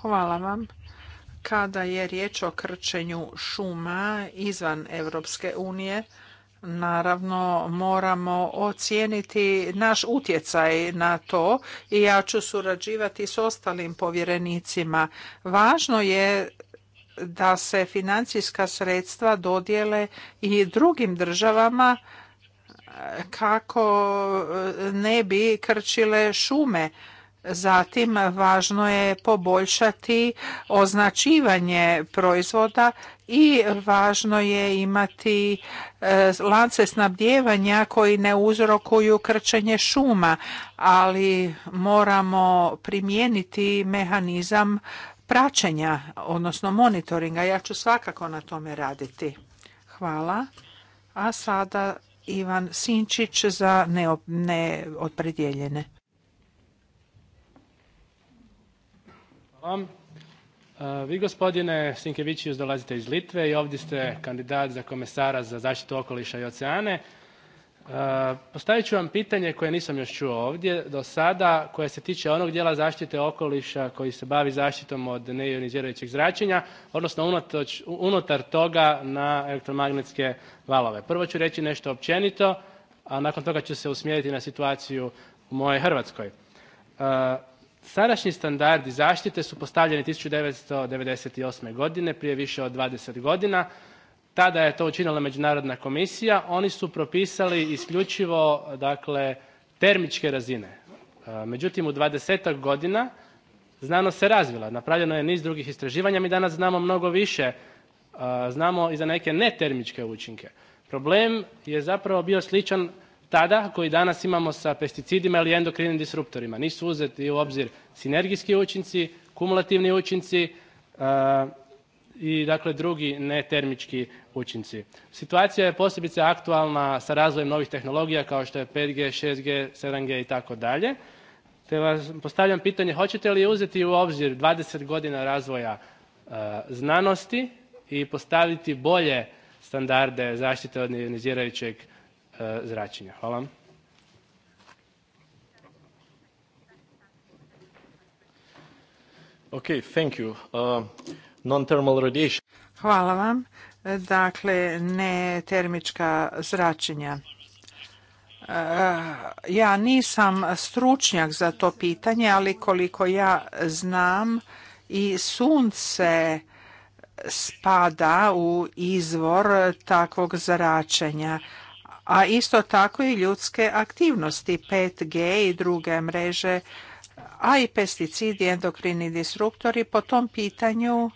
Hvala vam kada je riječ o krčenju šuma izvan Europske unije, naravno moramo ocijeniti naš utjecaj na to i ja ću surađivati s ostalim povjerenicima. Važno je da se financijska sredstva dodijele i drugim državama eh, kako eh, ne bi krčile šume Zatim važno je poboljšati označivanje proizvoda i važno je imati e, lance snabdjevanja koji ne uzrokuju krčenje šuma, ali moramo primijeniti mehanizam praćenja, odnosno monitoringa. Ja ću svakako na tome raditi. Hvala. A sada Ivan Sinčić za neopredjeljene. vam. E, vi gospodine Sinkevičius dolazite iz Litve i ovdje ste kandidat za komesara za zaštitu okoliša i oceane. E, postavit ću vam pitanje koje nisam još čuo ovdje do sada, koje se tiče onog dijela zaštite okoliša koji se bavi zaštitom od neionizirajućeg zračenja, odnosno unutar toga na elektromagnetske valove. Prvo ću reći nešto općenito, a nakon toga ću se usmjeriti na situaciju u mojoj Hrvatskoj. E, Sadašnji standardi zaštite su postavljeni 1998. godine, prije više od 20 godina. Tada je to učinila Međunarodna komisija. Oni su propisali isključivo, dakle termičke razine. E, međutim, u 20 godina znanost se razvila. Napravljeno je niz drugih istraživanja. Mi danas znamo mnogo više. E, znamo i za neke netermičke učinke. Problem je zapravo bio sličan tada koji danas imamo sa pesticidima ili endokrinim disruptorima. Nisu uzeti u obzir sinergijski učinci, kumulativni učinci e, i dakle drugi netermički učinci. Situacija je posebice aktualna sa razvojem novih tehnologija kao što je 5G, 6G, 7G dalje. Te vas postavljam pitanje hoćete li uzeti u obzir 20 godina razvoja e, znanosti i postaviti bolje standarde zaštite od neionizirajućeg Eh, zračenja. Hvala. Okay, thank you. Eh, non-thermal radiation. Hvala vam. Dakle, ne termička zračenja. Eh, ja nisam stručnjak za to pitanje, ali koliko ja znam i sunce spada u izvor takvog zračenja a isto tako i ljudske aktivnosti 5G i druge mreže, a i pesticidi, endokrini disruptori. Po tom pitanju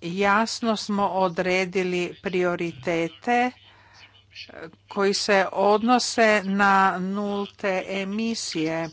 jasno smo odredili prioritete koji se odnose na nulte emisije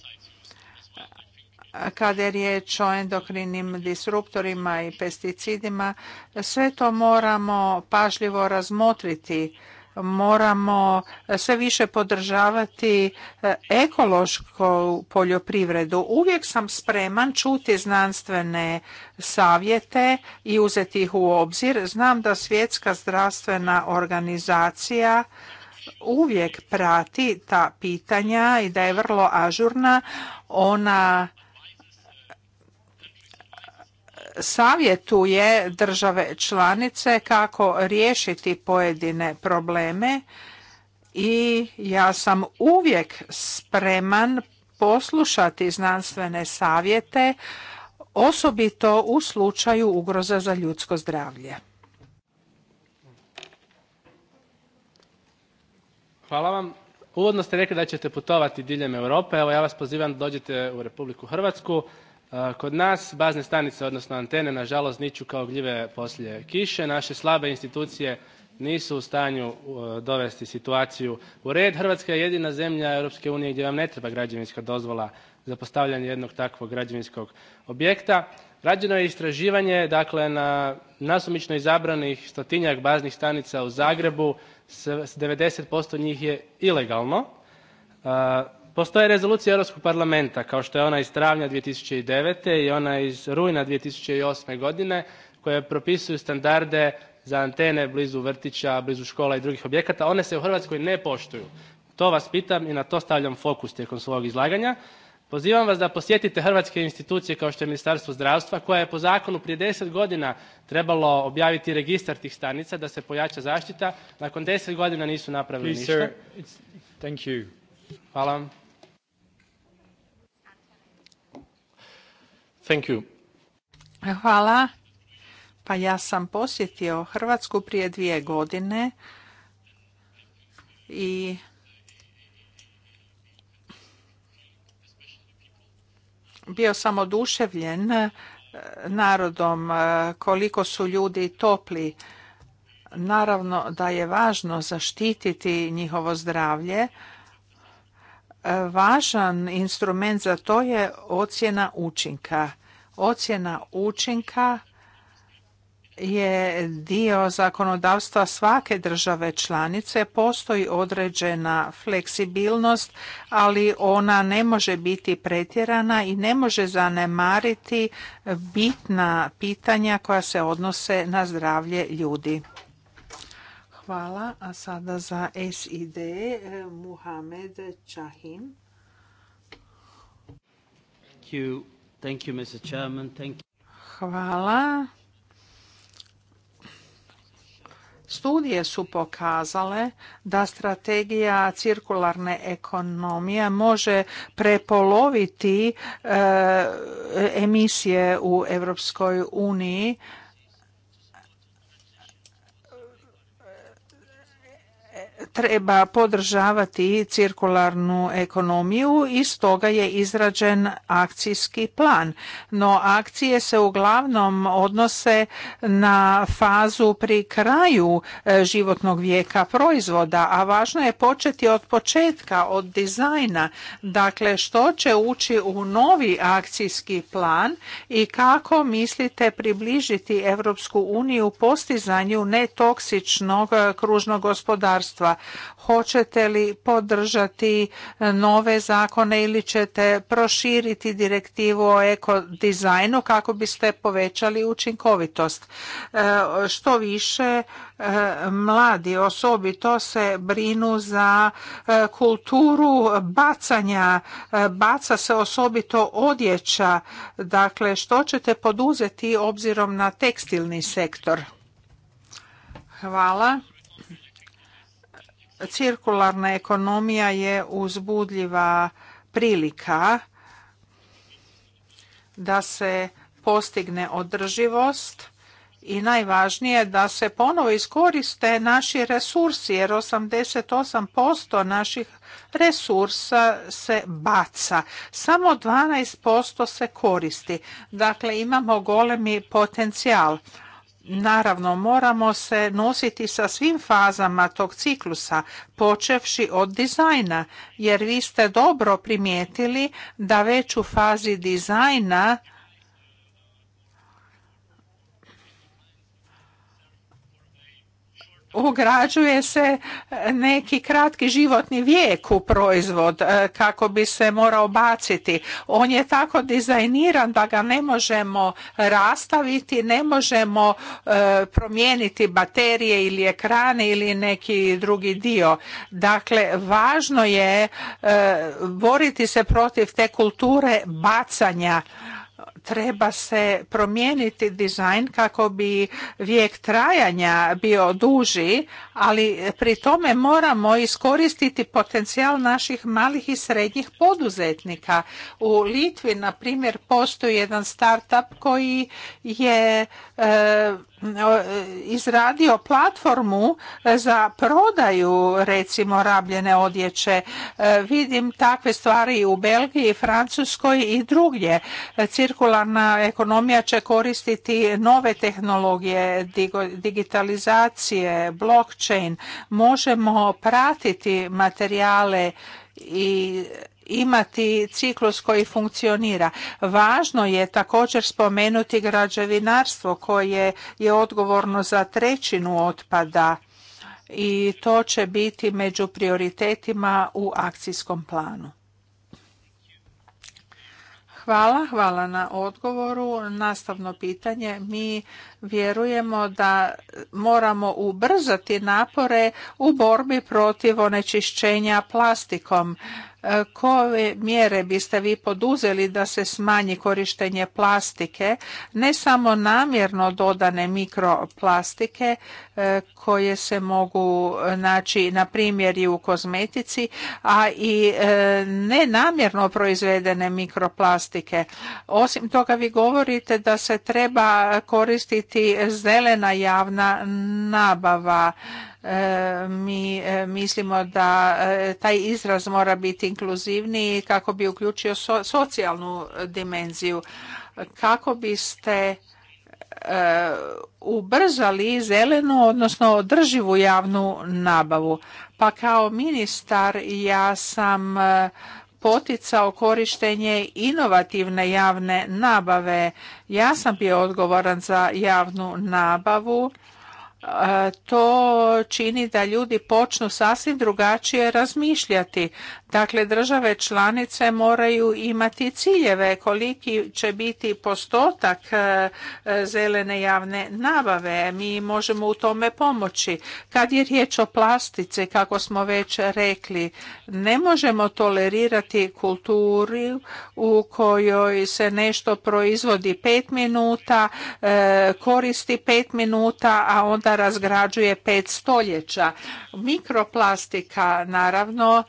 kada je riječ o endokrinim disruptorima i pesticidima, sve to moramo pažljivo razmotriti. Moramo sve više podržavati e, ekološku poljoprivredu. Uvijek sam spreman čuti znanstvene savjete i uzeti ih u obzir. Znam da Svjetska zdravstvena organizacija uvijek prati ta pitanja i da je vrlo ažurna. Ona savjetuje države članice kako riješiti pojedine probleme i ja sam uvijek spreman poslušati znanstvene savjete, osobito u slučaju ugroza za ljudsko zdravlje. Hvala vam. Uvodno ste rekli da ćete putovati diljem Europe, evo ja vas pozivam da dođete u Republiku Hrvatsku. Kod nas bazne stanice odnosno antene nažalost niču kao gljive poslije kiše, naše slabe institucije nisu u stanju dovesti situaciju u red. Hrvatska je jedina zemlja Europske unije gdje vam ne treba građevinska dozvola za postavljanje jednog takvog građevinskog objekta. Rađeno je istraživanje, dakle na nasumično izabranih stotinjak baznih stanica u Zagrebu, 90% njih je ilegalno. Postoje rezolucije Europskog parlamenta kao što je ona iz travnja 2009. i ona iz rujna 2008. godine koje propisuju standarde za antene blizu vrtića, blizu škola i drugih objekata. One se u Hrvatskoj ne poštuju. To vas pitam i na to stavljam fokus tijekom svog izlaganja. Pozivam vas da posjetite hrvatske institucije kao što je Ministarstvo zdravstva koje je po zakonu prije deset godina trebalo objaviti registar tih stanica da se pojača zaštita. Nakon deset godina nisu napravili ništa. Hvala vam. Thank you. Hvala. Pa ja sam posjetio Hrvatsku prije dvije godine i bio sam oduševljen eh, narodom, eh, koliko su ljudi topli. Naravno da je važno zaštititi njihovo zdravlje, Važan instrument za to je ocjena učinka. Ocjena učinka je dio zakonodavstva svake države članice, postoji određena fleksibilnost, ali ona ne može biti pretjerana i ne može zanemariti bitna pitanja koja se odnose na zdravlje ljudi. Hvala. A sada za SID eh, Muhamed Čahin. Hvala. Studije su pokazale da strategija cirkularne ekonomije može prepoloviti eh, emisije u Europskoj uniji treba podržavati cirkularnu ekonomiju i stoga je izrađen akcijski plan. No akcije se uglavnom odnose na fazu pri kraju e, životnog vijeka proizvoda, a važno je početi od početka, od dizajna. Dakle, što će ući u novi akcijski plan i kako mislite približiti Europsku uniju postizanju netoksičnog e, kružnog gospodarstva? Hoćete li podržati nove zakone ili ćete proširiti direktivu o ekodizajnu kako biste povećali učinkovitost? E, što više, e, mladi osobito se brinu za e, kulturu bacanja. Baca se osobito odjeća. Dakle, što ćete poduzeti obzirom na tekstilni sektor? Hvala cirkularna ekonomija je uzbudljiva prilika da se postigne održivost i najvažnije da se ponovo iskoriste naši resursi jer 88% naših resursa se baca. Samo 12% se koristi. Dakle, imamo golemi potencijal. Naravno, moramo se nositi sa svim fazama tog ciklusa, počevši od dizajna, jer vi ste dobro primijetili da već u fazi dizajna ugrađuje se e, neki kratki životni vijek u proizvod e, kako bi se morao baciti. On je tako dizajniran da ga ne možemo rastaviti, ne možemo e, promijeniti baterije ili ekrane ili neki drugi dio. Dakle, važno je boriti se protiv te kulture bacanja treba se promijeniti dizajn kako bi vijek trajanja bio duži, ali pri tome moramo iskoristiti potencijal naših malih i srednjih poduzetnika. U Litvi, na primjer, postoji jedan startup koji je e, izradio platformu za prodaju recimo rabljene odjeće. E, vidim takve stvari u Belgiji, Francuskoj i drugdje. Cirkula cirkularna ekonomija će koristiti nove tehnologije, digitalizacije, blockchain. Možemo pratiti materijale i imati ciklus koji funkcionira. Važno je također spomenuti građevinarstvo koje je odgovorno za trećinu otpada i to će biti među prioritetima u akcijskom planu. Hvala, hvala na odgovoru. Nastavno pitanje, mi vjerujemo da moramo ubrzati napore u borbi protiv onečišćenja plastikom koje mjere biste vi poduzeli da se smanji korištenje plastike, ne samo namjerno dodane mikroplastike e, koje se mogu naći na primjer i u kozmetici, a i e, nenamjerno proizvedene mikroplastike. Osim toga vi govorite da se treba koristiti zelena javna nabava. E, mi e, mislimo da e, taj izraz mora biti inkluzivniji kako bi uključio socijalnu dimenziju. Kako biste ubrzali zelenu, odnosno održivu javnu nabavu. Pa kao ministar ja sam poticao korištenje inovativne javne nabave. Ja sam bio odgovoran za javnu nabavu to čini da ljudi počnu sasvim drugačije razmišljati. Dakle, države članice moraju imati ciljeve koliki će biti postotak e, zelene javne nabave. Mi možemo u tome pomoći. Kad je riječ o plastici, kako smo već rekli, ne možemo tolerirati kulturi u kojoj se nešto proizvodi pet minuta, e, koristi pet minuta, a onda razgrađuje pet stoljeća. Mikroplastika, naravno,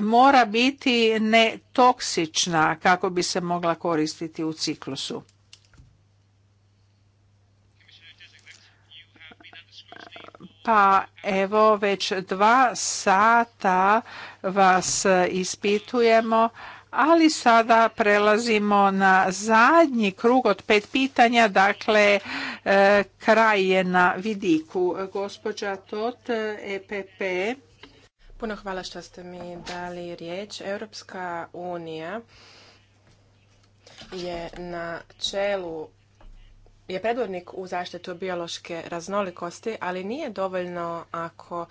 mora biti netoksična kako bi se mogla koristiti u ciklusu. Pa evo već dva sata vas ispitujemo, ali sada prelazimo na zadnji krug od pet pitanja, dakle e, kraj je na vidiku. Gospođa Tot, EPP. Puno hvala što ste mi dali riječ. Europska unija je na čelu je predvodnik u zaštitu biološke raznolikosti, ali nije dovoljno ako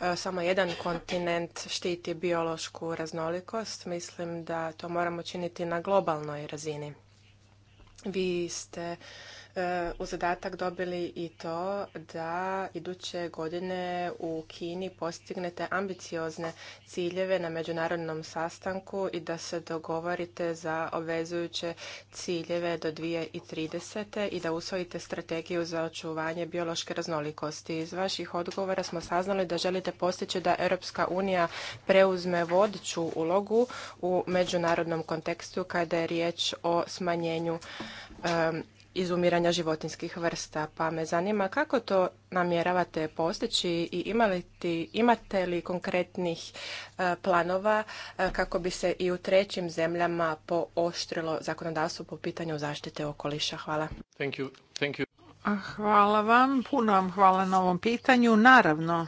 e, samo jedan kontinent štiti biološku raznolikost. Mislim da to moramo činiti na globalnoj razini. Vi ste E, u zadatak dobili i to da iduće godine u Kini postignete ambiciozne ciljeve na međunarodnom sastanku i da se dogovorite za obvezujuće ciljeve do 2030. i da usvojite strategiju za očuvanje biološke raznolikosti. Iz vaših odgovora smo saznali da želite postići da Europska unija preuzme vodeću ulogu u međunarodnom kontekstu kada je riječ o smanjenju izumiranja životinskih vrsta, pa me zanima kako to namjeravate postići i imate li konkretnih e, planova e, kako bi se i u trećim zemljama pooštrilo zakonodavstvo po pitanju zaštite okoliša? Hvala. Thank you. Thank you. Hvala vam, puno vam hvala na ovom pitanju. Naravno,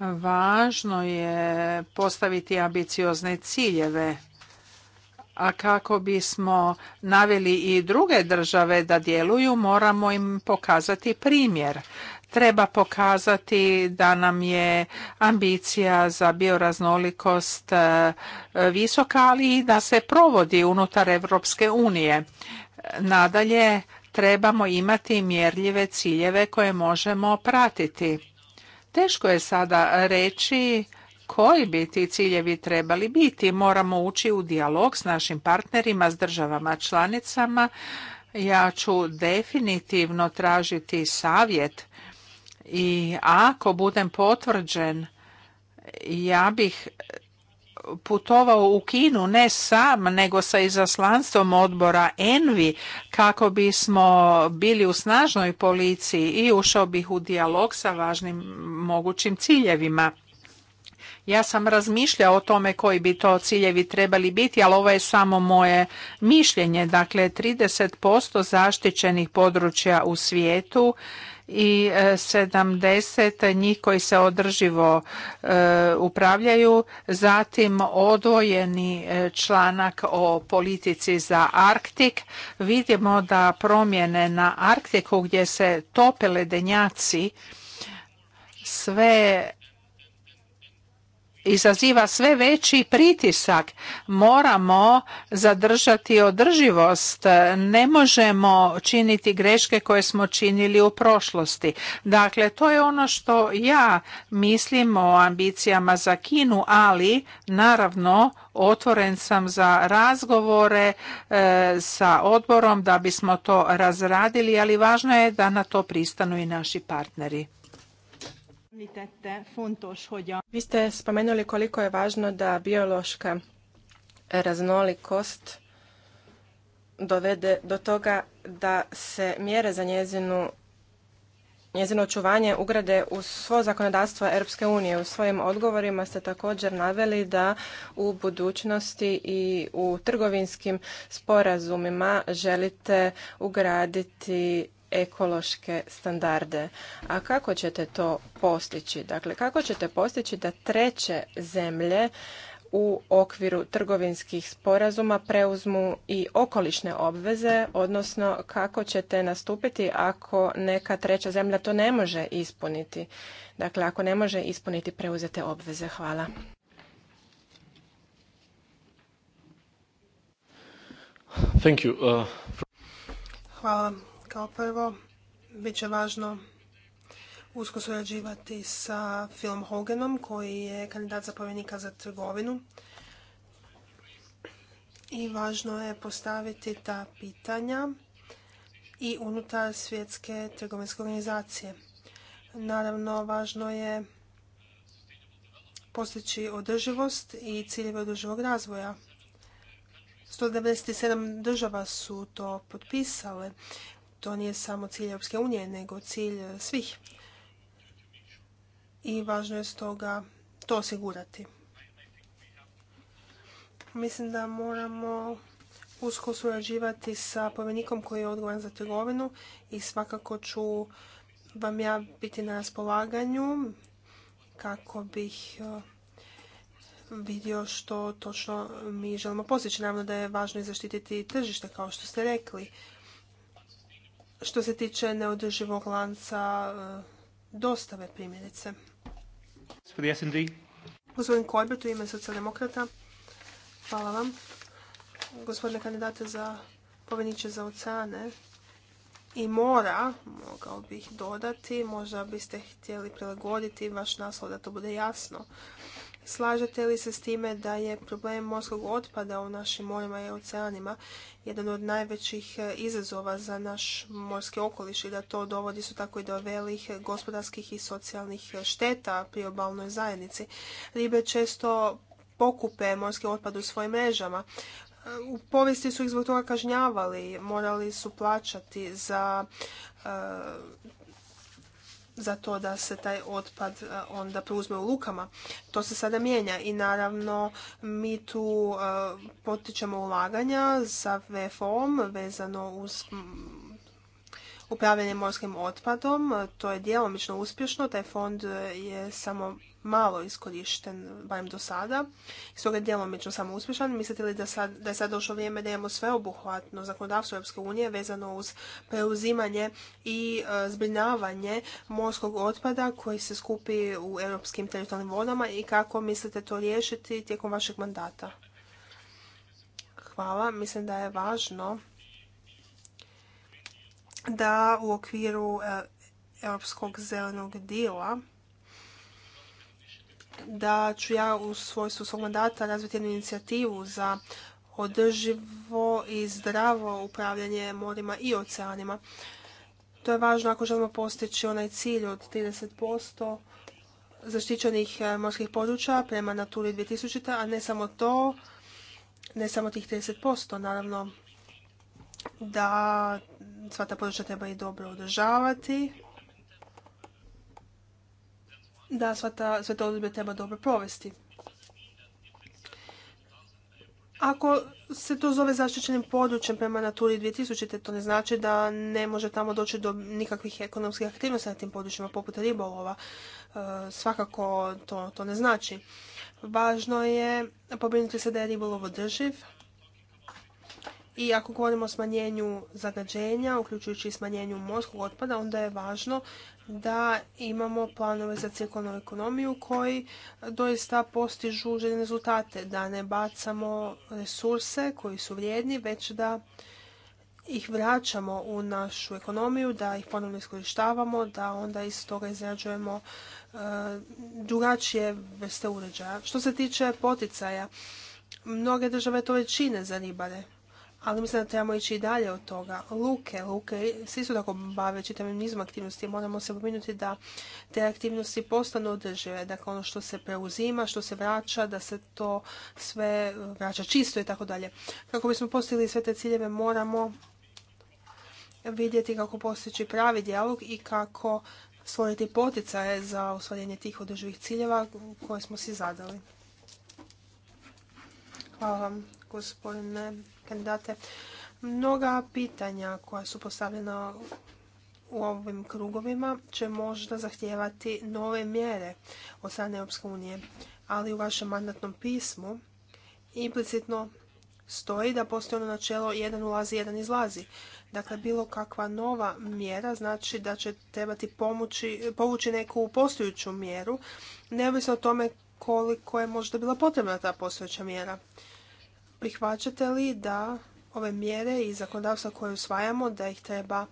važno je postaviti ambiciozne ciljeve a kako bismo naveli i druge države da djeluju, moramo im pokazati primjer. Treba pokazati da nam je ambicija za bioraznolikost e, visoka, ali i da se provodi unutar Evropske unije. Nadalje, trebamo imati mjerljive ciljeve koje možemo pratiti. Teško je sada reći koji bi ti ciljevi trebali biti. Moramo ući u dijalog s našim partnerima, s državama članicama. Ja ću definitivno tražiti savjet i ako budem potvrđen, ja bih putovao u Kinu ne sam nego sa izaslanstvom odbora Envi kako bismo bili u snažnoj policiji i ušao bih u dijalog sa važnim mogućim ciljevima. Ja sam razmišljao o tome koji bi to ciljevi trebali biti, ali ovo je samo moje mišljenje. Dakle, 30% zaštićenih područja u svijetu i 70 e, njih koji se održivo e, upravljaju. Zatim odvojeni e, članak o politici za Arktik. Vidimo da promjene na Arktiku gdje se tope ledenjaci sve izaziva sve veći pritisak. Moramo zadržati održivost. Ne možemo činiti greške koje smo činili u prošlosti. Dakle, to je ono što ja mislim o ambicijama za Kinu, ali naravno otvoren sam za razgovore e, sa odborom da bismo to razradili, ali važno je da na to pristanu i naši partneri. Vi ste spomenuli koliko je važno da biološka raznolikost dovede do toga da se mjere za njezinu njezino očuvanje ugrade u svo zakonodavstvo Europske unije. U svojim odgovorima ste također naveli da u budućnosti i u trgovinskim sporazumima želite ugraditi ekološke standarde. A kako ćete to postići? Dakle, kako ćete postići da treće zemlje u okviru trgovinskih sporazuma preuzmu i okolišne obveze, odnosno kako ćete nastupiti ako neka treća zemlja to ne može ispuniti. Dakle, ako ne može ispuniti preuzete obveze. Hvala. Thank you. Uh, Hvala kao prvo, bit će važno usko surađivati sa Philom Hoganom, koji je kandidat za povjenika za trgovinu. I važno je postaviti ta pitanja i unutar svjetske trgovinske organizacije. Naravno, važno je postići održivost i ciljeve održivog razvoja. 197 država su to potpisale to nije samo cilj Europske unije, nego cilj e, svih. I važno je stoga to osigurati. Mislim da moramo usko surađivati sa povjerenikom koji je odgovoran za trgovinu i svakako ću vam ja biti na raspolaganju kako bih e, vidio što točno mi želimo postići. Naravno da je važno i zaštititi tržište, kao što ste rekli što se tiče neodrživog lanca e, dostave primjerice. Gospodin Korbet u ime socijaldemokrata. Hvala vam. Gospodine kandidate za povjeniče za oceane i mora, mogao bih dodati, možda biste htjeli prilagoditi vaš naslov da to bude jasno. Slažete li se s time da je problem morskog otpada u našim morima i oceanima jedan od najvećih e, izazova za naš morski okoliš i da to dovodi su tako i do velih gospodarskih i socijalnih e, šteta pri obalnoj zajednici? Ribe često pokupe morski otpad u svojim mrežama. E, u povijesti su ih zbog toga kažnjavali, morali su plaćati za za to da se taj otpad e, onda preuzme u lukama. To se sada mijenja i naravno mi tu e, potičemo ulaganja sa VFO-om vezano uz upravljanje morskim otpadom. To je djelomično uspješno. Taj fond je samo malo iskorišten, barem do sada. I stoga je djelomično samo uspješan. Mislite li da, je sad došlo vrijeme da imamo sveobuhvatno zakonodavstvo Europske unije vezano uz preuzimanje i e, zbrinjavanje morskog otpada koji se skupi u europskim teritorijalnim vodama i kako mislite to riješiti tijekom vašeg mandata? Hvala. Mislim da je važno da u okviru e, Europskog zelenog dila da ću ja u svojstvu svog mandata razviti jednu inicijativu za održivo i zdravo upravljanje morima i oceanima. To je važno ako želimo postići onaj cilj od 30% zaštićenih eh, morskih područja prema Naturi 2000, a ne samo to, ne samo tih 30%, naravno da sva ta područja treba i dobro održavati da sva ta, sve to odredbe treba dobro provesti. Ako se to zove zaštićenim područjem prema Naturi 2000, to ne znači da ne može tamo doći do nikakvih ekonomskih aktivnosti na tim područjima, poput ribolova. E, svakako to, to ne znači. Važno je pobrinuti se da je ribolov održiv, i ako govorimo o smanjenju zagađenja, uključujući i smanjenju morskog otpada, onda je važno da imamo planove za cirkulnu ekonomiju koji doista postižu željene rezultate, da ne bacamo resurse koji su vrijedni, već da ih vraćamo u našu ekonomiju, da ih ponovno iskorištavamo, da onda iz toga izrađujemo e, drugačije vrste uređaja. Što se tiče poticaja, mnoge države to već čine za ribare ali mislim da trebamo ići i dalje od toga. Luke, luke, svi su tako bave čitavim nizom aktivnosti. Moramo se pominuti da te aktivnosti postanu održive. Dakle, ono što se preuzima, što se vraća, da se to sve vraća čisto i tako dalje. Kako bismo postigli sve te ciljeve, moramo vidjeti kako postići pravi dijalog i kako stvoriti poticaje za ostvarenje tih održivih ciljeva koje smo si zadali. Hvala vam gospodine kandidate. Mnoga pitanja koja su postavljena u ovim krugovima će možda zahtijevati nove mjere od strane Europske unije, ali u vašem mandatnom pismu implicitno stoji da postoji ono načelo jedan ulazi, jedan izlazi. Dakle, bilo kakva nova mjera znači da će trebati pomoći, povući neku postojuću mjeru, neovisno o tome koliko je možda bila potrebna ta postojeća mjera. Prihvaćate li da ove mjere i zakonodavstva koje usvajamo, da ih treba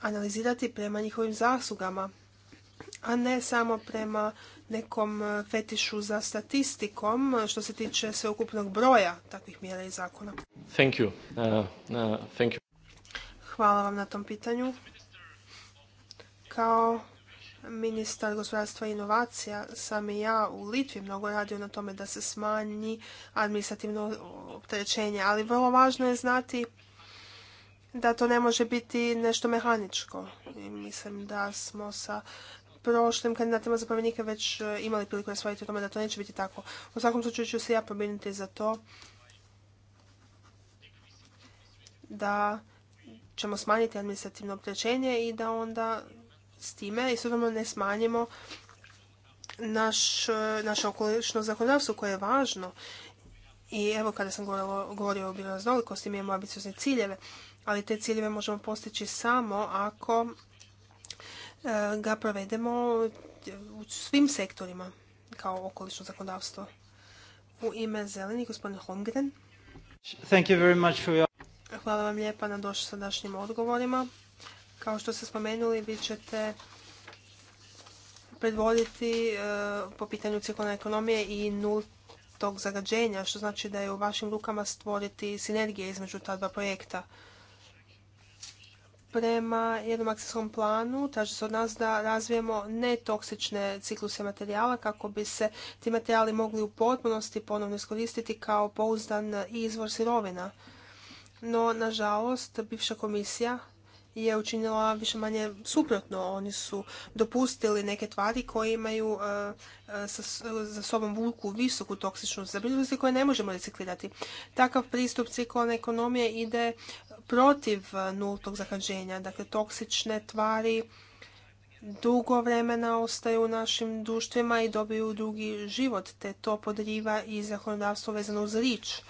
analizirati prema njihovim zaslugama, a ne samo prema nekom e, fetišu za statistikom e, što se tiče sveukupnog broja takvih mjera i zakona. Uh, uh, Hvala vam na tom pitanju. Kao ministar gospodarstva i inovacija sam i ja u Litvi mnogo radio na tome da se smanji administrativno opterećenje, ali vrlo važno je znati da to ne može biti nešto mehaničko. mislim da smo sa prošlim kandidatima za već e, imali priliku shvatiti o tome da to neće biti tako. U svakom slučaju ću se ja pobiniti za to da ćemo smanjiti administrativno opterećenje i da onda s time i sve ne smanjimo naš, e, naše okolično zakonodavstvo koje je važno. I evo kada sam govorila, govorio o bioraznolikosti, mi imamo ambiciozne ciljeve, ali te ciljeve možemo postići samo ako e, ga provedemo u svim sektorima kao okolično zakonodavstvo. U ime zeleni, gospodin Holmgren. Hvala vam lijepa na došli sadašnjim odgovorima. Kao što ste spomenuli, vi ćete predvoditi e, po pitanju cirkularne ekonomije i nultog zagađenja, što znači da je u vašim rukama stvoriti sinergije između ta dva projekta. Prema jednom akcijskom planu traži se od nas da razvijemo netoksične cikluse materijala kako bi se ti materijali mogli u potpunosti ponovno iskoristiti kao pouzdan izvor sirovina. No, nažalost, bivša komisija je učinila više manje suprotno. Oni su dopustili neke tvari koje imaju e, e, za sobom vuku visoku toksičnu zabrinutost i koje ne možemo reciklirati. Takav pristup ciklone ekonomije ide protiv nultog zagađenja. Dakle, toksične tvari dugo vremena ostaju u našim društvima i dobiju drugi život, te to podriva i zakonodavstvo vezano uz rič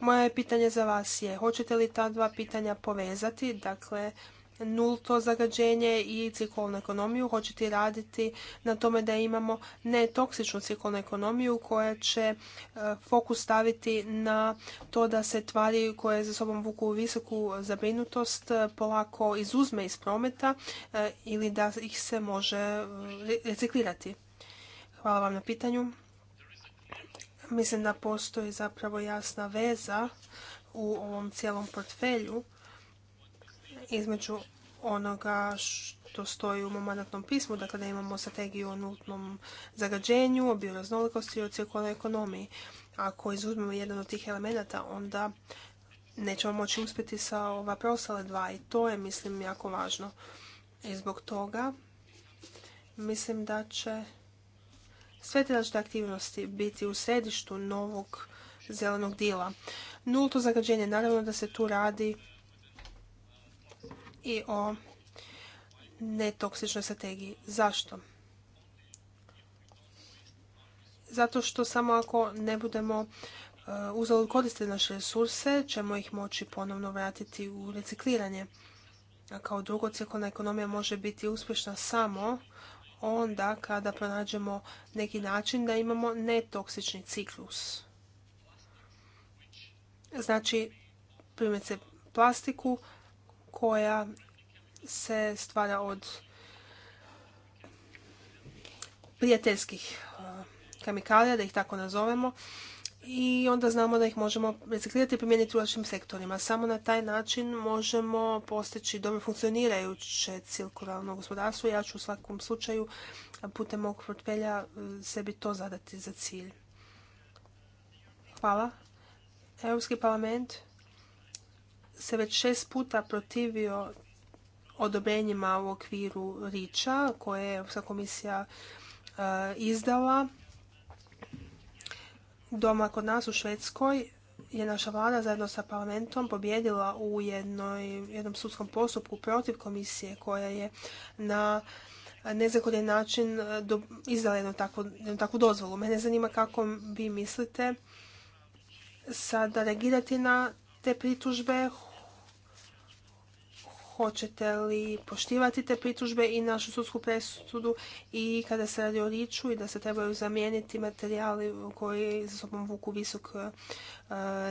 moje pitanje za vas je, hoćete li ta dva pitanja povezati, dakle nulto zagađenje i ciklovnu ekonomiju, hoćete raditi na tome da imamo netoksičnu ciklovnu ekonomiju koja će e, fokus staviti na to da se tvari koje za sobom vuku visoku zabrinutost e, polako izuzme iz prometa e, ili da ih se može reciklirati. Hvala vam na pitanju. Mislim da postoji zapravo jasna veza u ovom cijelom portfelju između onoga što stoji u mandatnom pismu, dakle da imamo strategiju o nutnom zagađenju, o bioraznolikosti i o cirkularnoj ekonomiji. Ako izuzmemo jedan od tih elemenata, onda nećemo moći uspjeti sa ova prosale dva i to je, mislim, jako važno. I zbog toga mislim da će sve te aktivnosti biti u središtu novog zelenog dila. Nulto zagađenje, naravno da se tu radi i o netoksičnoj strategiji. Zašto? Zato što samo ako ne budemo uh, uzalud koristili naše resurse, ćemo ih moći ponovno vratiti u recikliranje. A kao drugo, cirkulna ekonomija može biti uspješna samo onda kada pronađemo neki način da imamo netoksični ciklus. Znači, primjerice plastiku koja se stvara od prijateljskih eh, kemikalija, da ih tako nazovemo, i onda znamo da ih možemo reciklirati i primijeniti u našim sektorima. Samo na taj način možemo postići dobro funkcionirajuće cirkularno gospodarstvo. Ja ću u svakom slučaju putem mog portfelja e, sebi to zadati za cilj. Hvala. Europski parlament se već šest puta protivio odobrenjima u okviru Riča koje je Europska komisija e, izdala doma kod nas u Švedskoj je naša vlada zajedno sa parlamentom pobjedila u jednoj, jednom sudskom postupku protiv komisije koja je na nezakonjen način e, izdala jednu takvu, takvu dozvolu. Mene zanima kako vi mislite sada reagirati na te pritužbe, hoćete li poštivati te pritužbe i našu sudsku presudu i kada se radi o riču i da se trebaju zamijeniti materijali koji za sobom vuku visok e,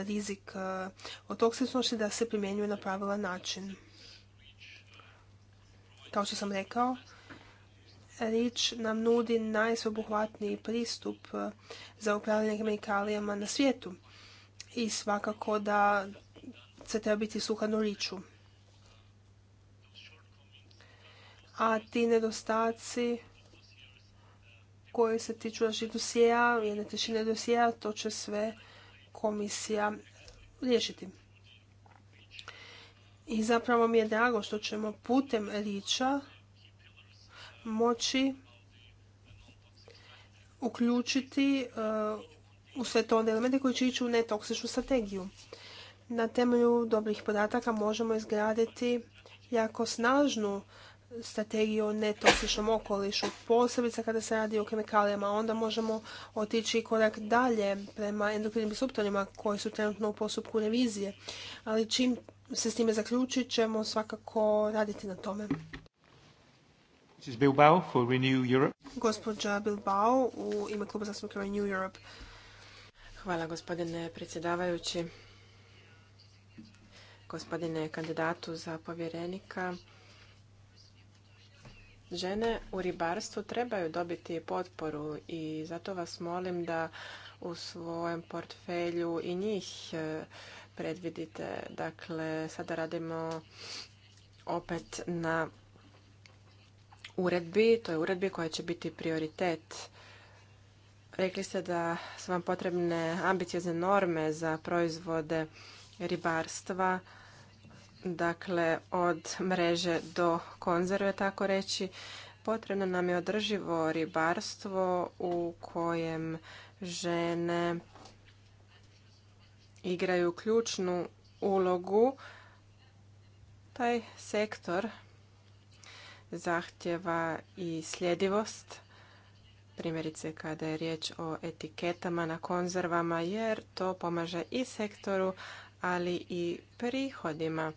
rizik e, od toksičnosti da se primjenjuju na pravilan način. Kao što sam rekao, Rič nam nudi najsveobuhvatniji pristup e, za upravljanje kemikalijama na svijetu i svakako da se treba biti sukladno Riču. a ti nedostaci koji se tiču naših i jedne tišine dosjea, to će sve komisija riješiti. I zapravo mi je drago što ćemo putem riča moći uključiti uh, u sve to one elemente koji će ići u netoksičnu strategiju. Na temelju dobrih podataka možemo izgraditi jako snažnu strategiju o netoksičnom okolišu, posebice kada se radi o kemikalijama, onda možemo otići korak dalje prema endokrinim disruptorima koji su trenutno u postupku revizije. Ali čim se s time zaključit ćemo svakako raditi na tome. Bilbao Bilbao u ime kluba zastupnika Renew Europe. Hvala gospodine predsjedavajući. Gospodine kandidatu za povjerenika, žene u ribarstvu trebaju dobiti potporu i zato vas molim da u svojem portfelju i njih e, predvidite. Dakle, sada radimo opet na uredbi, to je uredbi koja će biti prioritet. Rekli ste da su vam potrebne ambiciozne norme za proizvode ribarstva dakle od mreže do konzerve tako reći. Potrebno nam je održivo ribarstvo u kojem žene igraju ključnu ulogu. Taj sektor zahtjeva i sljedivost, primjerice kada je riječ o etiketama na konzervama, jer to pomaže i sektoru, ali i prihodima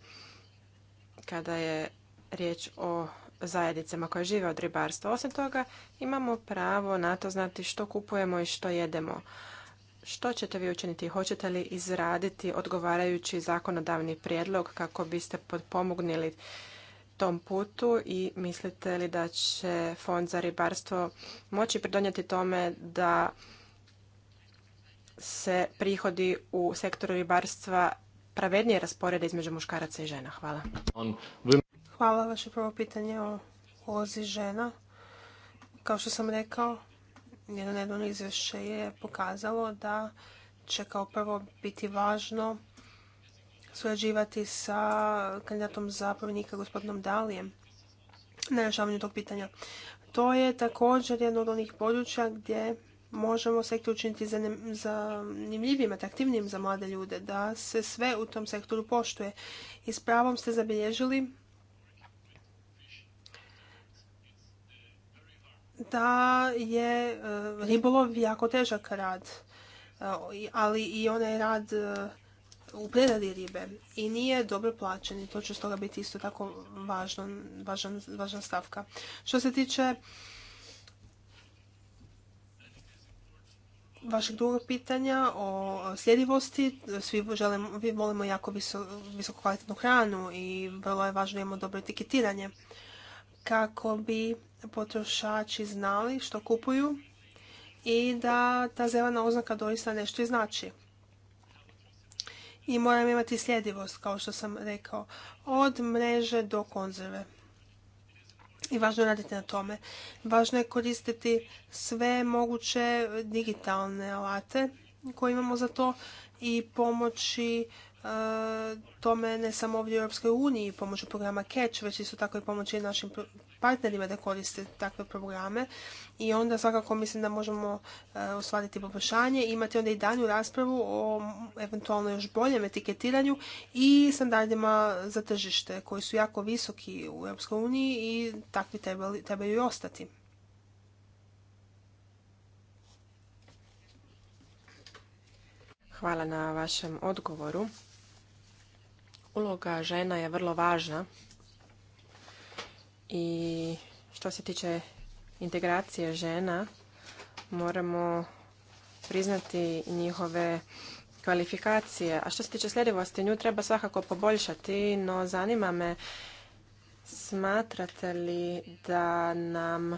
kada je riječ o zajednicama koje žive od ribarstva. Osim toga, imamo pravo na to znati što kupujemo i što jedemo. Što ćete vi učiniti? Hoćete li izraditi odgovarajući zakonodavni prijedlog kako biste pomognili tom putu i mislite li da će Fond za ribarstvo moći pridonijeti tome da se prihodi u sektoru ribarstva pravednije rasporede između muškaraca i žena? Hvala. Hvala vaše prvo pitanje o ulozi žena. Kao što sam rekao, jedno nedavno izvješće je pokazalo da će kao prvo biti važno surađivati sa kandidatom za povjenika gospodinom Dalijem na rješavanju tog pitanja. To je također jedno od onih područja gdje možemo sektor učiniti zanimljivijim, atraktivnim za mlade ljude, da se sve u tom sektoru poštuje. I s pravom ste zabilježili da je e, ribolov jako težak rad, e, ali i onaj rad e, u preradi ribe i nije dobro plaćen i to će toga biti isto tako važna stavka. Što se tiče vašeg drugog pitanja o sljedivosti, svi želimo, volimo jako viso, visoko kvalitetnu hranu i vrlo je važno imamo dobro etiketiranje kako bi potrošači znali što kupuju i da ta zelena oznaka doista nešto i znači. I moramo imati sljedivost, kao što sam rekao, od mreže do konzerve i važno je raditi na tome. Važno je koristiti sve moguće digitalne alate koje imamo za to i pomoći e, tome ne samo ovdje u Europskoj uniji, pomoću programa Catch, već isto tako i pomoći našim partnerima da koriste takve programe i onda svakako mislim da možemo e, ostvariti poboljšanje i imati onda i danju raspravu o eventualno još boljem etiketiranju i standardima za tržište koji su jako visoki u EU i takvi trebaju i ostati. Hvala na vašem odgovoru. Uloga žena je vrlo važna i što se tiče integracije žena, moramo priznati njihove kvalifikacije. A što se tiče sljedivosti, nju treba svakako poboljšati, no zanima me smatrate li da nam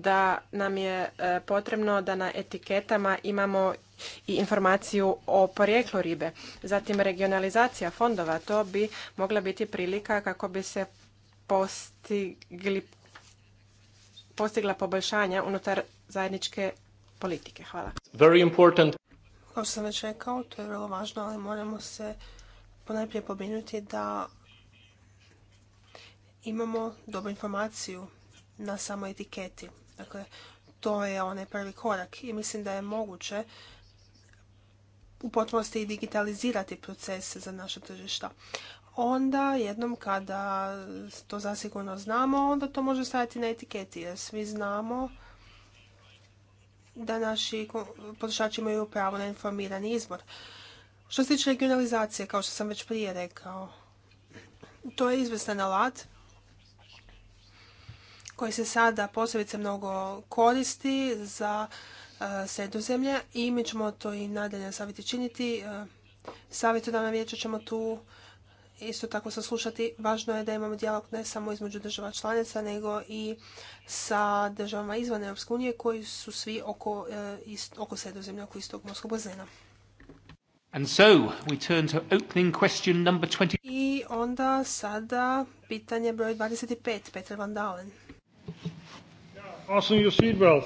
da nam je e, potrebno da na etiketama imamo i informaciju o porijeklu ribe. Zatim regionalizacija fondova, to bi mogla biti prilika kako bi se postigli, postigla poboljšanja unutar zajedničke politike. Hvala. Very important. Kao što sam već rekao, to je vrlo važno, ali moramo se ponajprije pobinuti da imamo dobru informaciju na samo etiketi. Dakle, to je onaj prvi korak i mislim da je moguće u potpunosti i digitalizirati procese za naše tržišta. Onda jednom kada to zasigurno znamo, onda to može staviti na etiketi jer svi znamo da naši potrošači imaju pravo na informirani izbor. Što se tiče regionalizacije, kao što sam već prije rekao, to je izvrstan alat koji se sada posebice mnogo koristi za e, sredozemlje i mi ćemo to i nadalje savjeti činiti. E, savjetodavna vijeća ćemo tu isto tako saslušati. Važno je da imamo dijalog ne samo između država članica, nego i sa državama izvan Europske unije koji su svi oko, e, ist, oko sredozemlja, oko istog morskog bazena. And so we turn to opening question number I onda sada pitanje broj 25, Petar Van Dalen. Fasten your seatbelt.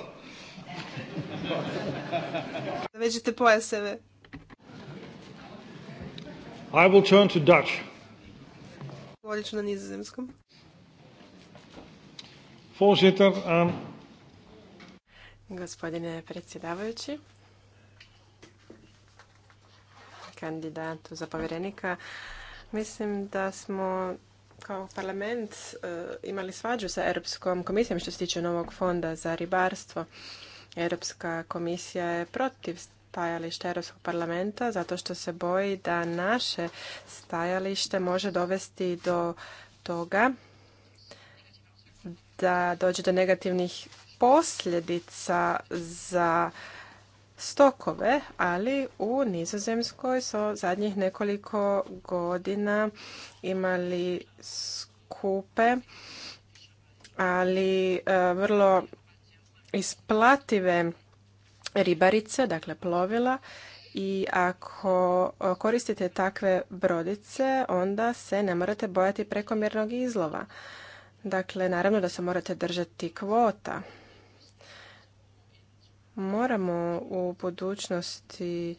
Zavežite (laughs) pojaseve. I will turn to Dutch. Govorit ću na nizozemskom. Voorzitter, aan... Ehm, Gospodine predsjedavajući, kandidatu za povjerenika, mislim da smo kao parlament e, imali svađu sa Europskom komisijom što se tiče novog fonda za ribarstvo. Europska komisija je protiv stajališta Europskog parlamenta zato što se boji da naše stajalište može dovesti do toga da dođe do negativnih posljedica za stokove, ali u Nizozemskoj su zadnjih nekoliko godina imali skupe, ali e, vrlo isplative ribarice, dakle plovila i ako e, koristite takve brodice, onda se ne morate bojati prekomjernog izlova. Dakle, naravno da se morate držati kvota, moramo u budućnosti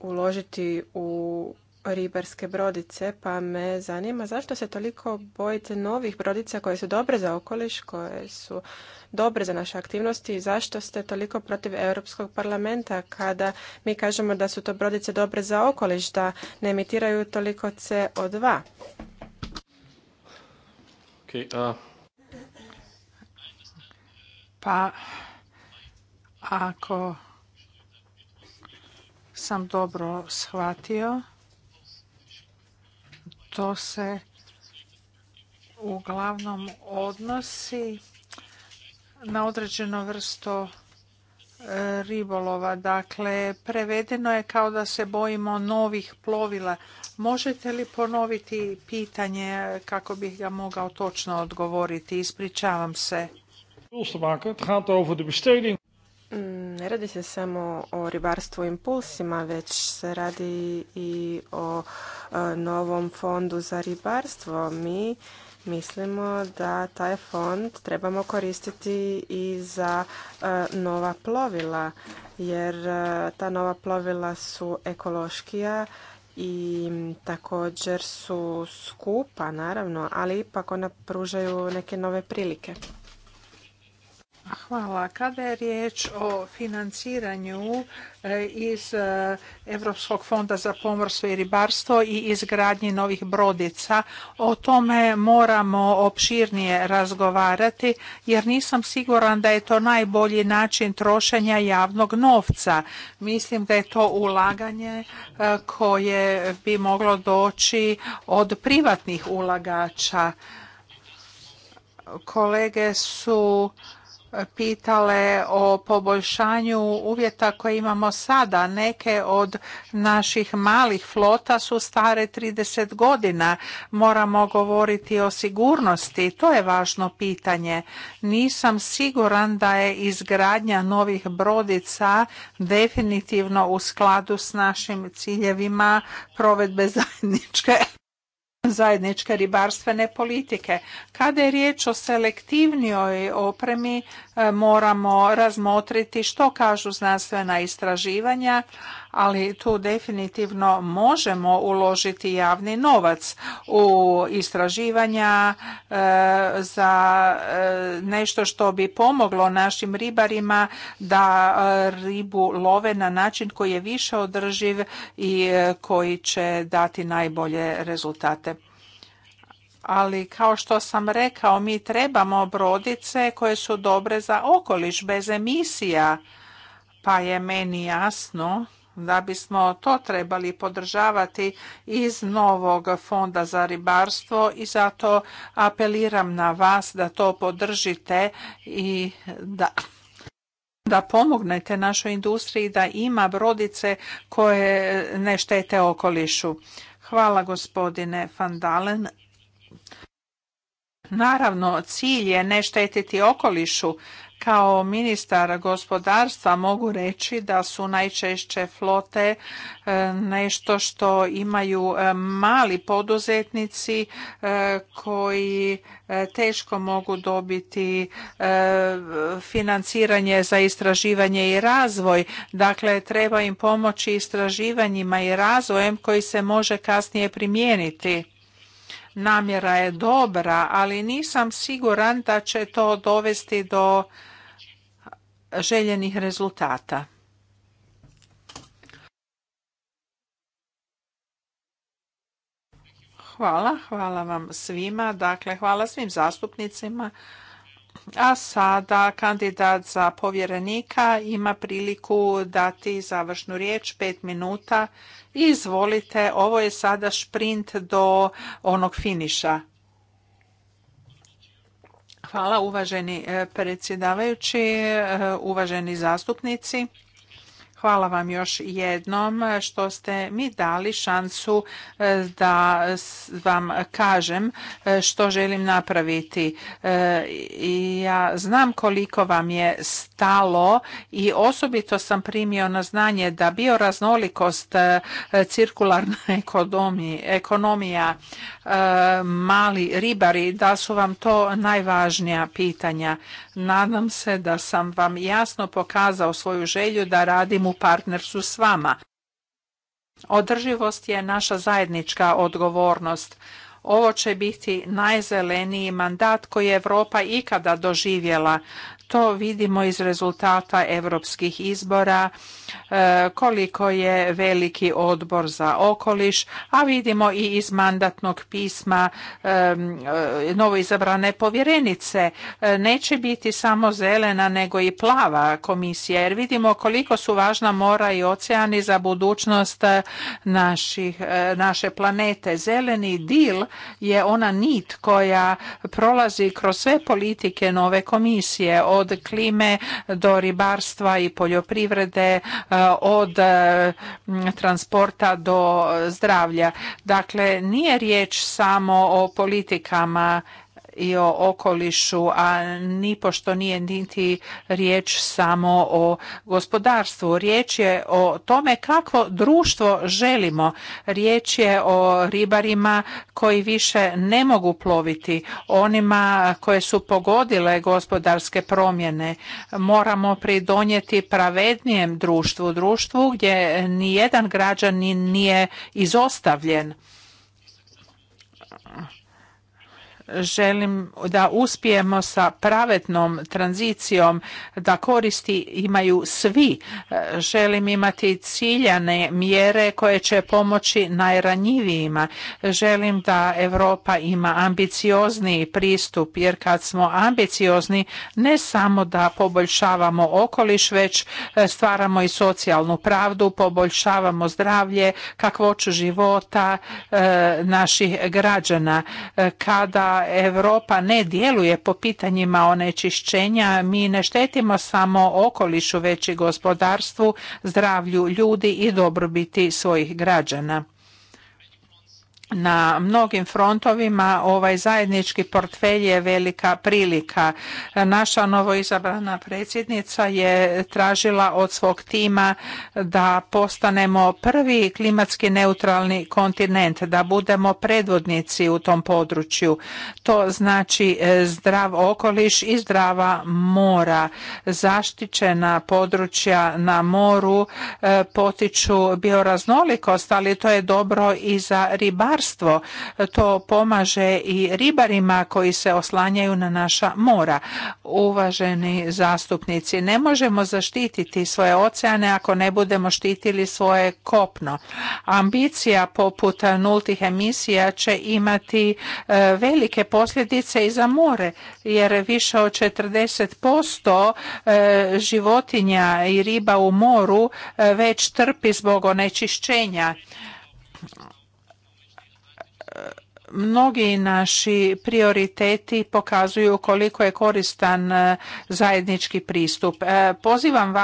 uložiti u ribarske brodice, pa me zanima zašto se toliko bojite novih brodica koje su dobre za okoliš, koje su dobre za naše aktivnosti i zašto ste toliko protiv Europskog parlamenta kada mi kažemo da su to brodice dobre za okoliš, da ne emitiraju toliko CO2? Uh, pa, ako sam dobro shvatio, to se uglavnom odnosi na određeno vrsto e, ribolova. Dakle, prevedeno je kao da se bojimo novih plovila. Možete li ponoviti pitanje kako bih ga mogao točno odgovoriti? Ispričavam se. Mm, ne radi se samo o ribarstvu impulsima, već se radi i o e, novom fondu za ribarstvo. Mi mislimo da taj fond trebamo koristiti i za e, nova plovila, jer e, ta nova plovila su ekološkija i također su skupa, naravno, ali ipak ona pružaju neke nove prilike. Hvala. Kada je riječ o financiranju e, iz e, Europskog fonda za pomorstvo i ribarstvo i izgradnji novih brodica, o tome moramo opširnije razgovarati jer nisam siguran da je to najbolji način trošenja javnog novca. Mislim da je to ulaganje e, koje bi moglo doći od privatnih ulagača. Kolege su pitale o poboljšanju uvjeta koje imamo sada. Neke od naših malih flota su stare 30 godina. Moramo govoriti o sigurnosti. To je važno pitanje. Nisam siguran da je izgradnja novih brodica definitivno u skladu s našim ciljevima provedbe (laughs) zajedničke zajedničke ribarstvene politike. Kada je riječ o selektivnijoj opremi, e, moramo razmotriti što kažu znanstvena istraživanja, ali tu definitivno možemo uložiti javni novac u istraživanja e, za e, nešto što bi pomoglo našim ribarima da e, ribu love na način koji je više održiv i koji će dati najbolje rezultate ali kao što sam rekao mi trebamo brodice koje su dobre za okoliš bez emisija pa je meni jasno da bismo to trebali podržavati iz novog fonda za ribarstvo i zato apeliram na vas da to podržite i da da pomognete našoj industriji da ima brodice koje ne štete okolišu. Hvala gospodine Van Dalen. Naravno, cilj je ne štetiti okolišu, kao ministar gospodarstva mogu reći da su najčešće flote e, nešto što imaju e, mali poduzetnici e, koji teško mogu dobiti financiranje za istraživanje i razvoj. Dakle, treba im pomoći istraživanjima i razvojem koji se može kasnije primijeniti namjera je dobra, ali nisam siguran da će to dovesti do željenih rezultata. Hvala, hvala vam svima. Dakle, hvala svim zastupnicima. A sada kandidat za povjerenika ima priliku dati završnu riječ, pet minuta. Izvolite, ovo je sada šprint do onog finiša. Hvala uvaženi eh, predsjedavajući, eh, uvaženi zastupnici. Hvala vam još jednom što ste mi dali šansu e, da vam kažem e, što želim napraviti. E, ja znam koliko vam je stalo i osobito sam primio na znanje da bioraznolikost, cirkularna (laughs) ekonomija, mali ribari, da su vam to najvažnija pitanja. Nadam se da sam vam jasno pokazao svoju želju da radimo u partnerstvu s vama. Održivost je naša zajednička odgovornost. Ovo će biti najzeleniji mandat koji je Europa ikada doživjela to vidimo iz rezultata europskih izbora, e, koliko je veliki odbor za okoliš, a vidimo i iz mandatnog pisma e, e, novoizabrane povjerenice. Neće biti samo zelena nego i plava komisija jer vidimo koliko su važna mora i oceani za budućnost naših, naše planete. Zeleni dil je ona nit koja prolazi kroz sve politike nove komisije od klime do ribarstva i poljoprivrede, e, od e, transporta do zdravlja. Dakle, nije riječ samo o politikama i o okolišu, a nipošto nije niti riječ samo o gospodarstvu. Riječ je o tome kako društvo želimo. Riječ je o ribarima koji više ne mogu ploviti, onima koje su pogodile gospodarske promjene. Moramo pridonijeti pravednijem društvu, društvu gdje nijedan građanin nije izostavljen. želim da uspijemo sa pravednom tranzicijom da koristi imaju svi. E, želim imati ciljane mjere koje će pomoći najranjivijima. Želim da Europa ima ambiciozniji pristup jer kad smo ambiciozni ne samo da poboljšavamo okoliš već e, stvaramo i socijalnu pravdu, poboljšavamo zdravlje, kakvoću života e, naših građana. Kada Europa ne djeluje po pitanjima onečišćenja, mi ne štetimo samo okolišu, već i gospodarstvu, zdravlju ljudi i dobrobiti svojih građana na mnogim frontovima ovaj zajednički portfelj je velika prilika. Naša novoizabrana predsjednica je tražila od svog tima da postanemo prvi klimatski neutralni kontinent, da budemo predvodnici u tom području. To znači e, zdrav okoliš i zdrava mora. Zaštićena područja na moru e, potiču bioraznolikost, ali to je dobro i za ribar ribarstvo. To pomaže i ribarima koji se oslanjaju na naša mora. Uvaženi zastupnici, ne možemo zaštititi svoje oceane ako ne budemo štitili svoje kopno. Ambicija poput nultih emisija će imati e, velike posljedice i za more, jer više od 40% e, životinja i riba u moru e, već trpi zbog onečišćenja mnogi naši prioriteti pokazuju koliko je koristan e, zajednički pristup. E, pozivam,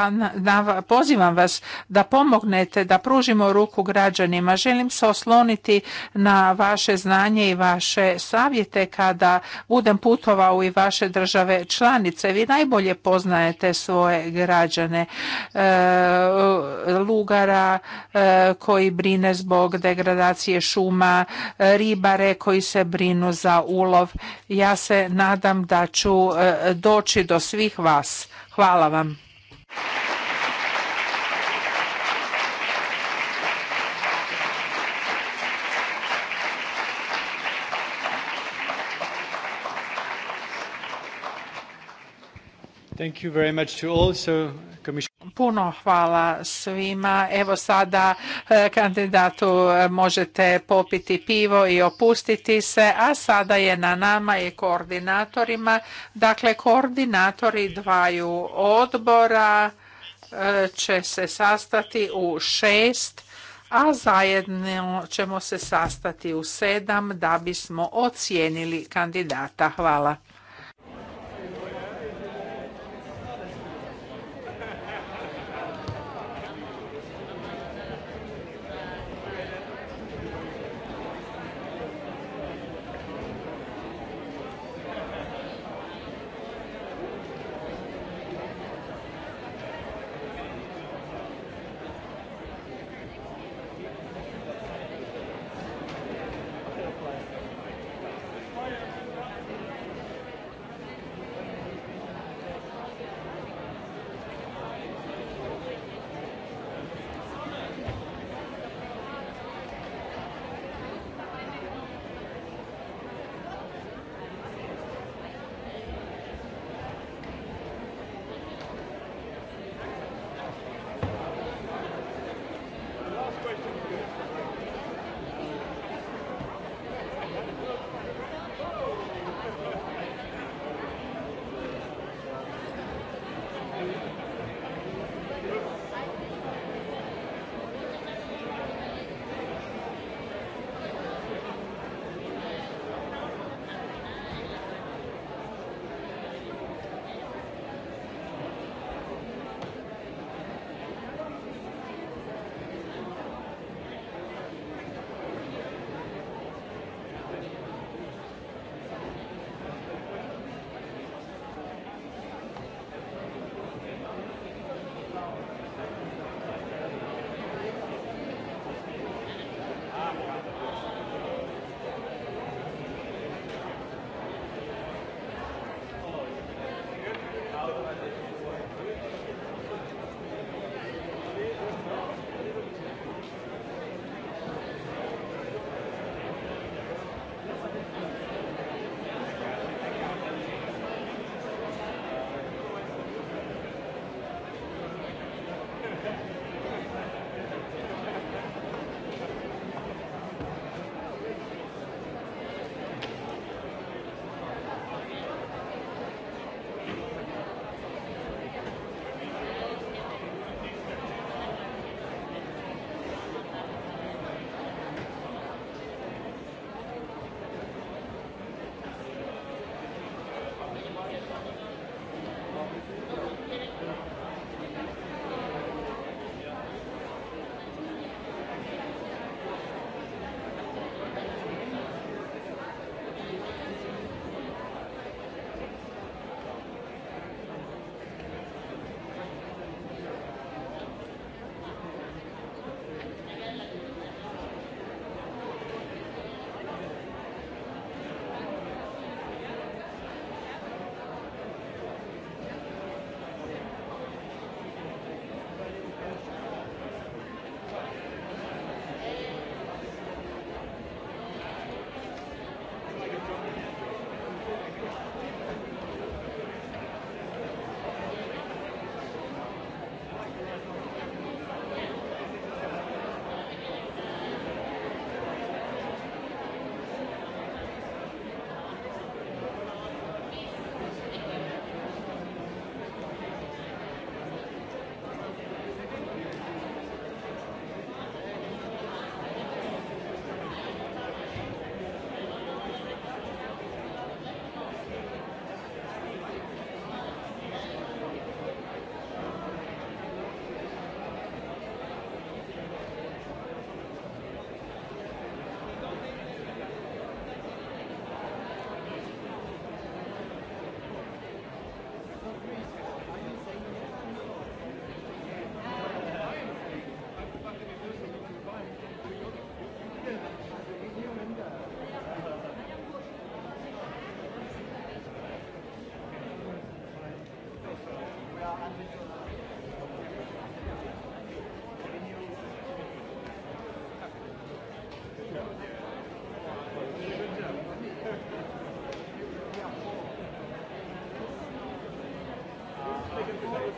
pozivam vas da pomognete, da pružimo ruku građanima. Želim se osloniti na vaše znanje i vaše savjete kada budem putovao i vaše države članice. Vi najbolje poznajete svoje građane. E, lugara koji brine zbog degradacije šuma, ribare koji se brinu za ulov. Ja se nadam da ću e, doći do svih vas. Hvala vam. Thank you very much to all. Puno hvala svima. Evo sada e, kandidatu e, možete popiti pivo i opustiti se, a sada je na nama i koordinatorima. Dakle, koordinatori dvaju odbora e, će se sastati u šest, a zajedno ćemo se sastati u sedam da bismo ocijenili kandidata. Hvala.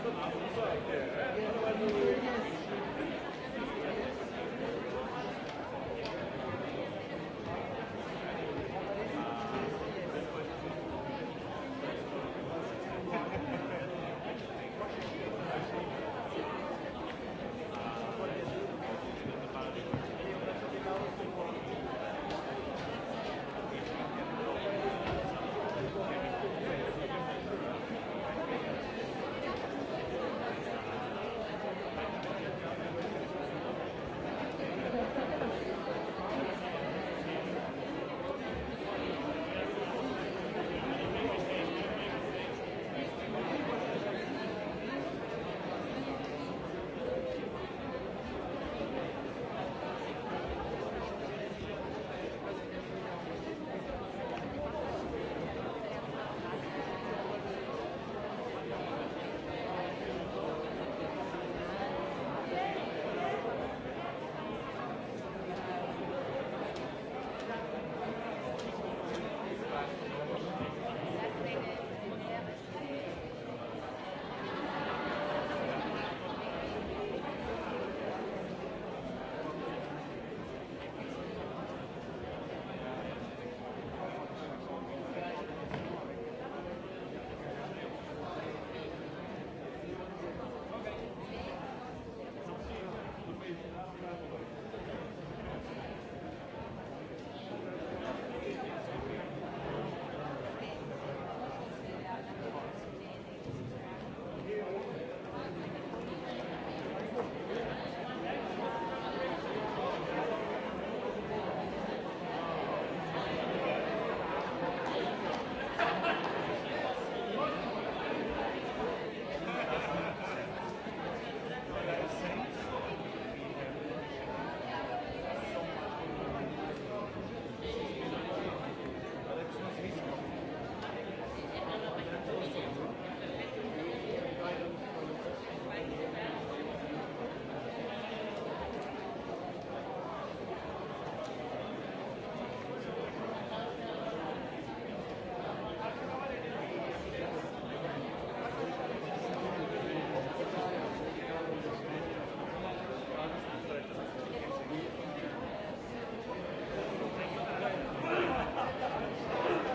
A